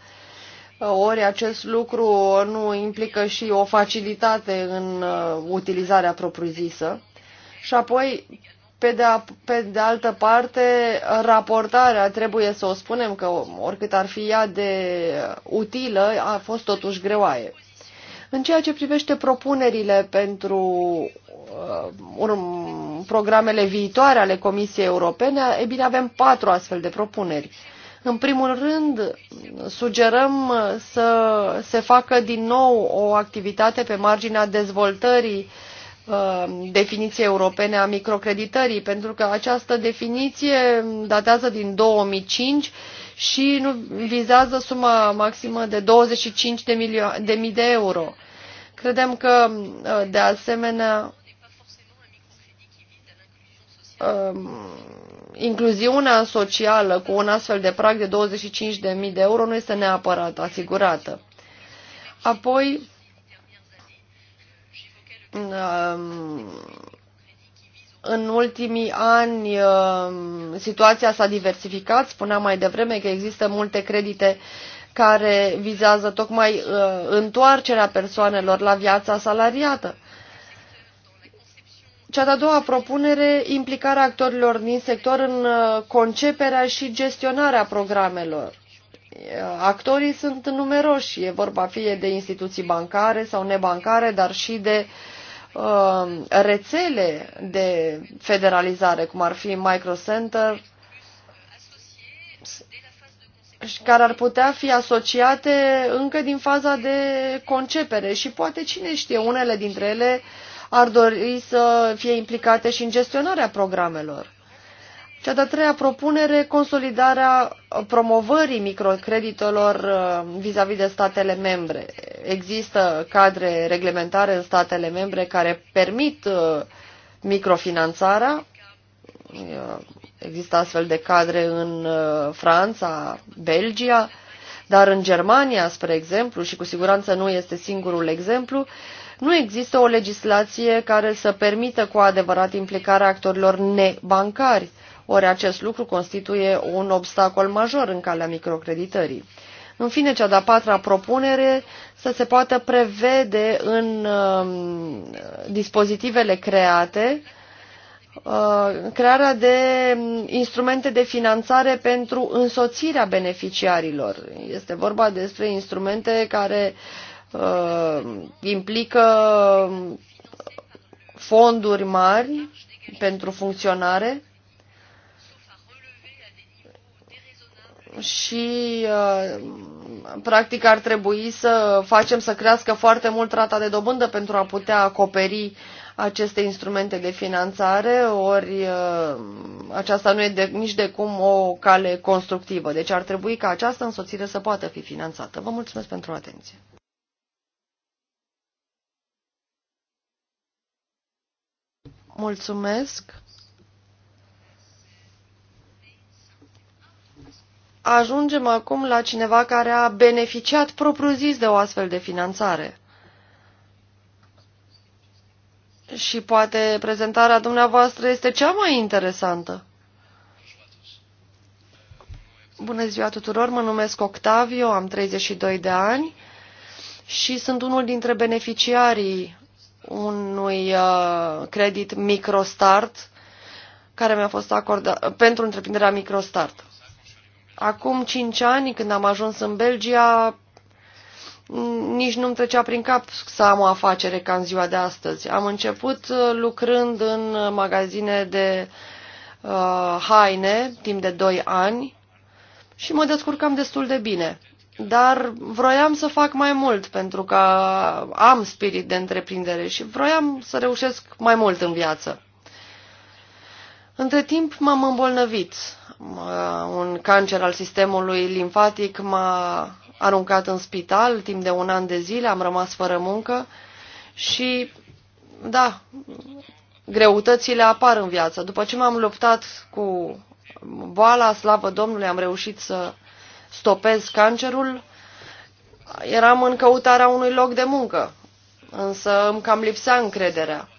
uh, ori acest lucru nu implică și o facilitate în utilizarea propriu-zisă. Și apoi, pe de, a, pe de altă parte, raportarea, trebuie să o spunem că oricât ar fi ea de utilă, a fost totuși greoaie. În ceea ce privește propunerile pentru Uh, programele viitoare ale Comisiei Europene, e bine, avem patru astfel de propuneri. În primul rând, sugerăm uh, să se facă din nou o activitate pe marginea dezvoltării uh, definiției europene a microcreditării, pentru că această definiție datează din 2005 și nu vizează suma maximă de 25 de, milio- de mii de euro. Credem că, de asemenea, um, incluziunea socială cu un astfel de prag de 25.000 de euro nu este neapărat asigurată. Apoi, um, în ultimii ani um, situația s-a diversificat. Spuneam mai devreme că există multe credite care vizează tocmai uh, întoarcerea persoanelor la viața salariată. Cea de-a doua propunere, implicarea actorilor din sector în uh, conceperea și gestionarea programelor. Uh, actorii sunt numeroși, e vorba fie de instituții bancare sau nebancare, dar și de uh, rețele de federalizare, cum ar fi Microcenter, care ar putea fi asociate încă din faza de concepere și poate cine știe, unele dintre ele uh, ar dori să fie implicate și în gestionarea programelor. Cea de-a treia propunere, consolidarea promovării microcreditelor uh, vis-a-vis -vis de statele membre. Există cadre reglementare în statele membre care permit uh, microfinanțarea. Uh, există astfel de cadre în Franța, Belgia, dar în Germania, spre exemplu, și cu siguranță nu este singurul exemplu, nu există o legislație care să permită cu adevărat implicarea actorilor nebancari, ori acest lucru constituie un obstacol major în calea microcreditării. În fine, cea de-a patra propunere să se poată prevede în uh, dispozitivele create uh, crearea de um, instrumente de finanțare pentru însoțirea beneficiarilor. Este vorba despre instrumente care uh, Uh, implică fonduri mari pentru funcționare și uh, practic ar trebui să facem să crească foarte mult rata de dobândă pentru a putea acoperi aceste instrumente de finanțare, ori uh, aceasta nu e de, nici de cum o cale constructivă. Deci ar trebui ca această însoțire să poată fi finanțată. Vă mulțumesc pentru atenție. Mulțumesc. Ajungem acum la cineva care a beneficiat propriu-zis de o astfel de finanțare. Și poate prezentarea dumneavoastră este cea mai interesantă. Bună ziua tuturor, mă numesc Octavio, am 32 de ani și sunt unul dintre beneficiarii unui uh, credit microstart care mi-a fost acordat uh, pentru întreprinderea microstart. Acum cinci ani, când am ajuns în Belgia, nici nu-mi trecea prin cap să am o afacere ca în ziua de astăzi. Am început uh, lucrând în magazine de uh, haine timp de doi ani și mă descurcam destul de bine. Dar vroiam să fac mai mult pentru că am spirit de întreprindere și vroiam să reușesc mai mult în viață. Între timp m-am îmbolnăvit. Un cancer al sistemului limfatic m-a aruncat în spital timp de un an de zile, am rămas fără muncă și, da, greutățile apar în viață. După ce m-am luptat cu boala, slavă Domnului, am reușit să stopez cancerul, eram în căutarea unui loc de muncă, însă îmi cam lipsea încrederea.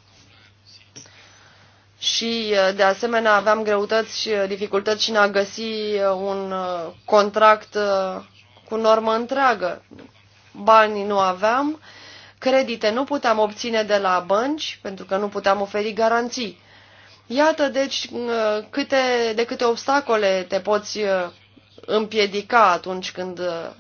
Și, de asemenea, aveam greutăți și dificultăți și în a găsi un contract cu normă întreagă. Bani nu aveam, credite nu puteam obține de la bănci, pentru că nu puteam oferi garanții. Iată, deci, câte, de câte obstacole te poți împiedica atunci când uh,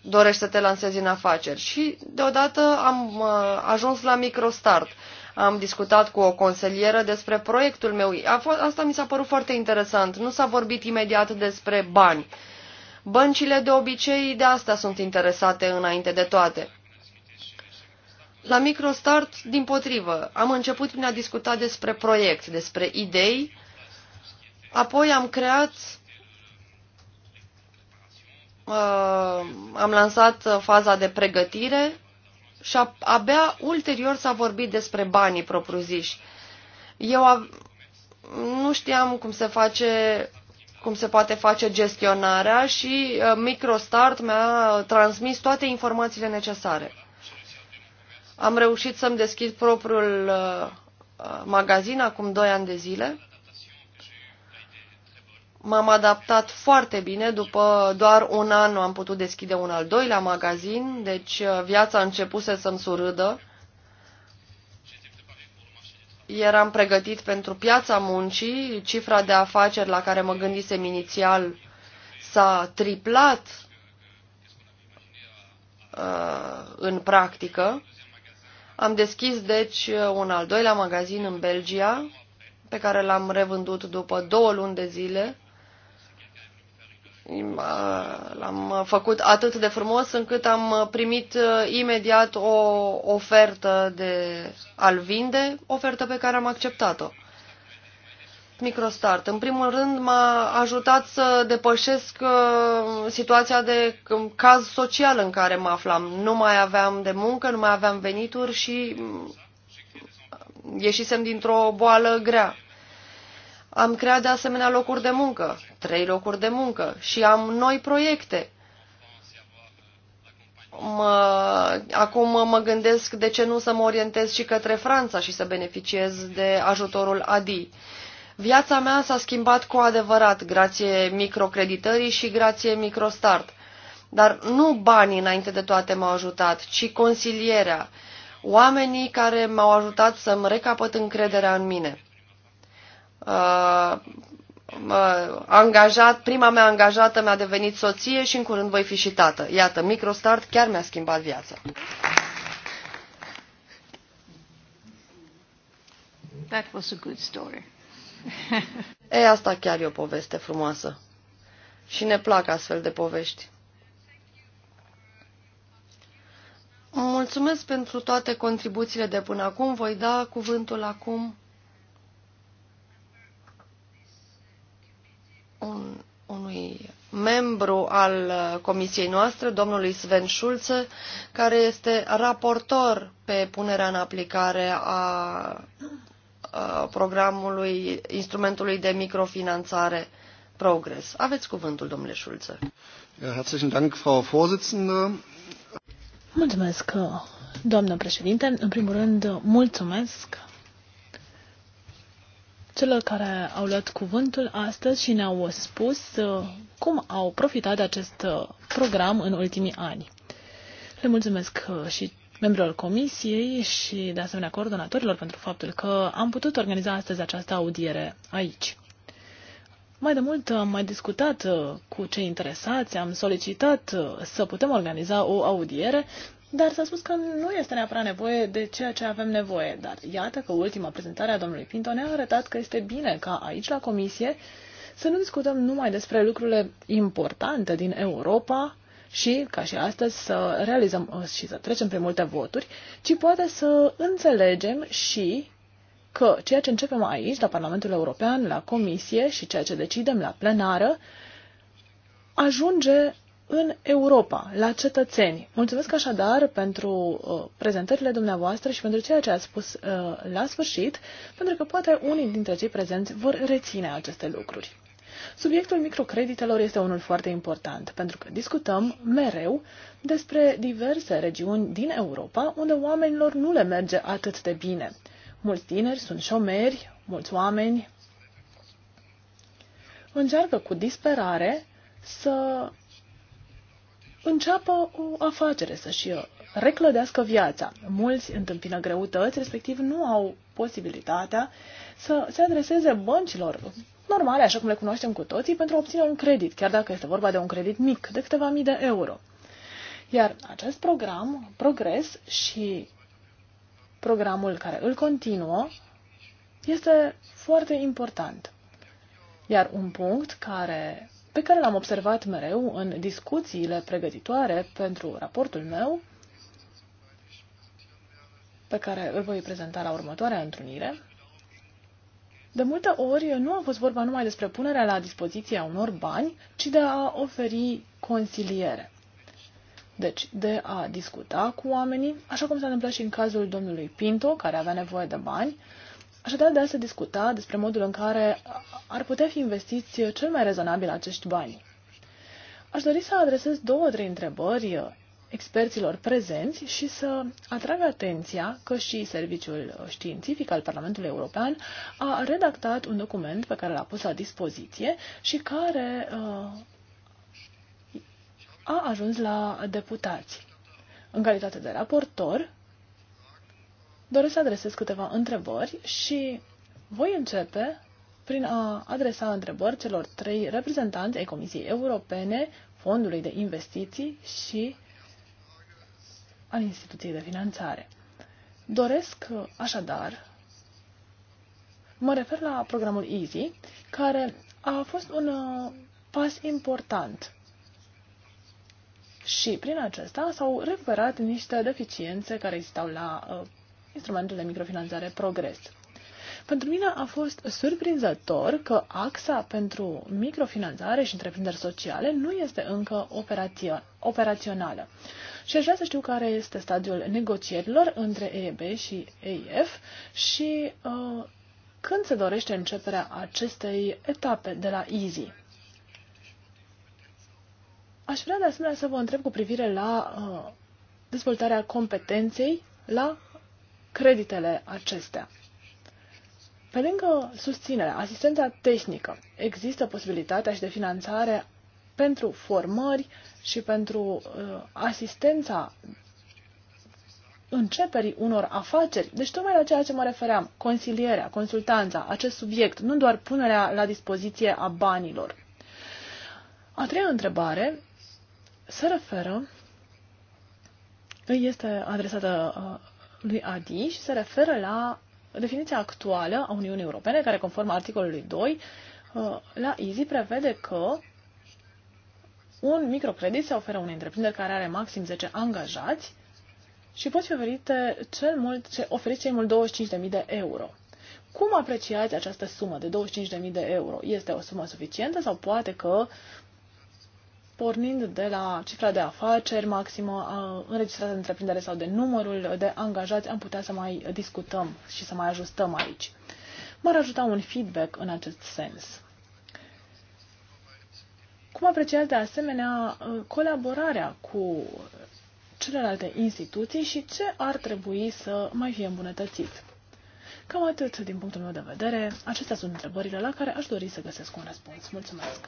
dorești să te lansezi în afaceri. Și deodată am uh, ajuns la microstart. Am discutat cu o consilieră despre proiectul meu. A fost, asta mi s-a părut foarte interesant. Nu s-a vorbit imediat despre bani. Băncile de obicei de asta sunt interesate înainte de toate. La microstart, din potrivă, am început prin a discuta despre proiect, despre idei, apoi am creat Uh, am lansat uh, faza de pregătire și abia ulterior s-a vorbit despre banii propriu-ziși. Eu nu știam cum se face cum se poate face gestionarea și uh, MicroStart mi-a transmis toate informațiile necesare. Am reușit să-mi deschid propriul magazin acum 2 ani de zile m-am adaptat foarte bine. După doar un an am putut deschide un al doilea magazin, deci uh, viața a început să-mi surâdă. Eram pregătit pentru piața muncii, cifra de afaceri la care mă gândisem inițial s-a triplat uh, în practică. Am deschis, deci, uh, un al doilea magazin în Belgia, pe care l-am revândut după două luni de zile L-am făcut atât de frumos încât am primit uh, imediat o ofertă de al vinde, ofertă pe care am acceptat-o. Microstart. În primul rând m-a ajutat să depășesc uh, situația de um, caz social în care mă aflam. Nu mai aveam de muncă, nu mai aveam venituri și mm, ieșisem dintr-o boală grea. Am creat de asemenea locuri de muncă, trei locuri de muncă și am noi proiecte. Mă, acum mă gândesc de ce nu să mă orientez și către Franța și să beneficiez de ajutorul ADI. Viața mea s-a schimbat cu adevărat grație microcreditării și grație microstart. Dar nu banii înainte de toate m-au ajutat, ci consilierea, oamenii care m-au ajutat să-mi recapăt încrederea în mine. Uh, uh, angajat, prima mea angajată mi-a devenit soție și în curând voi fi și tată. Iată, Microstart chiar mi-a schimbat viața. That was a good story. e, asta chiar e o poveste frumoasă. Și ne plac astfel de povești. Mulțumesc pentru toate contribuțiile de până acum. Voi da cuvântul acum un, unui membru al uh, comisiei noastre, domnului Sven Schulze, care este raportor pe punerea în aplicare a, programului, instrumentului de microfinanțare Progress. Aveți cuvântul, domnule Schulze. Herzlichen Dank, Frau Vorsitzende. Mulțumesc, doamnă președinte. În primul rând, mulțumesc celor care au luat cuvântul astăzi și ne-au spus uh, cum au profitat de acest uh, program în ultimii ani. Le mulțumesc uh, și membrilor comisiei și, de asemenea, coordonatorilor pentru faptul că am putut organiza astăzi această audiere aici. Mai de mult am mai discutat cu cei interesați, am solicitat să putem organiza o audiere, dar s-a spus că nu este neapărat nevoie de ceea ce avem nevoie. Dar iată că ultima prezentare a domnului Pinto ne-a arătat că este bine ca aici, la Comisie, să nu discutăm numai despre lucrurile importante din Europa și, ca și astăzi, să realizăm uh, și să trecem pe multe voturi, ci poate să înțelegem și că ceea ce începem aici, la Parlamentul European, la Comisie și ceea ce decidem la plenară, ajunge în Europa, la cetățeni. Mulțumesc așadar pentru uh, prezentările dumneavoastră și pentru ceea ce ați spus uh, la sfârșit, pentru că poate unii dintre cei prezenți vor reține aceste lucruri. Subiectul microcreditelor este unul foarte important, pentru că discutăm mereu despre diverse regiuni din Europa unde oamenilor nu le merge atât de bine. Mulți tineri sunt șomeri, mulți oameni încearcă cu disperare să înceapă o afacere, să-și reclădească viața. Mulți întâmpină greutăți, respectiv nu au posibilitatea să se adreseze băncilor normale, așa cum le cunoaștem cu toții, pentru a obține un credit, chiar dacă este vorba de un credit mic, de câteva mii de euro. Iar acest program, Progres și programul care îl continuă, este foarte important. Iar un punct care pe care l-am observat mereu în discuțiile pregătitoare pentru raportul meu, pe care îl voi prezenta la următoarea întrunire. de multe ori nu a fost vorba numai despre punerea la dispoziție a unor bani, ci de a oferi consiliere. Deci, de a discuta cu oamenii, așa cum s-a întâmplat și în cazul domnului Pinto, care avea nevoie de bani, Așadar, de a se discuta despre modul în care ar putea fi investiți cel mai rezonabil acești bani. Aș dori să adresez două, trei întrebări experților prezenți și să atrag atenția că și Serviciul Științific al Parlamentului European a redactat un document pe care l-a pus la dispoziție și care uh, a ajuns la deputați. În calitate de raportor, doresc să adresez câteva întrebări și voi începe prin a adresa întrebări celor trei reprezentanți ai Comisiei Europene, Fondului de Investiții și al Instituției de Finanțare. Doresc așadar, mă refer la programul EASY, care a fost un uh, pas important și prin acesta s-au recuperat niște deficiențe care existau la uh, instrumentul de microfinanțare Progres. Pentru mine a fost surprinzător că AXA pentru microfinanțare și întreprinderi sociale nu este încă operațională. Și aș vrea să știu care este stadiul negocierilor între EEB și EIF și uh, când se dorește începerea acestei etape de la EASY. Aș vrea de asemenea să vă întreb cu privire la uh, dezvoltarea competenței la creditele acestea. Pe lângă susținerea, asistența tehnică, există posibilitatea și de finanțare pentru formări și pentru uh, asistența începerii unor afaceri. Deci tocmai la ceea ce mă refeream, consilierea, consultanța, acest subiect, nu doar punerea la dispoziție a banilor. A treia întrebare se referă, îi este adresată uh, lui Adi și se referă la definiția actuală a Uniunii Europene, care conform articolului 2 uh, la EASY prevede că un microcredit se oferă unei întreprinderi care are maxim 10 angajați și pot fi oferite cel mult, ce, cel mult 25.000 de euro. Cum apreciați această sumă de 25.000 de euro? Este o sumă suficientă sau poate că pornind de la cifra de afaceri maximă înregistrată de întreprindere sau de numărul de angajați, am putea să mai discutăm și să mai ajustăm aici. M-ar ajuta un feedback în acest sens. Cum apreciați de asemenea ă, colaborarea cu celelalte instituții și ce ar trebui să mai fie îmbunătățit? Cam atât din punctul meu de vedere. Acestea sunt întrebările la care aș dori să găsesc un răspuns. Mulțumesc!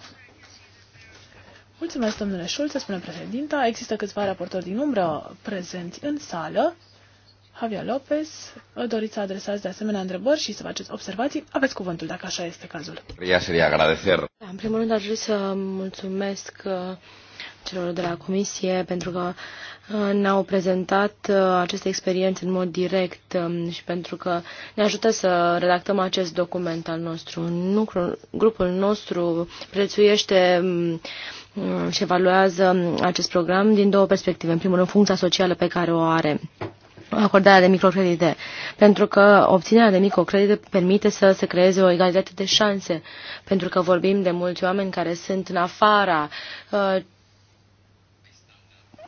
Mulțumesc, domnule Șulțe, spune președinta. Există câțiva raportori din umbră prezenți în sală. Javier Lopez, doriți să adresați de asemenea întrebări și să faceți observații? Aveți cuvântul, dacă așa este cazul. Ea seria agradecer. Da, în primul rând, aș vrea să mulțumesc uh, celor de la comisie pentru că ne-au prezentat uh, aceste experiențe în mod direct um, și pentru că ne ajută să redactăm acest document al nostru. Grupul nostru prețuiește um, uh, și evaluează um, acest program din două perspective. În primul rând, funcția socială pe care o are acordarea de microcredite, pentru că obținerea de microcredite permite să se creeze o egalitate de șanse, pentru că vorbim de mulți oameni care sunt în afara uh,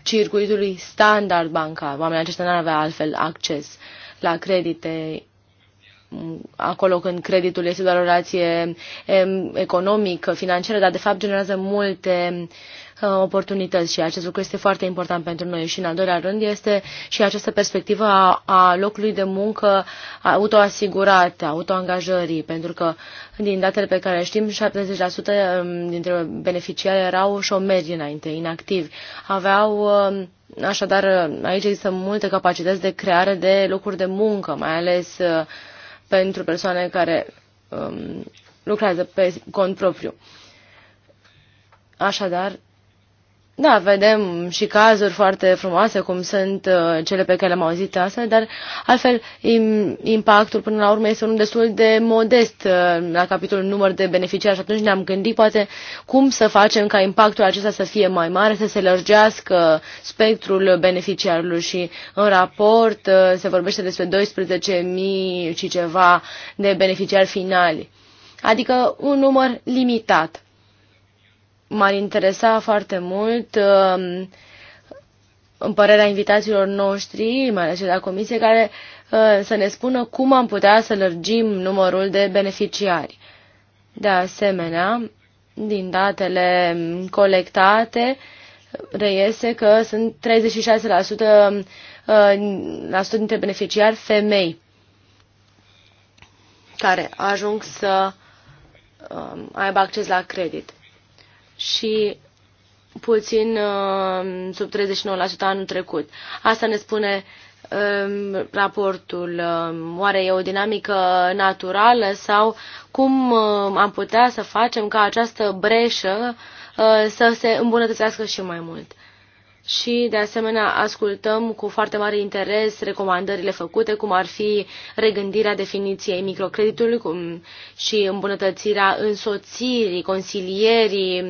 circuitului standard bancar. Oamenii aceștia nu avea altfel acces la credite acolo când creditul este doar o relație economică, financiară, dar de fapt generează multe Uh, oportunități și acest lucru este foarte important pentru noi. Și în al doilea rând este și această perspectivă a, a locului de muncă autoasigurat, autoangajării, pentru că din datele pe care le știm, 70% um, dintre beneficiari erau șomeri înainte, inactivi. Aveau um, Așadar, aici există multe capacități de creare de locuri de muncă, mai ales uh, pentru persoane care um, lucrează pe cont propriu. Așadar, da, vedem și cazuri foarte frumoase, cum sunt uh, cele pe care le-am auzit astăzi, dar altfel impactul până la urmă este unul destul de modest uh, la capitolul număr de beneficiari și atunci ne-am gândit poate cum să facem ca impactul acesta să fie mai mare, să se lărgească spectrul beneficiarilor și în raport uh, se vorbește despre 12.000 și ceva de beneficiari finali, adică un număr limitat m-ar interesa foarte mult um, în părerea invitațiilor noștri, mai ales de la comisie, care uh, să ne spună cum am putea să lărgim numărul de beneficiari. De asemenea, din datele colectate, reiese că sunt 36% la uh, dintre beneficiari femei care ajung să um, aibă acces la credit și puțin uh, sub 39% anul trecut. Asta ne spune um, raportul. Um, oare e o dinamică naturală sau cum uh, am putea să facem ca această breșă uh, să se îmbunătățească și mai mult? și, de asemenea, ascultăm cu foarte mare interes recomandările făcute, cum ar fi regândirea definiției microcreditului cum și îmbunătățirea însoțirii, consilierii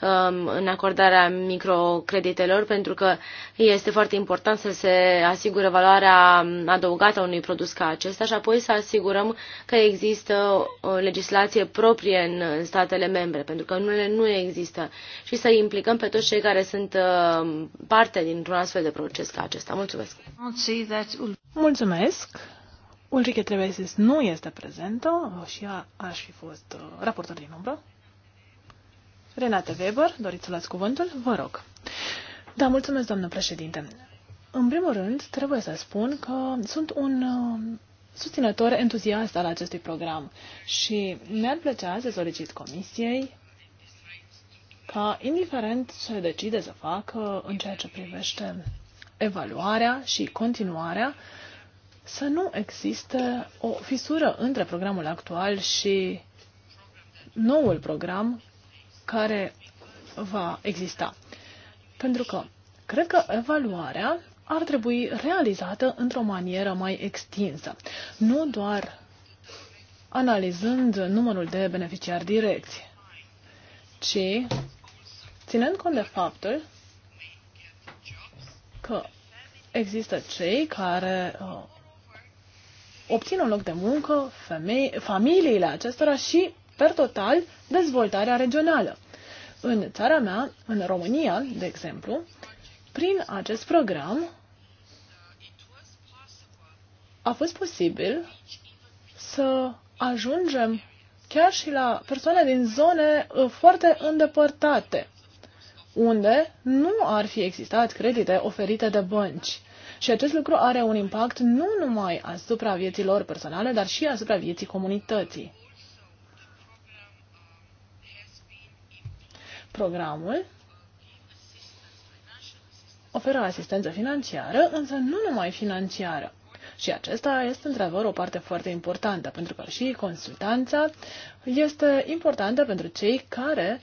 um, în acordarea microcreditelor, pentru că este foarte important să se asigure valoarea adăugată a unui produs ca acesta și apoi să asigurăm că există o legislație proprie în statele membre, pentru că în unele nu există, și să implicăm pe toți cei care sunt um, parte dintr-un astfel de proces ca acesta. Mulțumesc! Mulțumesc! Ulrike Trevesis nu este prezentă și ea aș fi fost uh, raportor din umbră. Renate Weber, doriți să luați cuvântul? Vă rog. Da, mulțumesc, doamnă președinte. În primul rând, trebuie să spun că sunt un uh, susținător entuziast al acestui program și mi-ar plăcea să solicit comisiei ca, indiferent ce decide să facă în ceea ce privește evaluarea și continuarea, să nu existe o fisură între programul actual și noul program care va exista. Pentru că cred că evaluarea ar trebui realizată într-o manieră mai extinsă, nu doar analizând numărul de beneficiari direcți, ci ținând cont de faptul că există cei care uh, obțin un loc de muncă, femei, familiile acestora și, per total, dezvoltarea regională. În țara mea, în România, de exemplu, prin acest program a fost posibil să ajungem chiar și la persoane din zone uh, foarte îndepărtate unde nu ar fi existat credite oferite de bănci. Și acest lucru are un impact nu numai asupra vieților personale, dar și asupra vieții comunității. Programul oferă asistență financiară, însă nu numai financiară. Și acesta este într-adevăr o parte foarte importantă, pentru că și consultanța este importantă pentru cei care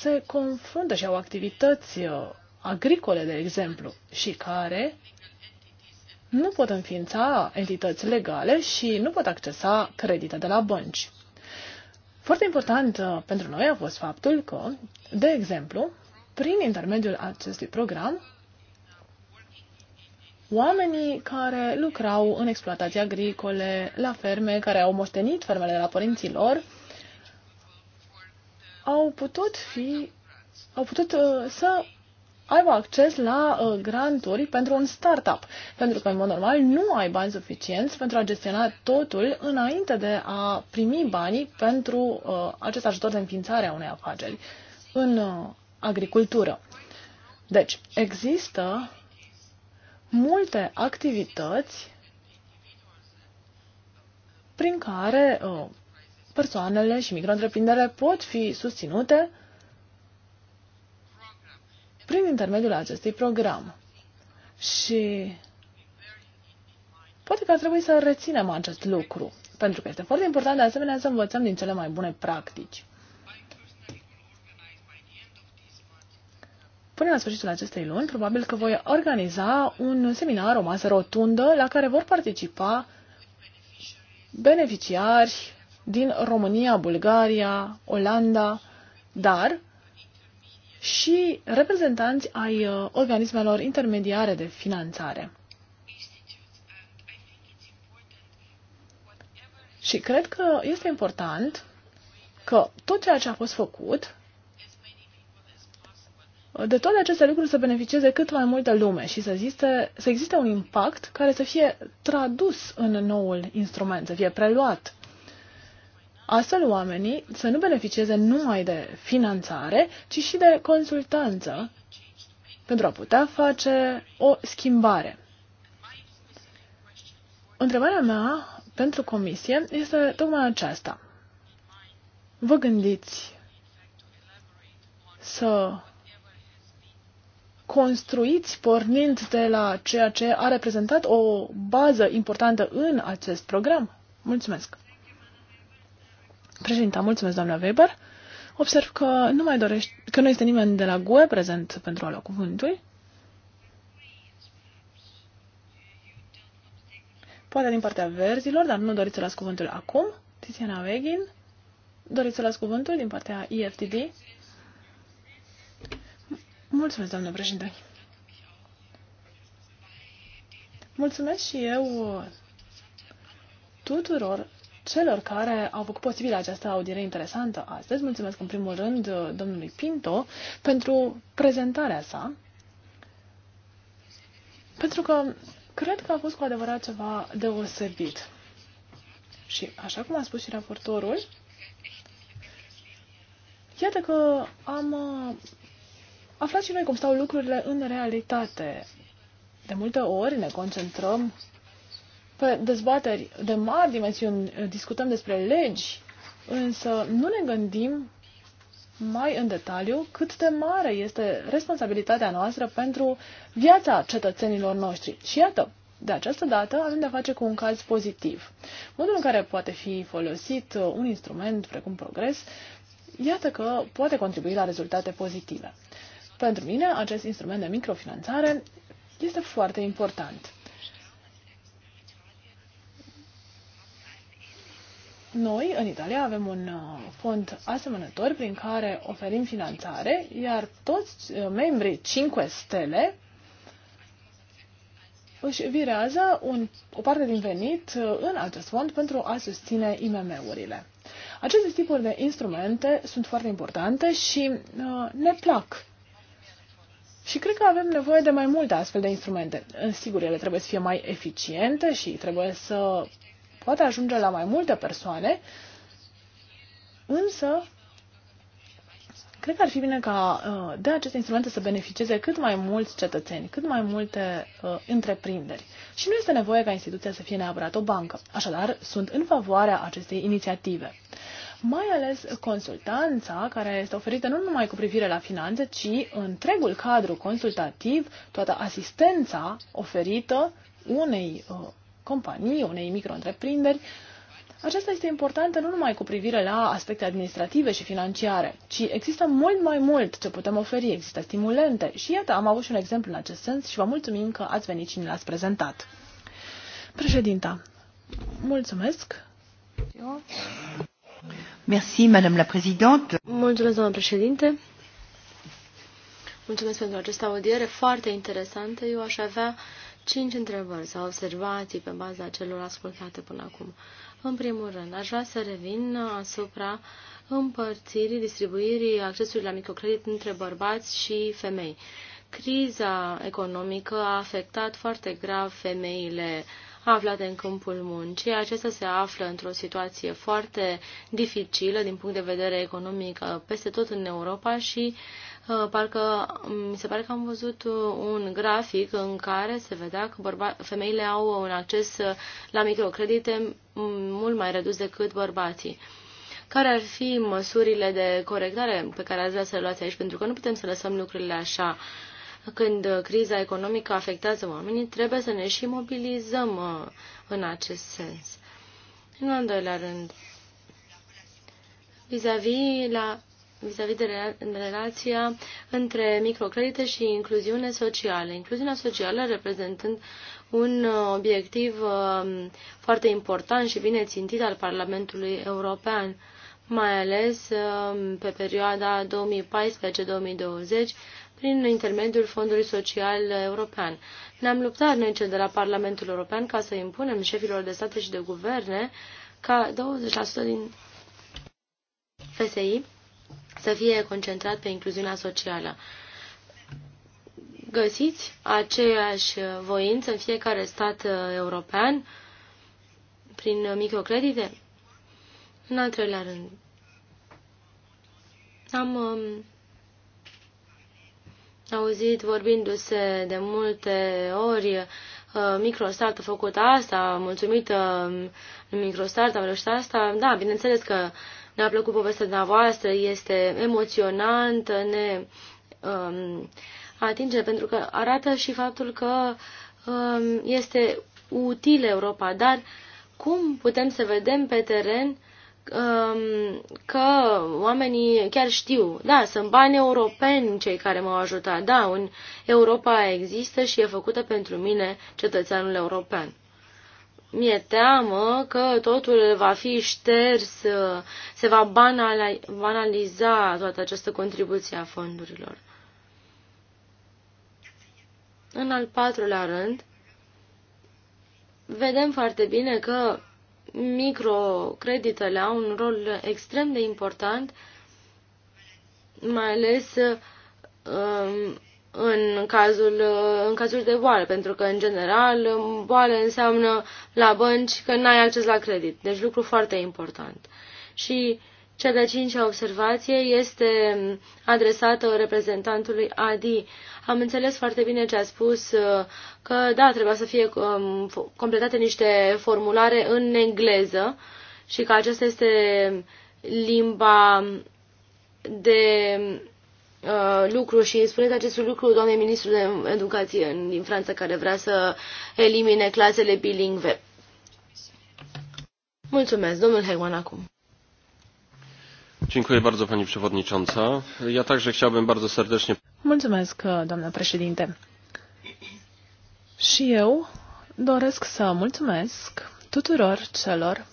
se confruntă și au activități uh, agricole, de exemplu, și care nu pot înființa entități legale și nu pot accesa credite de la bănci. Foarte important uh, pentru noi a fost faptul că, de exemplu, prin intermediul acestui program, oamenii care lucrau în exploatații agricole, la ferme, care au moștenit fermele de la părinții lor, au putut fi au putut uh, să aibă acces la uh, granturi pentru un startup, pentru că, în mod normal, nu ai bani suficienți pentru a gestiona totul înainte de a primi banii pentru uh, acest ajutor de înființare a unei afaceri în uh, agricultură. Deci, există multe activități prin care uh, persoanele și micro-întreprinderile pot fi susținute prin intermediul acestui program. Și poate că ar trebui să reținem acest lucru, pentru că este foarte important de asemenea să învățăm din cele mai bune practici. Până la sfârșitul acestei luni, probabil că voi organiza un seminar, o masă rotundă, la care vor participa beneficiari, din România, Bulgaria, Olanda, dar și reprezentanți ai uh, organismelor intermediare de finanțare. Și cred că este important că tot ceea ce a fost făcut, de toate aceste lucruri să beneficieze cât mai multă lume și să existe, să existe un impact care să fie tradus în noul instrument, să fie preluat. Astfel, oamenii să nu beneficieze numai de finanțare, ci și de consultanță pentru a putea face o schimbare. Întrebarea mea pentru comisie este tocmai aceasta. Vă gândiți să construiți pornind de la ceea ce a reprezentat o bază importantă în acest program? Mulțumesc! Președinta, mulțumesc, doamna Weber. Observ că nu mai dorești, că nu este nimeni de la GUE prezent pentru a lua cuvântul. Poate din partea verzilor, dar nu doriți să las cuvântul acum. Tiziana Wegin, doriți să las cuvântul din partea EFTD? Mulțumesc, doamnă președinte. Mulțumesc și eu tuturor celor care au făcut posibil această audiere interesantă astăzi. Mulțumesc în primul rând domnului Pinto pentru prezentarea sa, pentru că cred că a fost cu adevărat ceva deosebit. Și așa cum a spus și raportorul, iată că am uh, aflat și noi cum stau lucrurile în realitate. De multe ori ne concentrăm pe dezbateri de mari dimensiuni, eh, discutăm despre legi, însă nu ne gândim mai în detaliu cât de mare este responsabilitatea noastră pentru viața cetățenilor noștri. Și iată, de această dată avem de-a face cu un caz pozitiv. Modul în care poate fi folosit eh, un instrument precum progres, iată că poate contribui la rezultate pozitive. Pentru mine, acest instrument de microfinanțare este foarte important. Noi, în Italia, avem un uh, fond asemănător prin care oferim finanțare, iar toți uh, membrii 5 stele își virează un, o parte din venit uh, în acest fond pentru a susține IMM-urile. Aceste tipuri de instrumente sunt foarte importante și uh, ne plac. Și cred că avem nevoie de mai multe astfel de instrumente. În Sigur, ele trebuie să fie mai eficiente și trebuie să Poate ajunge la mai multe persoane, însă cred că ar fi bine ca uh, de aceste instrumente să beneficieze cât mai mulți cetățeni, cât mai multe uh, întreprinderi. Și nu este nevoie ca instituția să fie neapărat o bancă. Așadar, sunt în favoarea acestei inițiative. Mai ales consultanța care este oferită nu numai cu privire la finanțe, ci întregul cadru consultativ, toată asistența oferită unei uh, companii, unei micro-întreprinderi, aceasta este importantă nu numai cu privire la aspecte administrative și financiare, ci există mult mai mult ce putem oferi, există stimulente și iată, am avut și un exemplu în acest sens și vă mulțumim că ați venit și ne l-ați prezentat. Președinta, mulțumesc! Merci, Madame la Présidente. Mulțumesc, doamnă președinte. Mulțumesc pentru această audiere foarte interesantă. Eu aș avea cinci întrebări sau observații pe baza celor ascultate până acum. În primul rând, aș vrea să revin asupra împărțirii, distribuirii accesului la microcredit între bărbați și femei. Criza economică a afectat foarte grav femeile aflate în câmpul muncii. Acestea se află într-o situație foarte dificilă din punct de vedere economic peste tot în Europa și uh, Uh, parcă mm, mi se pare că am văzut uh, un grafic în care se vedea că bărba, femeile au un acces uh, la microcredite mult mai redus decât bărbații. Care ar fi măsurile de corectare pe care ați vrea să le luați aici? Pentru că nu putem să lăsăm lucrurile așa. Când criza economică afectează oamenii, trebuie să ne și mobilizăm în acest sens. În al doilea rând, vis-a-vis -vis la vis-a-vis de relația între microcredite și incluziune socială. Incluziunea socială reprezentând un uh, obiectiv um, foarte important și bine țintit al Parlamentului European, mai ales um, pe perioada 2014-2020 prin intermediul Fondului Social European. Ne-am luptat noi cel de la Parlamentul European ca să impunem șefilor de state și de guverne ca 20% din FSI să fie concentrat pe incluziunea socială. Găsiți aceeași voință în fiecare stat uh, european prin microcredite? În al treilea rând, am um, auzit vorbindu-se de multe ori uh, microstart a făcut asta, mulțumită uh, microstart am reușit asta. Da, bineînțeles că uh, ne-a plăcut povestea dumneavoastră, este emoționantă, ne um, atinge pentru că arată și faptul că um, este utilă Europa, dar cum putem să vedem pe teren um, că oamenii chiar știu, da, sunt bani europeni cei care m-au ajutat, da, în Europa există și e făcută pentru mine cetățeanul european mi-e teamă că totul va fi șters, se va banaliza toată această contribuție a fondurilor. În al patrulea rând, vedem foarte bine că microcreditele au un rol extrem de important, mai ales um, în cazul, uh, în cazul de boală, pentru că, în general, um, boală înseamnă la bănci că n-ai acces la credit. Deci lucru foarte important. Și cea de-a cincea observație este um, adresată reprezentantului ADI. Am înțeles foarte bine ce a spus, uh, că da, trebuia să fie um, completate niște formulare în engleză și că aceasta este limba de Uh, lucru și spuneți acest lucru doamnei ministru de educație din Franța care vrea să elimine clasele bilingve. Mulțumesc, domnul Hegman acum. Dziękuję bardzo pani przewodnicząca. Ja także chciałbym bardzo serdecznie Mulțumesc, doamnă președinte. Și eu doresc să mulțumesc tuturor celor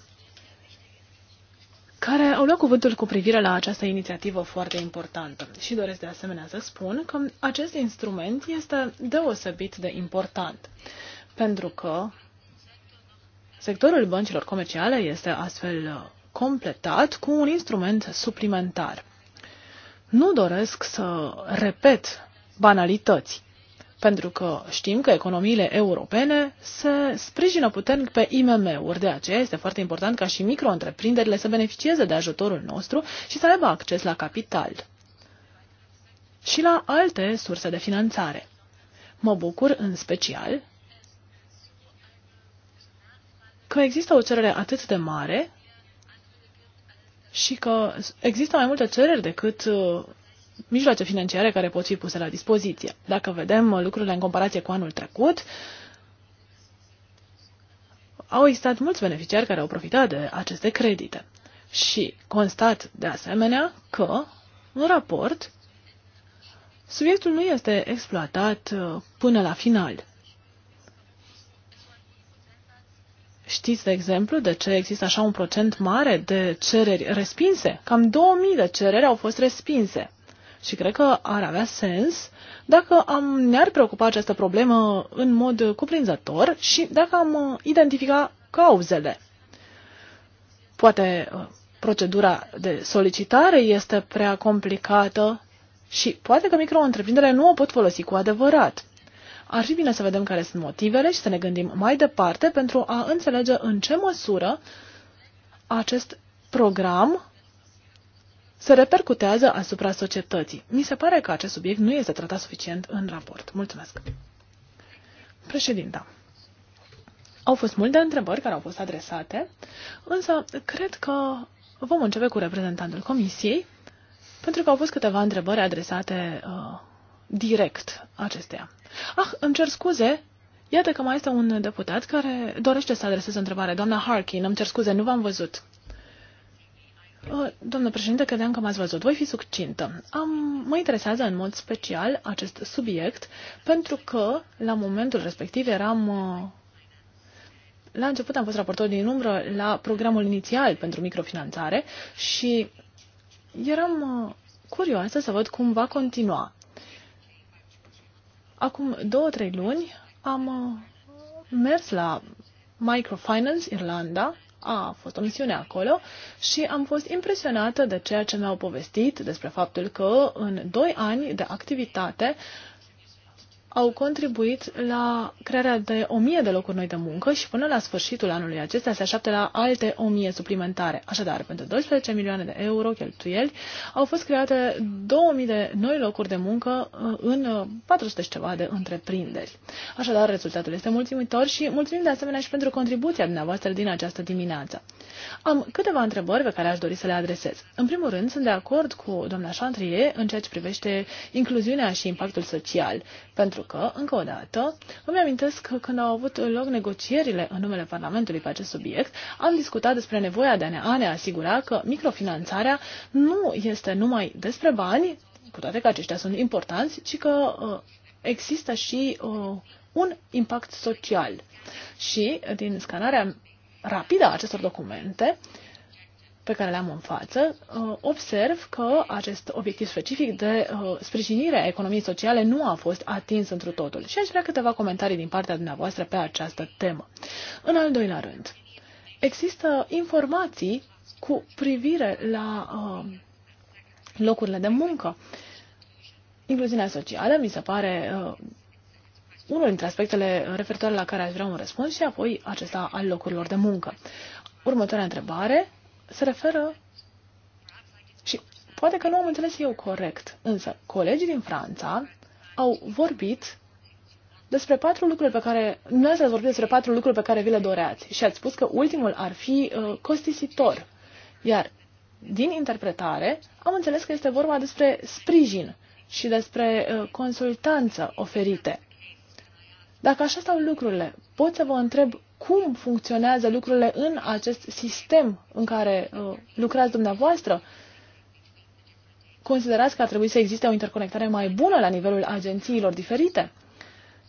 care au luat cuvântul cu privire la această inițiativă foarte importantă. Și doresc de asemenea să spun că acest instrument este deosebit de important, pentru că sectorul băncilor comerciale este astfel uh, completat cu un instrument suplimentar. Nu doresc să repet banalități, pentru că știm că economiile europene se sprijină puternic pe IMM-uri. De aceea este foarte important ca și micro-întreprinderile să beneficieze de ajutorul nostru și să aibă acces la capital și la alte surse de finanțare. Mă bucur în special că există o cerere atât de mare și că există mai multe cereri decât uh, mijloace financiare care pot fi puse la dispoziție. Dacă vedem lucrurile în comparație cu anul trecut, au existat mulți beneficiari care au profitat de aceste credite. Și constat de asemenea că, în raport, subiectul nu este exploatat uh, până la final. Știți, de exemplu, de ce există așa un procent mare de cereri respinse? Cam 2000 de cereri au fost respinse. Și cred că ar avea sens dacă am, ne-ar preocupa această problemă în mod cuprinzător și dacă am uh, identifica cauzele. Poate uh, procedura de solicitare este prea complicată și poate că micro nu o pot folosi cu adevărat. Ar fi bine să vedem care sunt motivele și să ne gândim mai departe pentru a înțelege în ce măsură acest program se repercutează asupra societății. Mi se pare că acest subiect nu este tratat suficient în raport. Mulțumesc. Președinta. Au fost multe întrebări care au fost adresate, însă cred că vom începe cu reprezentantul comisiei, pentru că au fost câteva întrebări adresate uh, direct acesteia. Ah, îmi cer scuze, Iată că mai este un deputat care dorește să adreseze întrebare. Doamna Harkin, îmi cer scuze, nu v-am văzut. Uh, Domnule președinte, credeam că m-ați văzut. Voi fi succintă. Am, mă interesează în mod special acest subiect pentru că la momentul respectiv eram... Uh, la început am fost raportor din umbră la programul inițial pentru microfinanțare și eram uh, curioasă să văd cum va continua. Acum două, trei luni am mers la Microfinance Irlanda a fost o misiune acolo și am fost impresionată de ceea ce mi-au povestit despre faptul că în doi ani de activitate au contribuit la crearea de 1000 de locuri noi de muncă și până la sfârșitul anului acesta se așteaptă la alte 1000 suplimentare. Așadar, pentru 12 milioane de euro cheltuieli au fost create 2000 de noi locuri de muncă uh, în 400 uh, și ceva de întreprinderi. Așadar, rezultatul este mulțumitor și mulțumim de asemenea și pentru contribuția dumneavoastră din această dimineață. Am câteva întrebări pe care aș dori să le adresez. În primul rând, sunt de acord cu doamna Chantrier în ceea ce privește incluziunea și impactul social, pentru că, încă o dată, îmi amintesc că când au avut loc negocierile în numele Parlamentului pe acest subiect, am discutat despre nevoia de a ne, a ne asigura că microfinanțarea nu este numai despre bani, cu toate că aceștia sunt importanți, ci că uh, există și uh, un impact social. Și din scanarea rapidă a acestor documente pe care le am în față, uh, observ că acest obiectiv specific de uh, sprijinire a economiei sociale nu a fost atins întru totul. Și aș vrea câteva comentarii din partea dumneavoastră pe această temă. În al doilea rând, există informații cu privire la uh, locurile de muncă. Incluziunea socială mi se pare unul dintre aspectele referitoare la care aș vrea un răspuns și apoi acesta al locurilor de muncă. Următoarea întrebare se referă și poate că nu am înțeles eu corect, însă colegii din Franța au vorbit despre patru lucruri pe care, nu ați vorbit despre patru lucruri pe care vi le doreați și ați spus că ultimul ar fi uh, costisitor. Iar din interpretare am înțeles că este vorba despre sprijin și despre uh, consultanță oferite. Dacă așa stau lucrurile, pot să vă întreb cum funcționează lucrurile în acest sistem în care uh, lucrați dumneavoastră? Considerați că ar trebui să existe o interconectare mai bună la nivelul agențiilor diferite?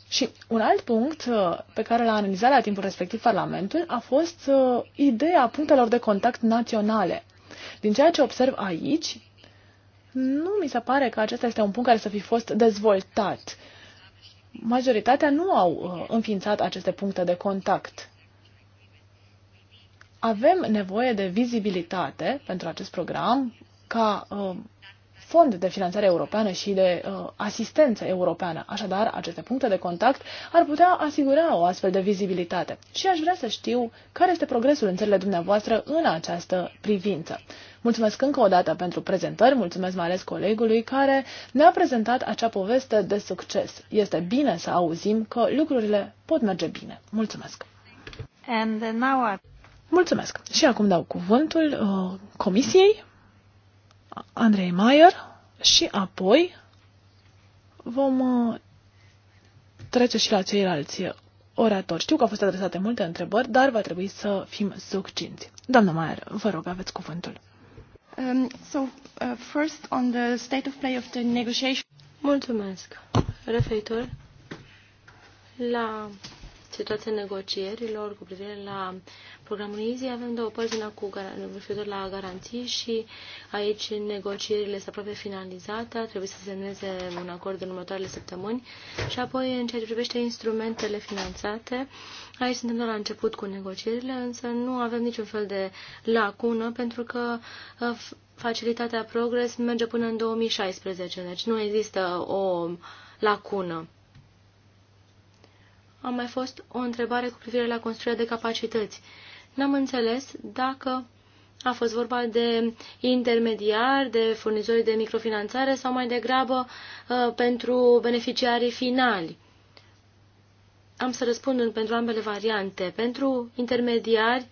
Și un alt punct uh, pe care l-a analizat la timpul respectiv Parlamentul a fost uh, ideea punctelor de contact naționale. Din ceea ce observ aici, nu mi se pare că acesta este un punct care să fi fost dezvoltat majoritatea nu au uh, înființat aceste puncte de contact. Avem nevoie de vizibilitate pentru acest program ca uh, fond de finanțare europeană și de uh, asistență europeană. Așadar, aceste puncte de contact ar putea asigura o astfel de vizibilitate. Și aș vrea să știu care este progresul în țările dumneavoastră în această privință. Mulțumesc încă o dată pentru prezentări, mulțumesc mai ales colegului care ne-a prezentat acea poveste de succes. Este bine să auzim că lucrurile pot merge bine. Mulțumesc! And now I... Mulțumesc! Și acum dau cuvântul uh, comisiei. Andrei Maier și apoi vom uh, trece și la ceilalți oratori. Știu că au fost adresate multe întrebări, dar va trebui să fim succinți. Doamna Maier, vă rog, aveți cuvântul. Um, so, uh, first on the state of play of the negotiation. Mulțumesc. Referitor la situația negocierilor cu privire la programul EASY. Avem două părți, una cu referitor la garanții și aici negocierile sunt aproape finalizate, trebuie să semneze un acord în următoarele săptămâni și apoi în ceea ce privește instrumentele finanțate, aici suntem doar la început cu negocierile, însă nu avem niciun fel de lacună pentru că uh, facilitatea progres merge până în 2016, deci nu există o lacună a mai fost o întrebare cu privire la construirea de capacități. N-am înțeles dacă a fost vorba de intermediari, de furnizori de microfinanțare sau mai degrabă uh, pentru beneficiarii finali. Am să răspund pentru ambele variante. Pentru intermediari, uh,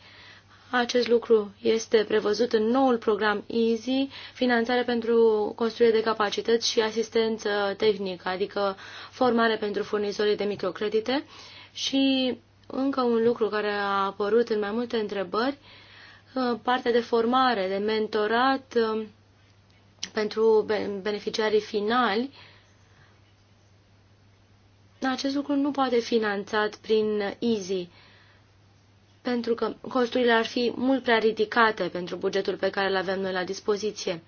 acest lucru este prevăzut în noul program EASY, finanțare pentru construire de capacități și asistență tehnică, adică formare pentru furnizorii de microcredite. Și încă un lucru care a apărut în mai multe întrebări, uh, partea de formare, de mentorat uh, pentru beneficiarii finali, acest lucru nu poate fi finanțat prin EASY pentru că costurile ar fi mult prea ridicate pentru bugetul pe care îl avem noi la dispoziție.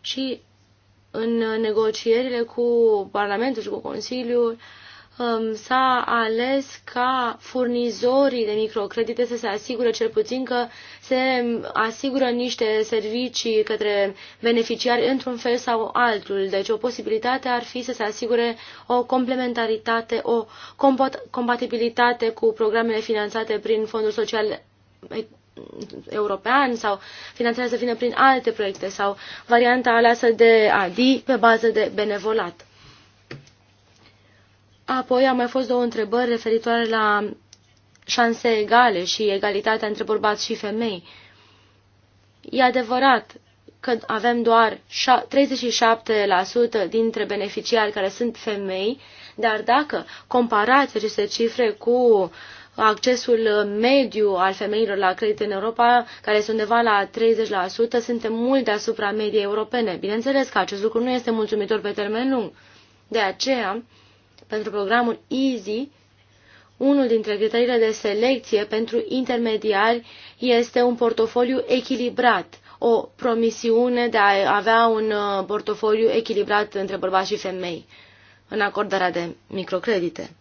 Și în negocierile cu Parlamentul și cu Consiliul Um, s-a ales ca furnizorii de microcredite să se asigure cel puțin că se asigură niște servicii către beneficiari într-un fel sau altul. Deci o posibilitate ar fi să se asigure o complementaritate, o compatibilitate cu programele finanțate prin Fondul Social european sau finanțarea să vină prin alte proiecte sau varianta aleasă de ADI pe bază de benevolat. Apoi au mai fost două întrebări referitoare la șanse egale și egalitatea între bărbați și femei. E adevărat că avem doar 37% dintre beneficiari care sunt femei, dar dacă comparați aceste cifre cu accesul mediu al femeilor la credit în Europa, care sunt undeva la 30%, suntem mult deasupra mediei europene. Bineînțeles că acest lucru nu este mulțumitor pe termen lung. De aceea, pentru programul EASY, unul dintre criteriile de selecție pentru intermediari este un portofoliu echilibrat, o promisiune de a avea un uh, portofoliu echilibrat între bărbați și femei în acordarea de microcredite.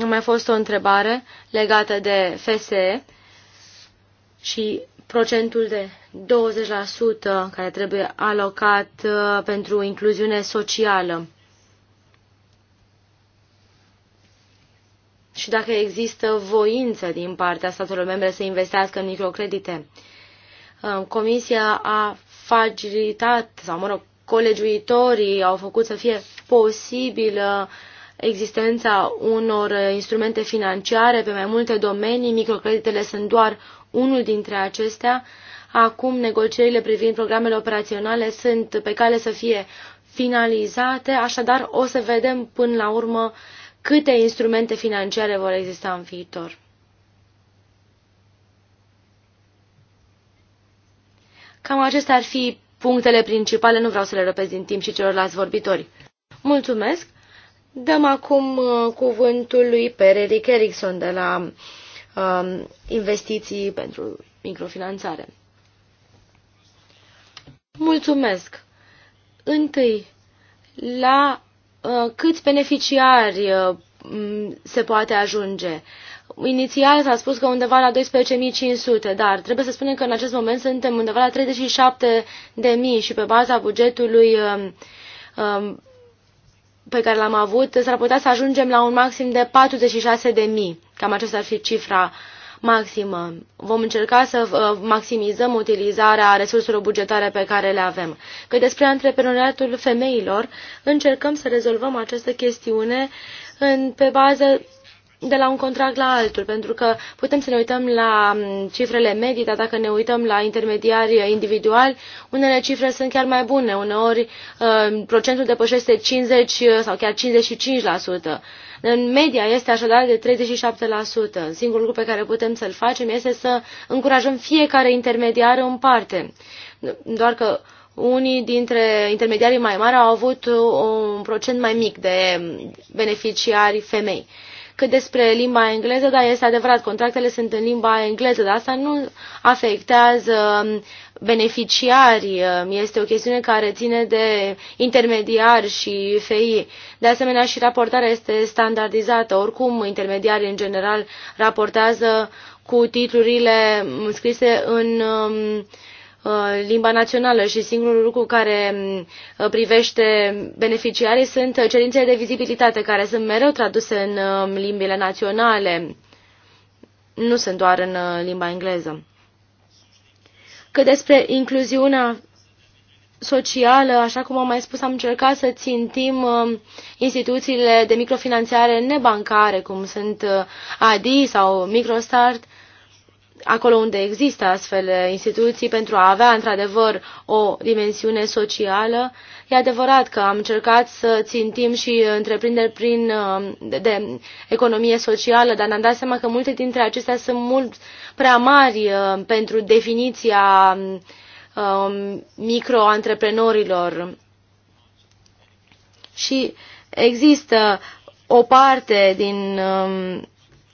Am mai fost o întrebare legată de FSE și procentul de 20% care trebuie alocat uh, pentru incluziune socială. Și dacă există voință din partea statelor membre să investească în microcredite. Uh, Comisia a facilitat, sau mă rog, colegiuitorii au făcut să fie posibilă existența unor instrumente financiare pe mai multe domenii. Microcreditele sunt doar unul dintre acestea. Acum negocierile privind programele operaționale sunt pe cale să fie finalizate, așadar o să vedem până la urmă câte instrumente financiare vor exista în viitor. Cam acestea ar fi punctele principale, nu vreau să le răpesc din timp și celorlalți vorbitori. Mulțumesc! Dăm acum uh, cuvântul lui Pereric Erickson de la Um, investiții pentru microfinanțare. Mulțumesc! Întâi, la uh, câți beneficiari uh, se poate ajunge? Inițial s-a spus că undeva la 12.500, dar trebuie să spunem că în acest moment suntem undeva la 37.000 și pe baza bugetului um, um, pe care l-am avut, s-ar putea să ajungem la un maxim de 46.000. Cam aceasta ar fi cifra maximă. Vom încerca să uh, maximizăm utilizarea resurselor bugetare pe care le avem. Că despre antreprenoriatul femeilor, încercăm să rezolvăm această chestiune în, pe bază de la un contract la altul, pentru că putem să ne uităm la mm, cifrele medii, dar dacă ne uităm la intermediari individuali, unele cifre sunt chiar mai bune. Uneori uh, procentul depășește 50 uh, sau chiar 55%. În media este așadar de 37%. Singurul lucru pe care putem să-l facem este să încurajăm fiecare intermediar în parte. Doar că unii dintre intermediarii mai mari au avut un procent mai mic de beneficiari femei cât despre limba engleză, dar este adevărat, contractele sunt în limba engleză, dar asta nu afectează um, beneficiari, um, este o chestiune care ține de intermediari și FI. De asemenea, și raportarea este standardizată. Oricum, intermediarii, în general, raportează cu titlurile scrise în um, Uh, limba națională și singurul lucru care uh, privește beneficiarii sunt uh, cerințele de vizibilitate, care sunt mereu traduse în um, limbile naționale, nu sunt doar în limba engleză. Că despre incluziunea socială, așa cum am mai spus, am încercat să țintim um, instituțiile de microfinanțare nebancare, cum sunt ADI sau MicroStart, acolo unde există astfel de instituții pentru a avea într-adevăr o dimensiune socială. E adevărat că am încercat să țintim și întreprinderi prin, um, de, de economie socială, dar ne-am dat seama că multe dintre acestea sunt mult prea mari uh, pentru definiția um, um, microantreprenorilor. Și există o parte din um,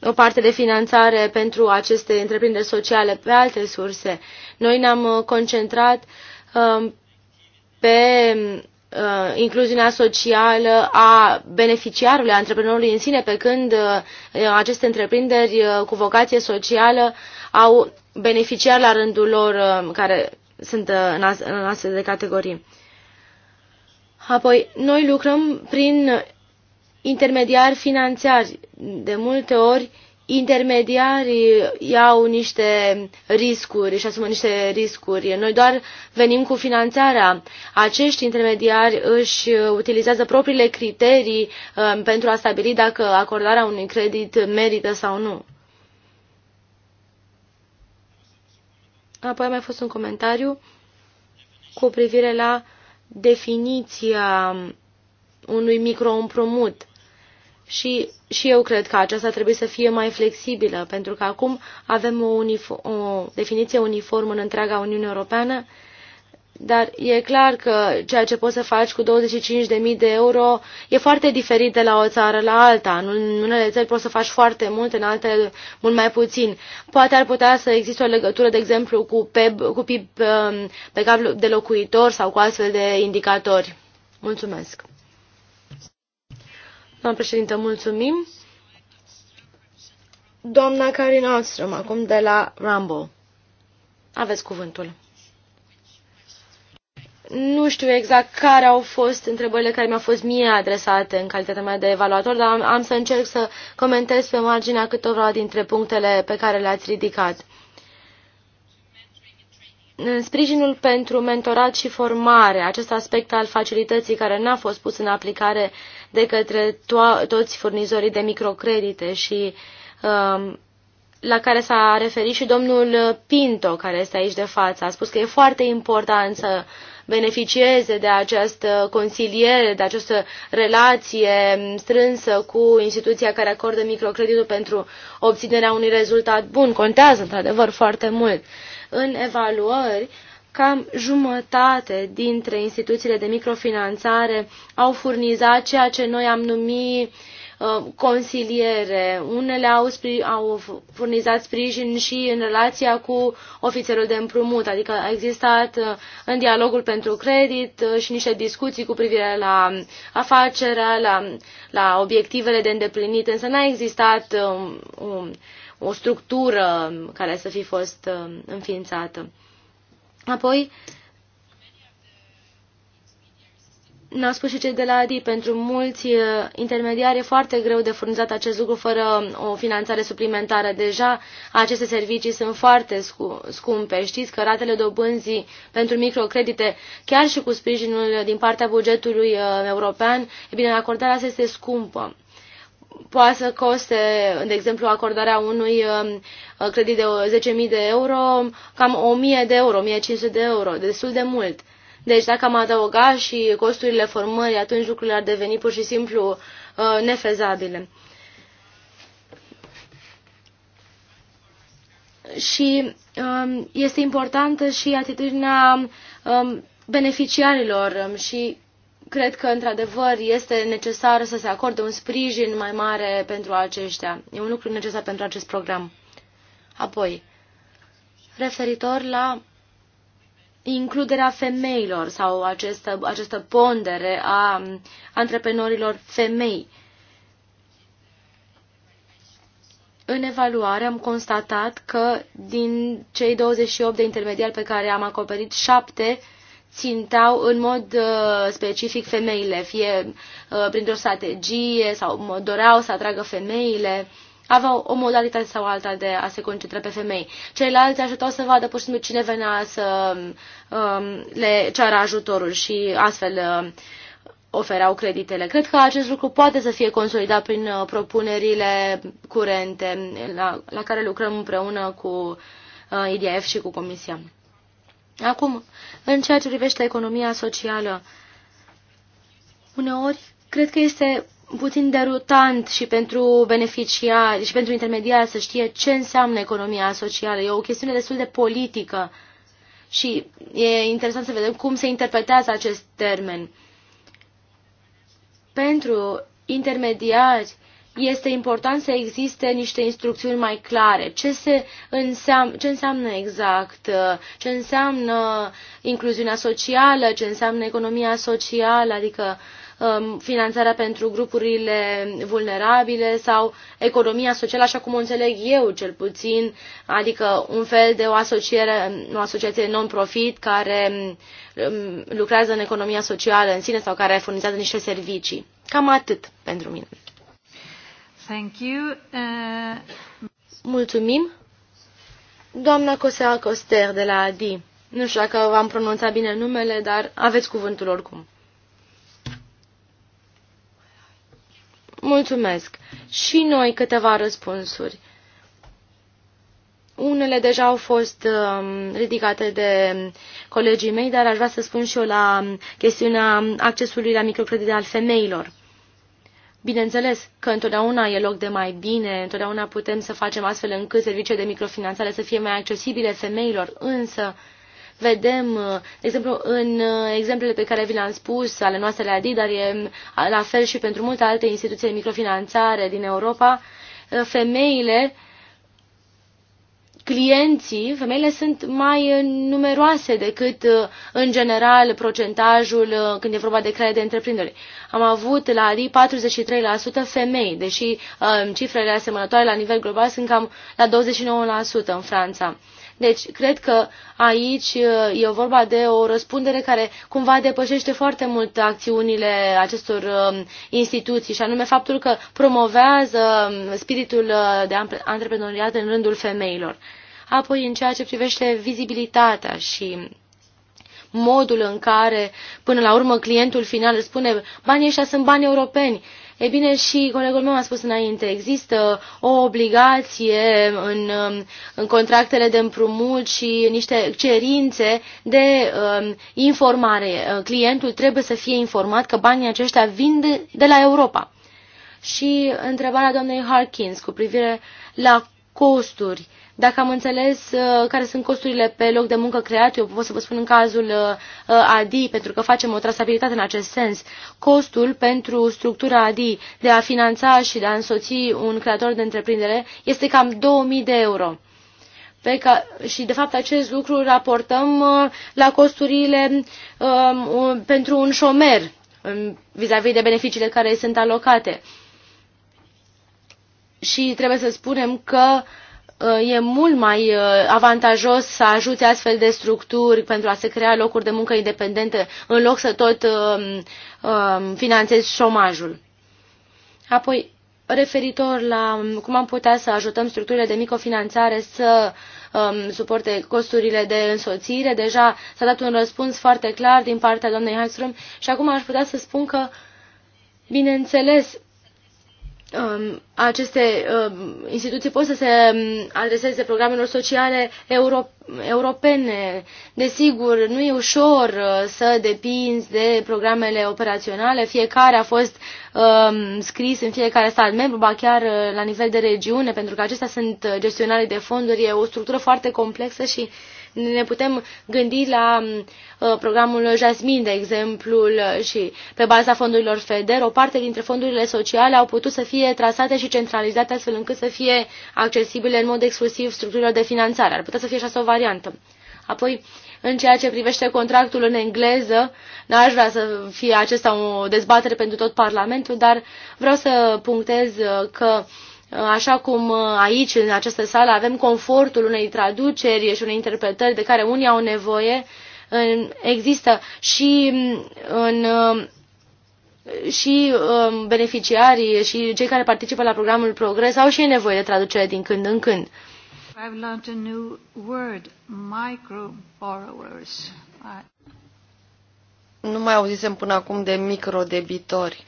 o parte de finanțare pentru aceste întreprinderi sociale pe alte surse. Noi ne-am uh, concentrat um, pe uh, incluziunea socială a beneficiarului, a antreprenorului în sine, pe când uh, aceste întreprinderi cu vocație socială au beneficiar la rândul lor care sunt în astfel de categorii. Apoi, noi lucrăm prin intermediari financiari. De multe ori, intermediarii iau niște riscuri și asumă niște riscuri. Noi doar venim cu finanțarea. Acești intermediari își utilizează propriile criterii um, pentru a stabili dacă acordarea unui credit merită sau nu. Apoi a mai fost un comentariu cu privire la definiția unui microîmprumut. Și, și eu cred că aceasta trebuie să fie mai flexibilă, pentru că acum avem o, o definiție uniformă în întreaga Uniune Europeană, dar e clar că ceea ce poți să faci cu 25.000 de euro e foarte diferit de la o țară la alta. În unele țări poți să faci foarte mult, în alte mult mai puțin. Poate ar putea să existe o legătură, de exemplu, cu PIB, cu PIB um, pe cap de locuitor sau cu astfel de indicatori. Mulțumesc! Doamna președintă, mulțumim. Doamna Karin Ostrom, acum de la Rambo. Aveți cuvântul. Nu știu exact care au fost întrebările care mi-au fost mie adresate în calitatea mea de evaluator, dar am, am să încerc să comentez pe marginea câteva dintre punctele pe care le-ați ridicat. În sprijinul pentru mentorat și formare, acest aspect al facilității care n-a fost pus în aplicare uh, de către to- toți furnizorii de microcredite și um, la care s-a referit și domnul Pinto, care este aici de față. A spus că e foarte important să beneficieze de această consiliere, de această relație strânsă cu instituția care acordă microcreditul pentru obținerea unui rezultat bun. Contează, într-adevăr, foarte mult. În evaluări, uh, cam jumătate dintre instituțiile de microfinanțare au furnizat ceea ce noi am numit uh, consiliere. Unele au, au furnizat sprijin și în relația cu ofițerul de împrumut, adică a existat uh, în dialogul pentru credit uh, și niște discuții cu privire la afacerea, la, la obiectivele de îndeplinit, însă n-a existat um, um, o structură care să fi fost înființată. Apoi, ne-au spus și cei de la ADI, pentru mulți uh, intermediari e foarte greu de furnizat acest lucru fără o finanțare suplimentară. Deja aceste servicii sunt foarte scumpe. Știți că ratele dobânzii pentru microcredite, chiar și cu sprijinul din partea bugetului uh, european, e bine, acordarea asta este scumpă poate să coste, de exemplu, acordarea unui um, credit de 10.000 de euro, cam 1.000 de euro, 1.500 de euro, destul de mult. Deci dacă am adăuga și costurile formării, atunci lucrurile ar deveni pur și simplu uh, nefezabile. Și um, este importantă și atitudinea um, beneficiarilor și cred că, într-adevăr, este necesar să se acorde un sprijin mai mare pentru aceștia. E un lucru necesar pentru acest program. Apoi, referitor la includerea femeilor sau această, această pondere a antreprenorilor femei. În evaluare am constatat că din cei 28 de intermediari pe care am acoperit, 7 țintau în mod uh, specific femeile, fie uh, printr-o strategie sau doreau să atragă femeile, aveau o modalitate sau alta de a se concentra pe femei. Ceilalți ajutau să vadă pur și simplu cine venea să um, le ceară ajutorul și astfel uh, oferau creditele. Cred că acest lucru poate să fie consolidat prin uh, propunerile curente la, la care lucrăm împreună cu uh, IDF și cu Comisia. Acum, în ceea ce privește economia socială, uneori cred că este puțin derutant și pentru beneficiari și pentru intermediari să știe ce înseamnă economia socială. E o chestiune destul de politică și e interesant să vedem cum se interpretează acest termen. Pentru intermediari este important să existe niște instrucțiuni mai clare. Ce, se înseam, ce înseamnă exact? Ce înseamnă incluziunea socială? Ce înseamnă economia socială? Adică um, finanțarea pentru grupurile vulnerabile sau economia socială, așa cum o înțeleg eu cel puțin, adică un fel de o asociere, o asociație non-profit care um, lucrează în economia socială în sine sau care furnizează niște servicii. Cam atât pentru mine. Thank you. Uh... Mulțumim. Doamna Cosea Coster de la ADI. Nu știu dacă v-am pronunțat bine numele, dar aveți cuvântul oricum. Mulțumesc. Și noi câteva răspunsuri. Unele deja au fost uh, ridicate de colegii mei, dar aș vrea să spun și eu la chestiunea accesului la microcredite al femeilor. Bineînțeles că întotdeauna e loc de mai bine, întotdeauna putem să facem astfel încât serviciile de microfinanțare să fie mai accesibile femeilor, însă vedem, uh, de exemplu, în uh, exemplele pe care vi le-am spus, ale noastre la dar e uh, la fel și pentru multe alte instituții de microfinanțare din Europa, femeile uh, clienții, femeile sunt mai uh, numeroase decât uh, în general procentajul uh, când e vorba de creare de întreprinderi. Am avut la ADI 43% femei, deși cifrele asemănătoare la nivel global sunt cam la 29% în Franța. Deci, cred că aici e vorba de o răspundere care cumva depășește foarte mult acțiunile acestor um, instituții și anume faptul că promovează um, spiritul uh, de antreprenoriat în rândul femeilor. Apoi, în ceea ce privește vizibilitatea și modul în care, până la urmă, clientul final spune banii ăștia sunt bani europeni ei bine, și colegul meu a spus înainte, există o obligație în, um, în contractele de împrumut și niște cerințe de um, informare. Clientul trebuie să fie informat că banii aceștia vin de, de la Europa. Și întrebarea doamnei Harkins cu privire la costuri. Uh, dacă am înțeles uh, care sunt costurile pe loc de muncă creat, eu pot să vă spun în cazul uh, uh, ADI, pentru că facem o trasabilitate în acest sens, costul pentru structura ADI de a finanța și de a însoți un creator de întreprindere este cam 2000 de euro. Pe ca, și, de fapt, acest lucru raportăm uh, la costurile uh, pentru un șomer um, vis-a-vis -vis de beneficiile care sunt alocate. Și trebuie să spunem că uh, Uh, e mult mai uh, avantajos să ajute astfel de structuri pentru a se crea locuri de muncă independente în loc să tot um, um, finanțezi șomajul. Apoi, referitor la um, cum am putea să ajutăm structurile de microfinanțare să um, suporte costurile de însoțire, deja s-a dat un răspuns foarte clar din partea doamnei Hagström și acum aș putea să spun că, bineînțeles, Um, aceste um, instituții pot să se um, adreseze programelor sociale euro, europene. Desigur, nu e ușor uh, să depinzi de programele operaționale. Fiecare a fost um, scris în fiecare stat membru, ba chiar uh, la nivel de regiune, pentru că acestea sunt uh, gestionare de fonduri. E o structură foarte complexă și uh, ne putem gândi la mm, uh, programul Jasmine, de exemplu, uh, și pe baza fondurilor FEDER, o parte dintre fondurile sociale au putut să fie trasate și centralizate astfel încât să fie accesibile în mod exclusiv structurilor de finanțare. Ar putea să fie și asta o variantă. Apoi, în ceea ce privește contractul în engleză, n-aș vrea să fie acesta o dezbatere pentru tot Parlamentul, dar vreau să punctez uh, că uh, Așa cum uh, aici, în această sală, avem confortul unei traduceri și unei interpretări de care unii au nevoie, există și mm, în uh, și um, beneficiarii și cei care participă la programul Progres au și ei nevoie de traducere din când în când. I've learned a new word, I... Nu mai auzisem până acum de microdebitori.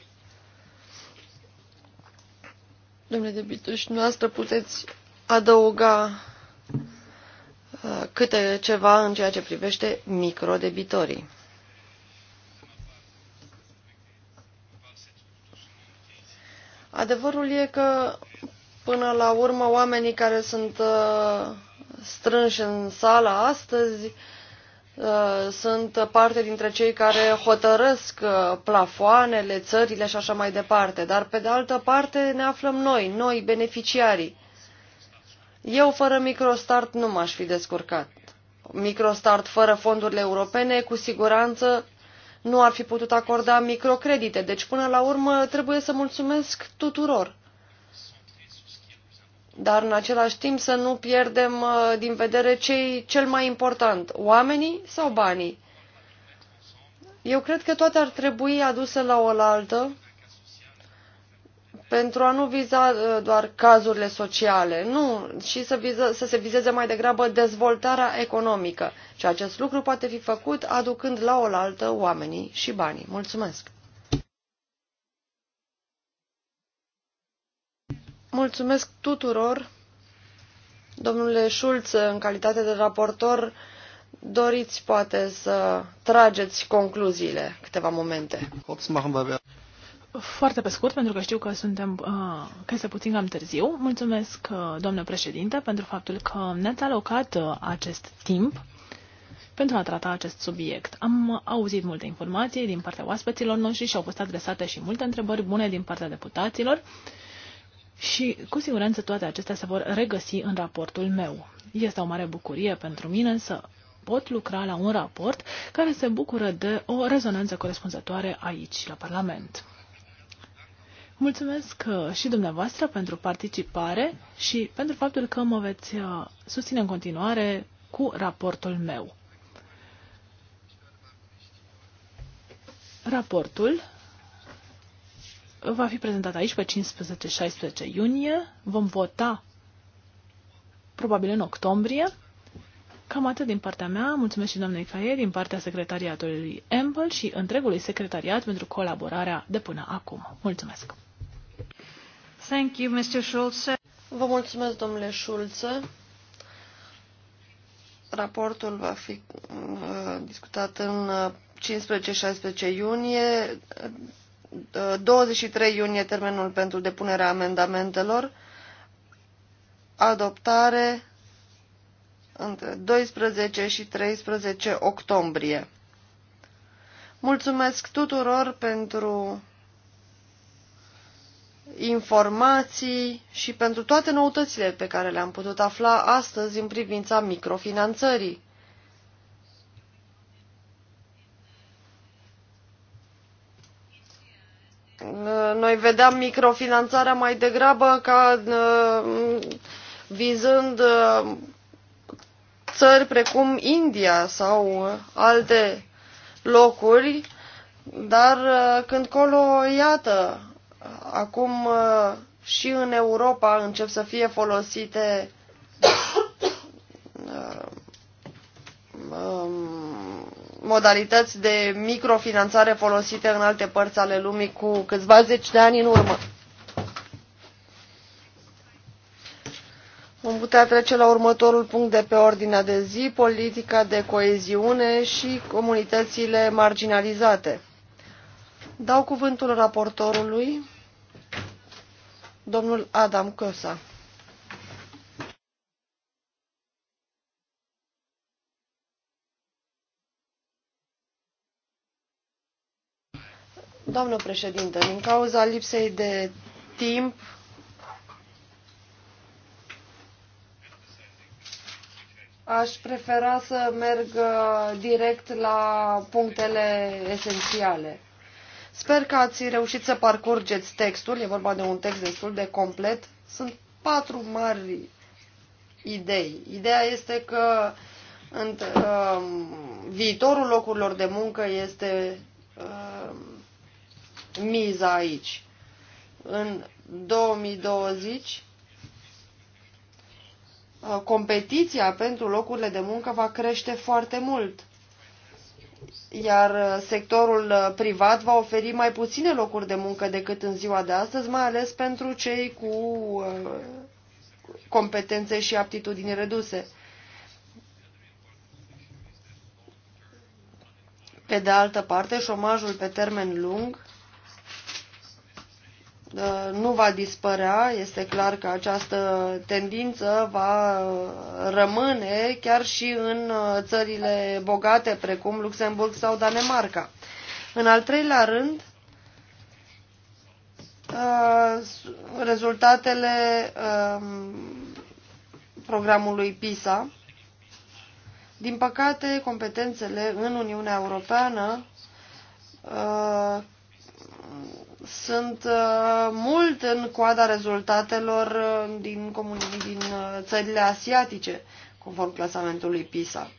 Domnule Debituș, noastră puteți adăuga uh, câte ceva în ceea ce privește microdebitorii. Adevărul e că, până la urmă, oamenii care sunt uh, strânși în sala astăzi Uh, sunt parte dintre cei care hotărăsc uh, plafoanele, țările și așa mai departe. Dar, pe de altă parte, ne aflăm noi, noi, beneficiarii. Eu, fără microstart, nu m-aș fi descurcat. Microstart fără fondurile europene, cu siguranță, nu ar fi putut acorda microcredite. Deci, până la urmă, trebuie să mulțumesc tuturor dar în același timp să nu pierdem uh, din vedere ce cel mai important, oamenii sau banii. Eu cred că toate ar trebui aduse la oaltă pentru a nu viza uh, doar cazurile sociale, nu, și să, viză, să se vizeze mai degrabă dezvoltarea economică. Și acest lucru poate fi făcut aducând la oaltă oamenii și banii. Mulțumesc! Mulțumesc tuturor. Domnule Schulz, în calitate de raportor, doriți poate să trageți concluziile câteva momente. Foarte pe scurt, pentru că știu că suntem, uh, că este puțin cam târziu. Mulțumesc, uh, domnule președinte, pentru faptul că ne-ați alocat uh, acest timp pentru a trata acest subiect. Am auzit multe informații din partea oaspeților noștri și au fost adresate și multe întrebări bune din partea deputaților. Și cu siguranță toate acestea se vor regăsi în raportul meu. Este o mare bucurie pentru mine să pot lucra la un raport care se bucură de o rezonanță corespunzătoare aici, la Parlament. Mulțumesc uh, și dumneavoastră pentru participare și pentru faptul că mă veți uh, susține în continuare cu raportul meu. Raportul va fi prezentat aici pe 15-16 iunie. Vom vota probabil în octombrie. Cam atât din partea mea. Mulțumesc și doamnei Caier din partea secretariatului Ample și întregului secretariat pentru colaborarea de până acum. Mulțumesc! Thank you, Mr. Schulze. Vă mulțumesc, domnule Schulze. Raportul va fi uh, discutat în 15-16 uh, iunie. 23 iunie termenul pentru depunerea amendamentelor, adoptare între 12 și 13 octombrie. Mulțumesc tuturor pentru informații și pentru toate noutățile pe care le-am putut afla astăzi în privința microfinanțării. Noi vedeam microfinanțarea mai degrabă ca uh, vizând uh, țări precum India sau alte locuri, dar uh, când colo, iată, acum și în Europa încep să fie folosite um, modalități de microfinanțare folosite în alte părți ale lumii cu câțiva zeci de ani în urmă. Vom putea trece la următorul punct de pe ordinea de zi, politica de coeziune și comunitățile marginalizate. Dau cuvântul raportorului, domnul Adam Cosa. Doamnă președintă, din cauza lipsei de timp, aș prefera să merg uh, direct la punctele esențiale. Sper că ați reușit să parcurgeți textul, e vorba de un text destul de complet. Sunt patru mari idei. Ideea este că în, uh, um, viitorul locurilor de muncă este uh, miza aici. În 2020, uh, competiția pentru locurile de muncă va crește foarte mult, iar uh, sectorul uh, privat va oferi mai puține locuri de muncă decât în ziua de astăzi, mai ales pentru cei cu competențe și aptitudini reduse. Pe de altă parte, șomajul pe termen lung Uh, nu va dispărea. Este clar că această tendință va uh, rămâne chiar și în uh, țările bogate, precum Luxemburg sau Danemarca. În al treilea rând, rezultatele um, programului PISA. Din păcate, competențele în Uniunea Europeană sunt uh, mult în coada rezultatelor uh, din, comunii, din uh, țările asiatice, conform clasamentului PISA.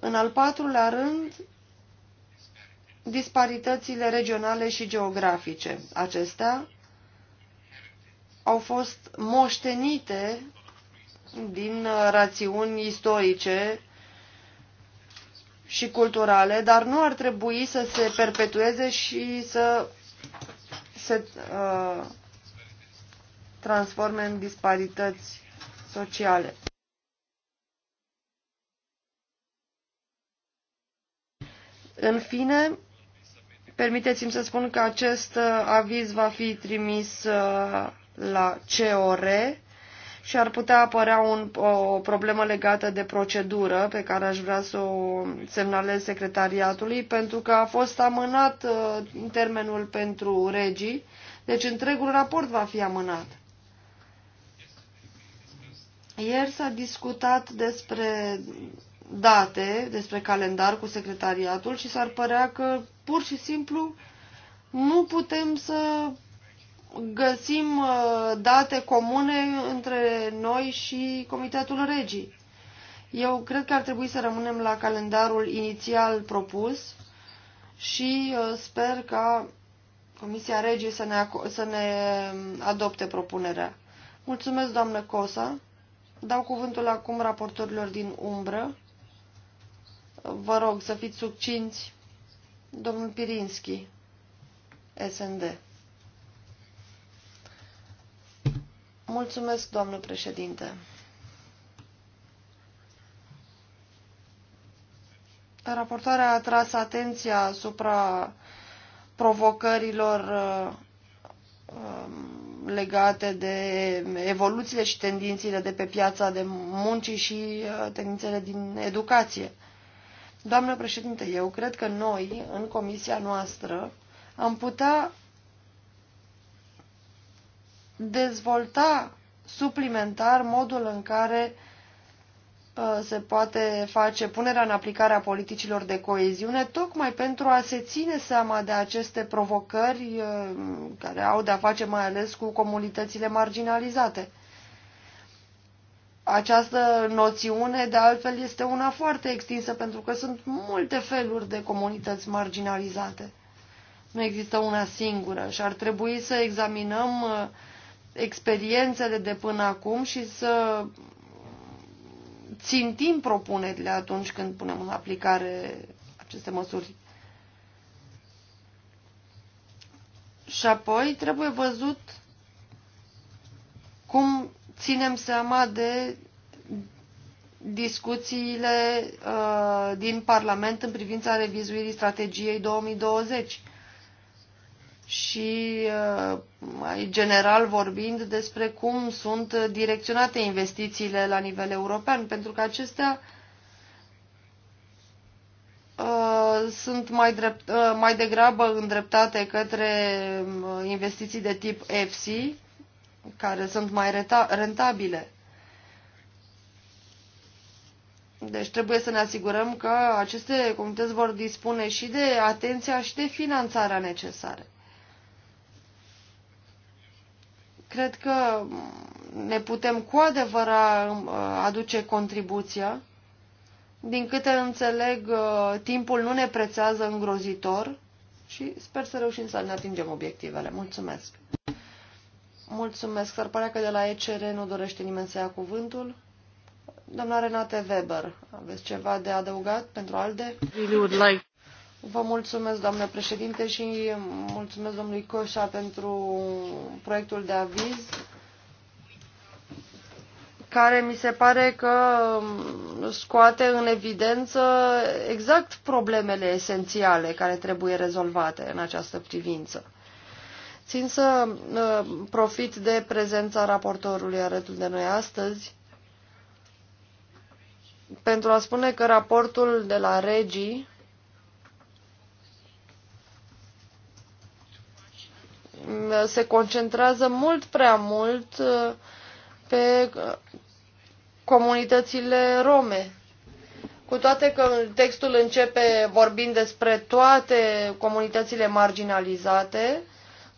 În al patrulea rând, disparitățile regionale și geografice. Acestea au fost moștenite din uh, rațiuni istorice și culturale, dar nu ar trebui să se perpetueze și să se uh, transforme în disparități sociale. În fine, permiteți-mi să spun că acest uh, aviz va fi trimis uh, la COR și ar putea apărea un, o problemă legată de procedură pe care aș vrea să o semnalez secretariatului pentru că a fost amânat uh, termenul pentru regii, deci întregul raport va fi amânat. Ieri s-a discutat despre date, despre calendar cu secretariatul și s-ar părea că pur și simplu nu putem să găsim uh, date comune între noi și Comitetul Regii. Eu cred că ar trebui să rămânem la calendarul inițial propus și uh, sper ca Comisia Regii să ne, să ne um, adopte propunerea. Mulțumesc, doamnă Cosa. Dau cuvântul acum raportorilor din umbră. Vă rog să fiți succinți. Domnul Pirinski, SND. Mulțumesc, doamnă președinte. Raportarea a tras atenția asupra provocărilor uh, legate de evoluțiile și tendințele de pe piața de muncii și uh, tendințele din educație. Doamnă președinte, eu cred că noi, în comisia noastră, am putea dezvolta suplimentar modul în care uh, se poate face punerea în aplicare a politicilor de coeziune, tocmai pentru a se ține seama de aceste provocări uh, care au de-a face mai ales cu comunitățile marginalizate. Această noțiune, de altfel, este una foarte extinsă pentru că sunt multe feluri de comunități marginalizate. Nu există una singură și ar trebui să examinăm uh, experiențele de până acum și să țintim propunerile atunci când punem în aplicare aceste măsuri. Și apoi trebuie văzut cum ținem seama de discuțiile uh, din Parlament în privința revizuirii strategiei 2020 și, uh, mai general vorbind, despre cum sunt direcționate investițiile la nivel european, pentru că acestea uh, sunt mai, drept, uh, mai degrabă îndreptate către investiții de tip EFSI, care sunt mai rentabile. Deci trebuie să ne asigurăm că aceste comunități vor dispune și de atenția și de finanțarea necesare. Cred că ne putem cu adevărat uh, aduce contribuția. Din câte înțeleg, uh, timpul nu ne prețează îngrozitor și sper să reușim să ne atingem obiectivele. Mulțumesc! Mulțumesc! S-ar părea că de la ECR nu dorește nimeni să ia cuvântul. Doamna Renate Weber, aveți ceva de adăugat pentru ALDE? Really would like. Vă mulțumesc, doamnă președinte, și mulțumesc domnului Coșa pentru proiectul de aviz, care mi se pare că scoate în evidență exact problemele esențiale care trebuie rezolvate în această privință. Țin să uh, profit de prezența raportorului arătul de noi astăzi pentru a spune că raportul de la Regii se concentrează mult prea mult uh, pe uh, comunitățile rome. Cu toate că textul începe vorbind despre toate comunitățile marginalizate,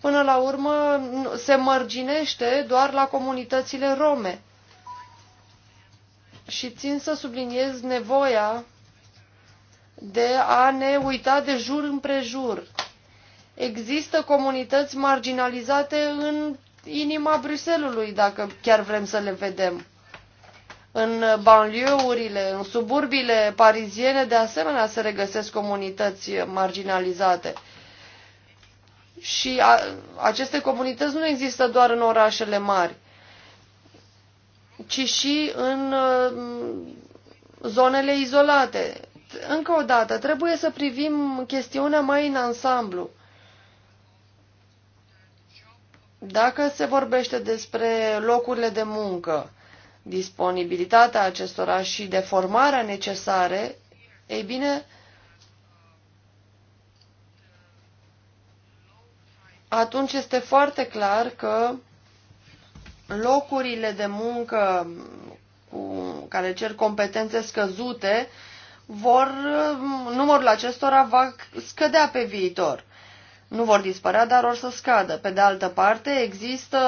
până la urmă se mărginește doar la comunitățile rome. Și țin să subliniez nevoia de a ne uita de jur împrejur Există comunități marginalizate în inima Bruselului, dacă chiar vrem să le vedem. În banlieurile, în suburbile pariziene, de asemenea, se regăsesc comunități marginalizate. Și a, aceste comunități nu există doar în orașele mari, ci și în uh, zonele izolate. Încă o dată, trebuie să privim chestiunea mai în ansamblu. Dacă se vorbește despre locurile de muncă, disponibilitatea acestora și de formarea necesare, ei bine, atunci este foarte clar că locurile de muncă cu, care cer competențe scăzute vor, numărul acestora va scădea pe viitor nu vor dispărea, dar or să scadă. Pe de altă parte, există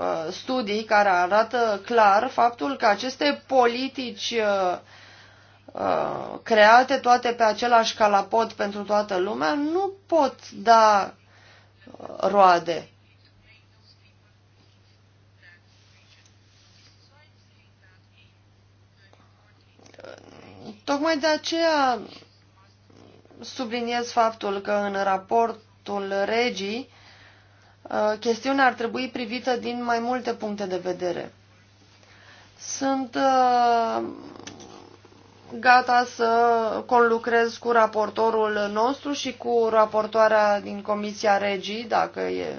uh, studii care arată clar faptul că aceste politici uh, uh, create toate pe același calapot pentru toată lumea nu pot da roade. Tocmai de aceea subliniez faptul că în raport raportul regii, uh, chestiunea ar trebui privită din mai multe puncte de vedere. Sunt uh, gata să conlucrez cu raportorul nostru și cu raportoarea din Comisia Regii, dacă e,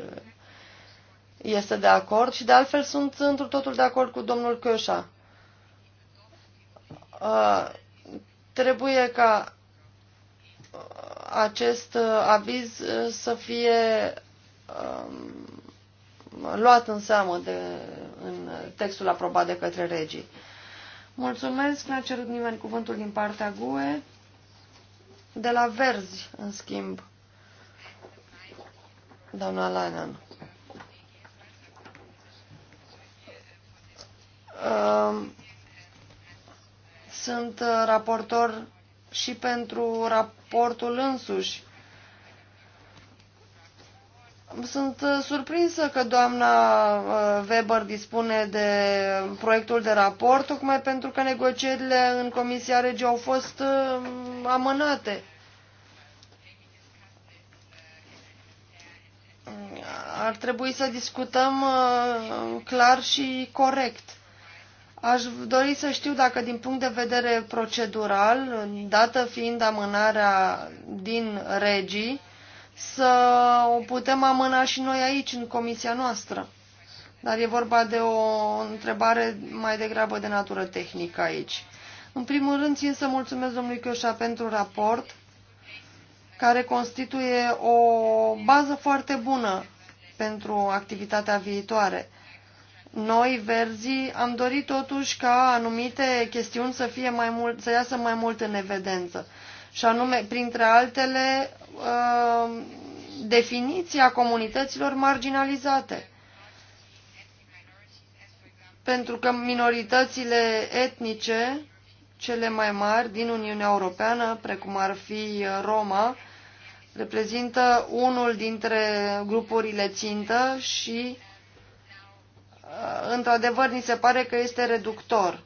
este de acord. Și de altfel sunt într totul de acord cu domnul Cășa. Uh, trebuie ca acest uh, aviz uh, să fie um, luat în seamă de, în textul aprobat de către regii. Mulțumesc, nu a cerut nimeni cuvântul din partea GUE. De la Verzi, în schimb, doamna Lainan. Um, sunt uh, raportor și pentru raportul însuși. Sunt uh, surprinsă că doamna uh, Weber dispune de proiectul de raport, tocmai pentru că negocierile în Comisia Rege au fost uh, amânate. Ar trebui să discutăm clar și corect. Aș dori să știu dacă din punct de vedere procedural, dată fiind amânarea din regii, să o putem amâna și noi aici, în comisia noastră. Dar e vorba de o întrebare mai degrabă de natură tehnică aici. În primul rând, țin să mulțumesc domnului Chioșa pentru raport, care constituie o bază foarte bună pentru activitatea viitoare. Noi, verzii, am dorit totuși ca anumite chestiuni să, fie mai mult, să iasă mai mult în evidență. Și anume, printre altele, uh, definiția comunităților marginalizate. Pentru că minoritățile etnice, cele mai mari din Uniunea Europeană, precum ar fi Roma, reprezintă unul dintre grupurile țintă și Uh, într-adevăr, ni se pare că este reductor.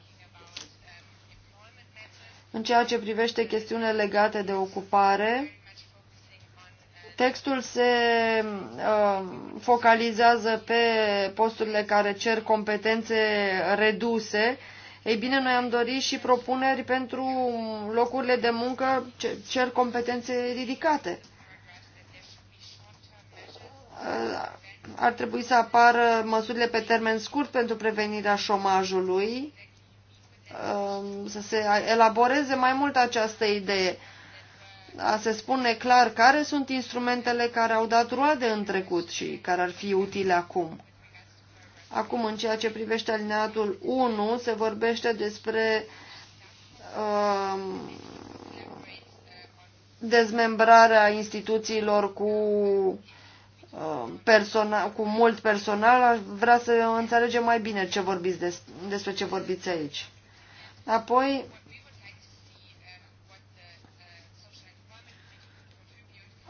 În ceea ce privește chestiunile legate de ocupare, textul se uh, focalizează pe posturile care cer competențe reduse. Ei bine, noi am dorit și propuneri pentru locurile de muncă ce cer competențe ridicate. ar trebui să apară măsurile pe termen scurt pentru prevenirea șomajului, um, să se elaboreze mai mult această idee, a se spune clar care sunt instrumentele care au dat roade în trecut și care ar fi utile acum. Acum, în ceea ce privește alineatul 1, se vorbește despre uh, dezmembrarea instituțiilor cu uh, Uh, personal, cu mult personal, aș vrea să înțelegem mai bine ce vorbiți des, despre ce vorbiți aici. Apoi,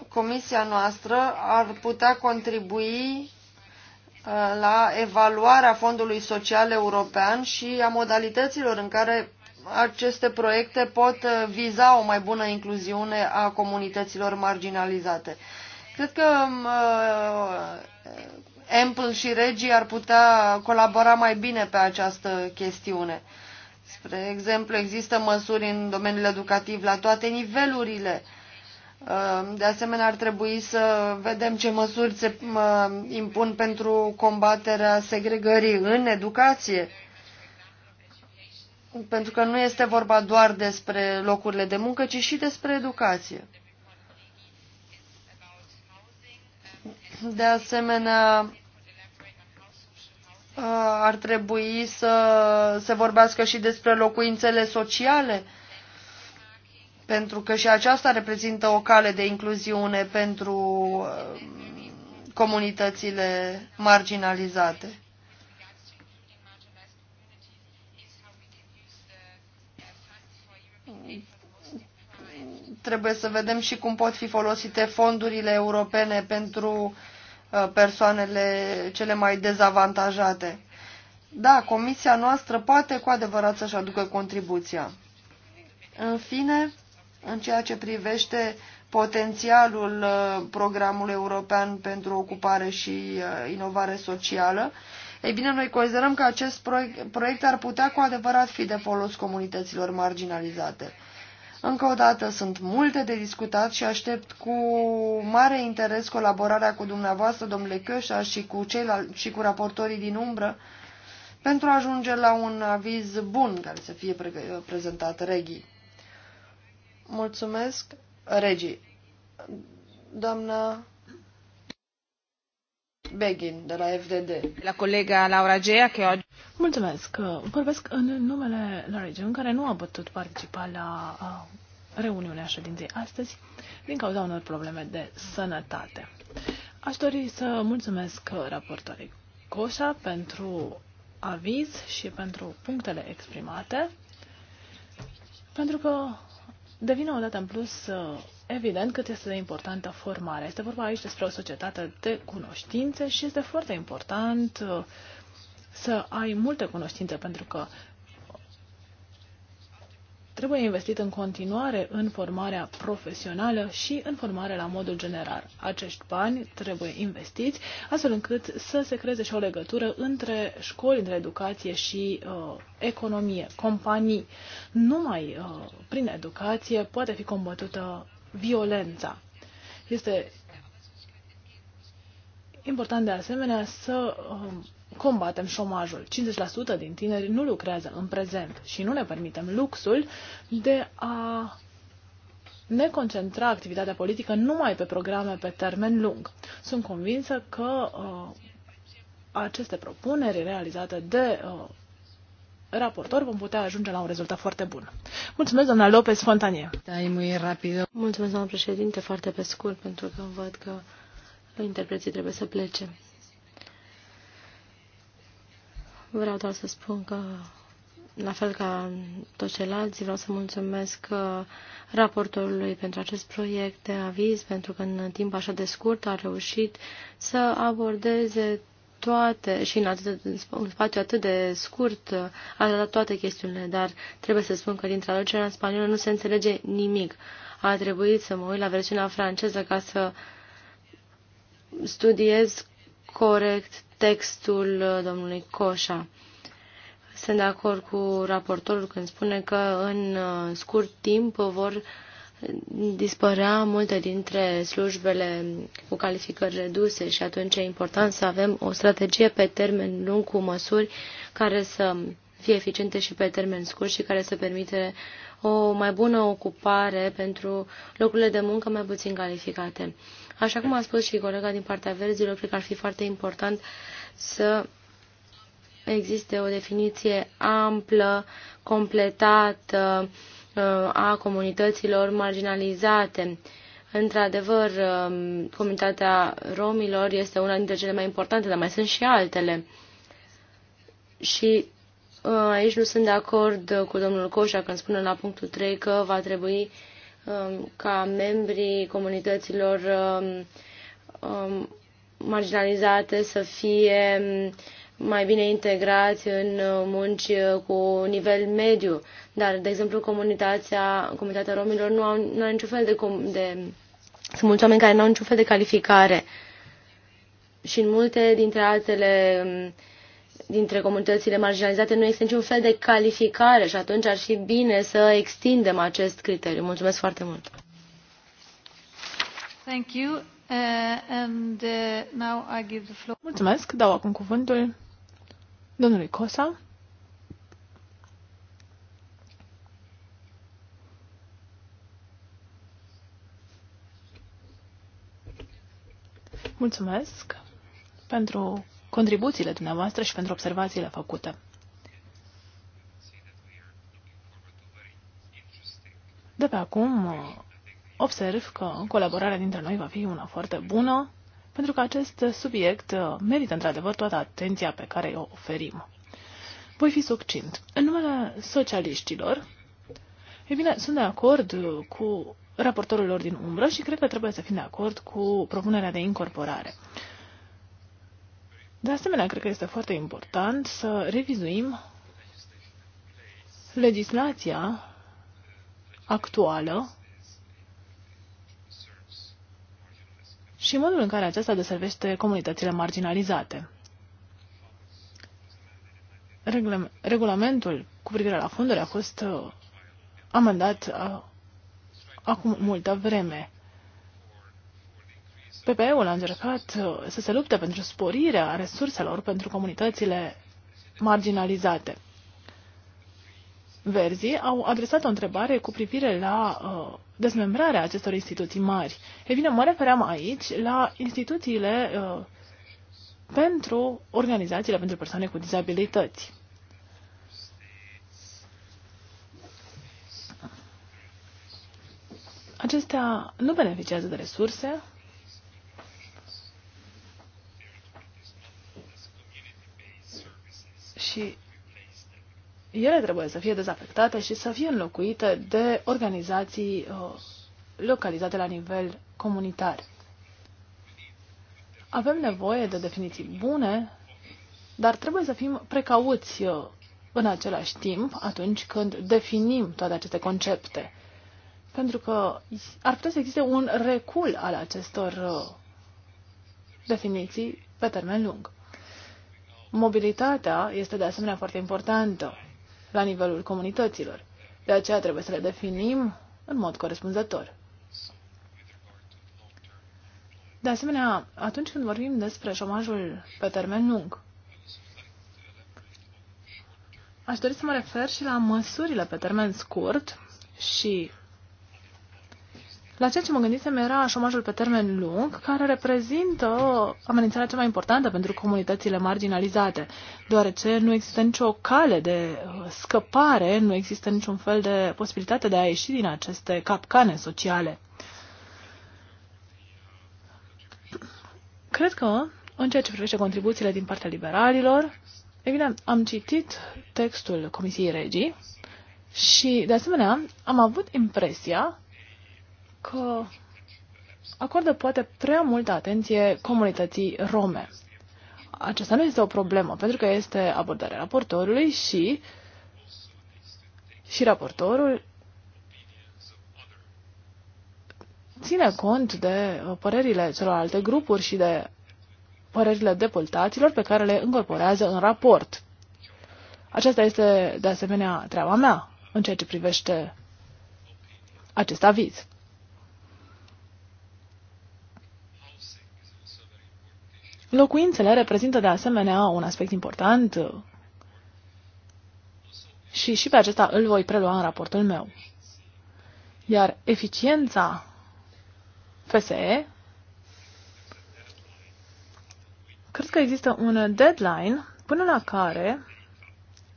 comisia noastră ar putea contribui uh, la evaluarea Fondului Social European și a modalităților în care aceste proiecte pot uh, viza o mai bună incluziune a comunităților marginalizate. Cred că um, uh, Ample și Regii ar putea colabora mai bine pe această chestiune. Spre exemplu, există măsuri în domeniul educativ la toate nivelurile. Um, de asemenea, ar trebui să vedem ce măsuri se um, impun pentru combaterea segregării în educație. Pentru că nu este vorba doar despre locurile de muncă, ci și despre educație. De asemenea, ar trebui să se vorbească și despre locuințele sociale, pentru că și aceasta reprezintă o cale de incluziune pentru comunitățile marginalizate. Trebuie să vedem și cum pot fi folosite fondurile europene pentru uh, Uh, persoanele cele mai dezavantajate. Da, comisia noastră poate cu adevărat să-și aducă contribuția. În fine, în ceea ce privește potențialul uh, programului european pentru ocupare și uh, inovare socială, ei bine, noi considerăm că acest proiect, proiect ar putea cu adevărat fi de folos comunităților marginalizate. Încă o dată sunt multe de discutat și aștept cu mare interes colaborarea cu dumneavoastră, domnule Cășa, și cu, ceilalți, și cu raportorii din umbră pentru a ajunge la un aviz bun care să fie pre prezentat regii. Mulțumesc, regii. Doamna Begin, de la FDD. La colega Laura Gea, că oggi... Mulțumesc. Vorbesc în numele Laura Gea, care nu a putut participa la reuniunea ședinței astăzi din cauza unor probleme de sănătate. Aș dori să mulțumesc raportoarei Coșa pentru aviz și pentru punctele exprimate, pentru că devine o dată în plus evident cât este de importantă formarea. Este vorba aici despre o societate de cunoștințe și este foarte important uh, să ai multe cunoștințe pentru că trebuie investit în continuare în formarea profesională și în formarea la modul general. Acești bani trebuie investiți astfel încât să se creeze și o legătură între școli, între educație și uh, economie, companii. Numai uh, prin educație poate fi combătută violența. Este important de asemenea să um, combatem șomajul. 50% din tineri nu lucrează în prezent și nu ne permitem luxul de a ne concentra activitatea politică numai pe programe pe termen lung. Sunt convinsă că uh, aceste propuneri realizate de uh, raportor vom putea ajunge la un rezultat foarte bun. Mulțumesc, doamna Lopez Fontanie. Da, e mai rapid. Mulțumesc, doamna președinte, foarte pe scurt, pentru că văd că interpreții trebuie să plece. Vreau doar să spun că, la fel ca toți ceilalți, vreau să mulțumesc uh, raportorului pentru acest proiect de aviz, pentru că în timp așa de scurt a reușit să abordeze toate și în, atât, în spațiu atât de scurt a dat toate chestiunile, dar trebuie să spun că din traducerea în spaniolă nu se înțelege nimic. A trebuit să mă uit la versiunea franceză ca să studiez corect textul domnului Coșa. Sunt de acord cu raportorul când spune că în uh, scurt timp vor uh, dispărea multe dintre slujbele cu calificări reduse și atunci e important să avem o strategie pe termen lung cu măsuri care să fie eficiente și pe termen scurt și care să permite o mai bună ocupare pentru locurile de muncă mai puțin calificate. Așa cum a spus și colega din partea verzilor, cred că ar fi foarte important să existe o definiție amplă, completată, uh, a comunităților marginalizate. Într-adevăr, um, comunitatea romilor este una dintre cele mai importante, dar mai sunt și altele. Și uh, aici nu sunt de acord cu domnul Coșa când spune la punctul 3 că va trebui um, ca membrii comunităților um, marginalizate să fie mai bine integrați în munci cu nivel mediu, dar, de exemplu, comunitatea, comunitatea romilor nu, au, nu au niciun fel de, de... Sunt mulți oameni care nu au niciun fel de calificare și în multe dintre altele dintre comunitățile marginalizate nu există niciun fel de calificare și atunci ar fi bine să extindem acest criteriu. Mulțumesc foarte mult! Thank you. Uh, and uh, now I give the floor. Mulțumesc, dau acum cuvântul domnului Cosa. Mulțumesc pentru contribuțiile dumneavoastră și pentru observațiile făcute. De pe acum observ că colaborarea dintre noi va fi una foarte bună, pentru că acest subiect uh, merită într-adevăr toată atenția pe care o oferim. Voi fi succint. În numele socialiștilor, e bine, sunt de acord cu raportorul lor din umbră și cred că trebuie să fim de acord cu propunerea de incorporare. De asemenea, cred că este foarte important să revizuim legislația actuală și modul în care acesta deservește comunitățile marginalizate. Regulamentul cu privire la fonduri a fost uh, amendat uh, acum multă vreme. PPE-ul a încercat uh, să se lupte pentru sporirea resurselor pentru comunitățile marginalizate. Verzii au adresat o întrebare cu privire la uh, dezmembrarea acestor instituții mari. E bine, mă refeream aici la instituțiile uh, pentru organizațiile pentru persoane cu dizabilități. Acestea nu beneficiază de resurse, și ele trebuie să fie dezafectate și să fie înlocuite de organizații uh, localizate la nivel comunitar. Avem nevoie de definiții bune, dar trebuie să fim precauți uh, în același timp atunci când definim toate aceste concepte. Pentru că ar putea să existe un recul al acestor uh, definiții pe termen lung. Mobilitatea este de asemenea foarte importantă la nivelul comunităților. De aceea trebuie să le definim în mod corespunzător. De asemenea, atunci când vorbim despre șomajul pe termen lung, aș dori să mă refer și la măsurile pe termen scurt și la ceea ce mă gândisem era șomajul pe termen lung, care reprezintă amenințarea cea mai importantă pentru comunitățile marginalizate, deoarece nu există nicio cale de uh, scăpare, nu există niciun fel de posibilitate de a ieși din aceste capcane sociale. Cred că, în ceea ce privește contribuțiile din partea liberalilor, evident, am citit textul Comisiei Regii și, de asemenea, am avut impresia că acordă poate prea multă atenție comunității rome. Aceasta nu este o problemă, pentru că este abordarea raportorului și, și raportorul ține cont de uh, părerile celorlalte grupuri și de părerile deputaților pe care le încorporează în raport. Aceasta este, de asemenea, treaba mea în ceea ce privește acest aviz. Locuințele reprezintă de asemenea un aspect important uh, și și pe acesta îl voi prelua în raportul meu. Iar eficiența FSE, cred că există un deadline până la care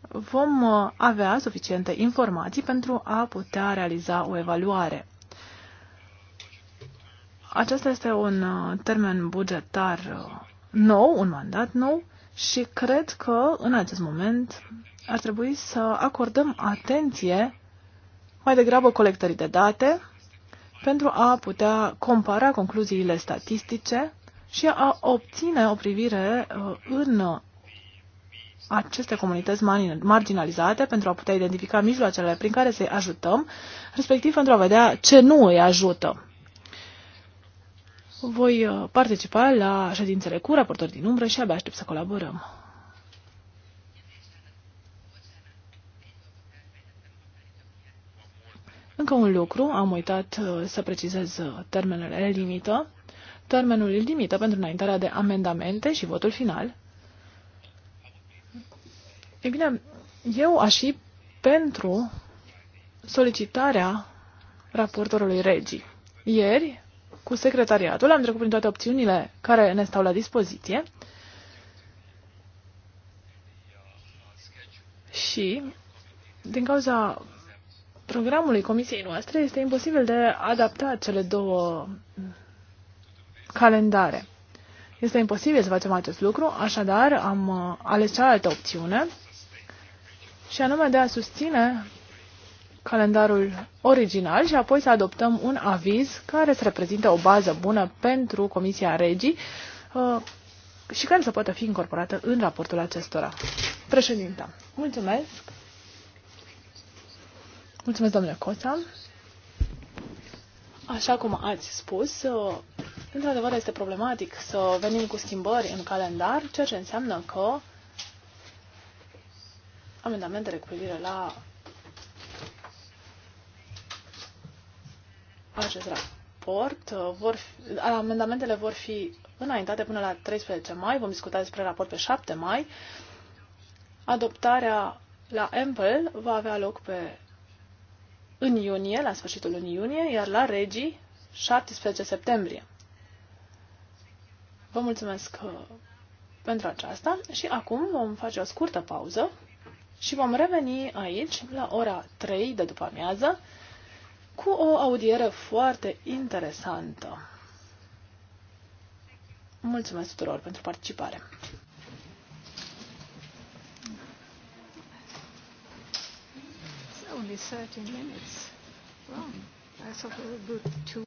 vom uh, avea suficiente informații pentru a putea realiza o evaluare. Acesta este un uh, termen bugetar nou, un mandat nou și cred că în acest moment ar trebui să acordăm atenție mai degrabă colectării de date pentru a putea compara concluziile statistice și a obține o privire uh, în aceste comunități marginalizate pentru a putea identifica mijloacele prin care să-i ajutăm, respectiv pentru a vedea ce nu îi ajută. Voi uh, participa la ședințele cu raportori din umbră și abia aștept să colaborăm. Încă un lucru, am uitat uh, să precizez uh, termenele limită. Termenul limită pentru înaintarea de amendamente și votul final. Ei bine, eu aș fi pentru solicitarea raportorului regii. Ieri cu secretariatul, am trecut prin toate opțiunile care ne stau la dispoziție și din cauza programului comisiei noastre este imposibil de adapta cele două calendare. Este imposibil să facem acest lucru, așadar am ales cealaltă opțiune și anume de a susține calendarul original și apoi să adoptăm un aviz care să reprezinte o bază bună pentru Comisia Regii uh, și care să poată fi incorporată în raportul acestora. Președinta, mulțumesc! Mulțumesc, domnule Coța! Așa cum ați spus, uh, într-adevăr este problematic să venim cu schimbări în calendar, ceea ce înseamnă că amendamentele cu privire la acest raport. Uh, vor fi, amendamentele vor fi înaintate până la 13 mai. Vom discuta despre raport pe 7 mai. Adoptarea la Ample va avea loc pe în iunie, la sfârșitul lunii iunie, iar la Regii 17 septembrie. Vă mulțumesc uh, pentru aceasta și acum vom face o scurtă pauză și vom reveni aici la ora 3 de după amiază cu o audiere foarte interesantă. Mulțumesc tuturor pentru participare! It's only 30 minutes. Wow. I thought we would do two.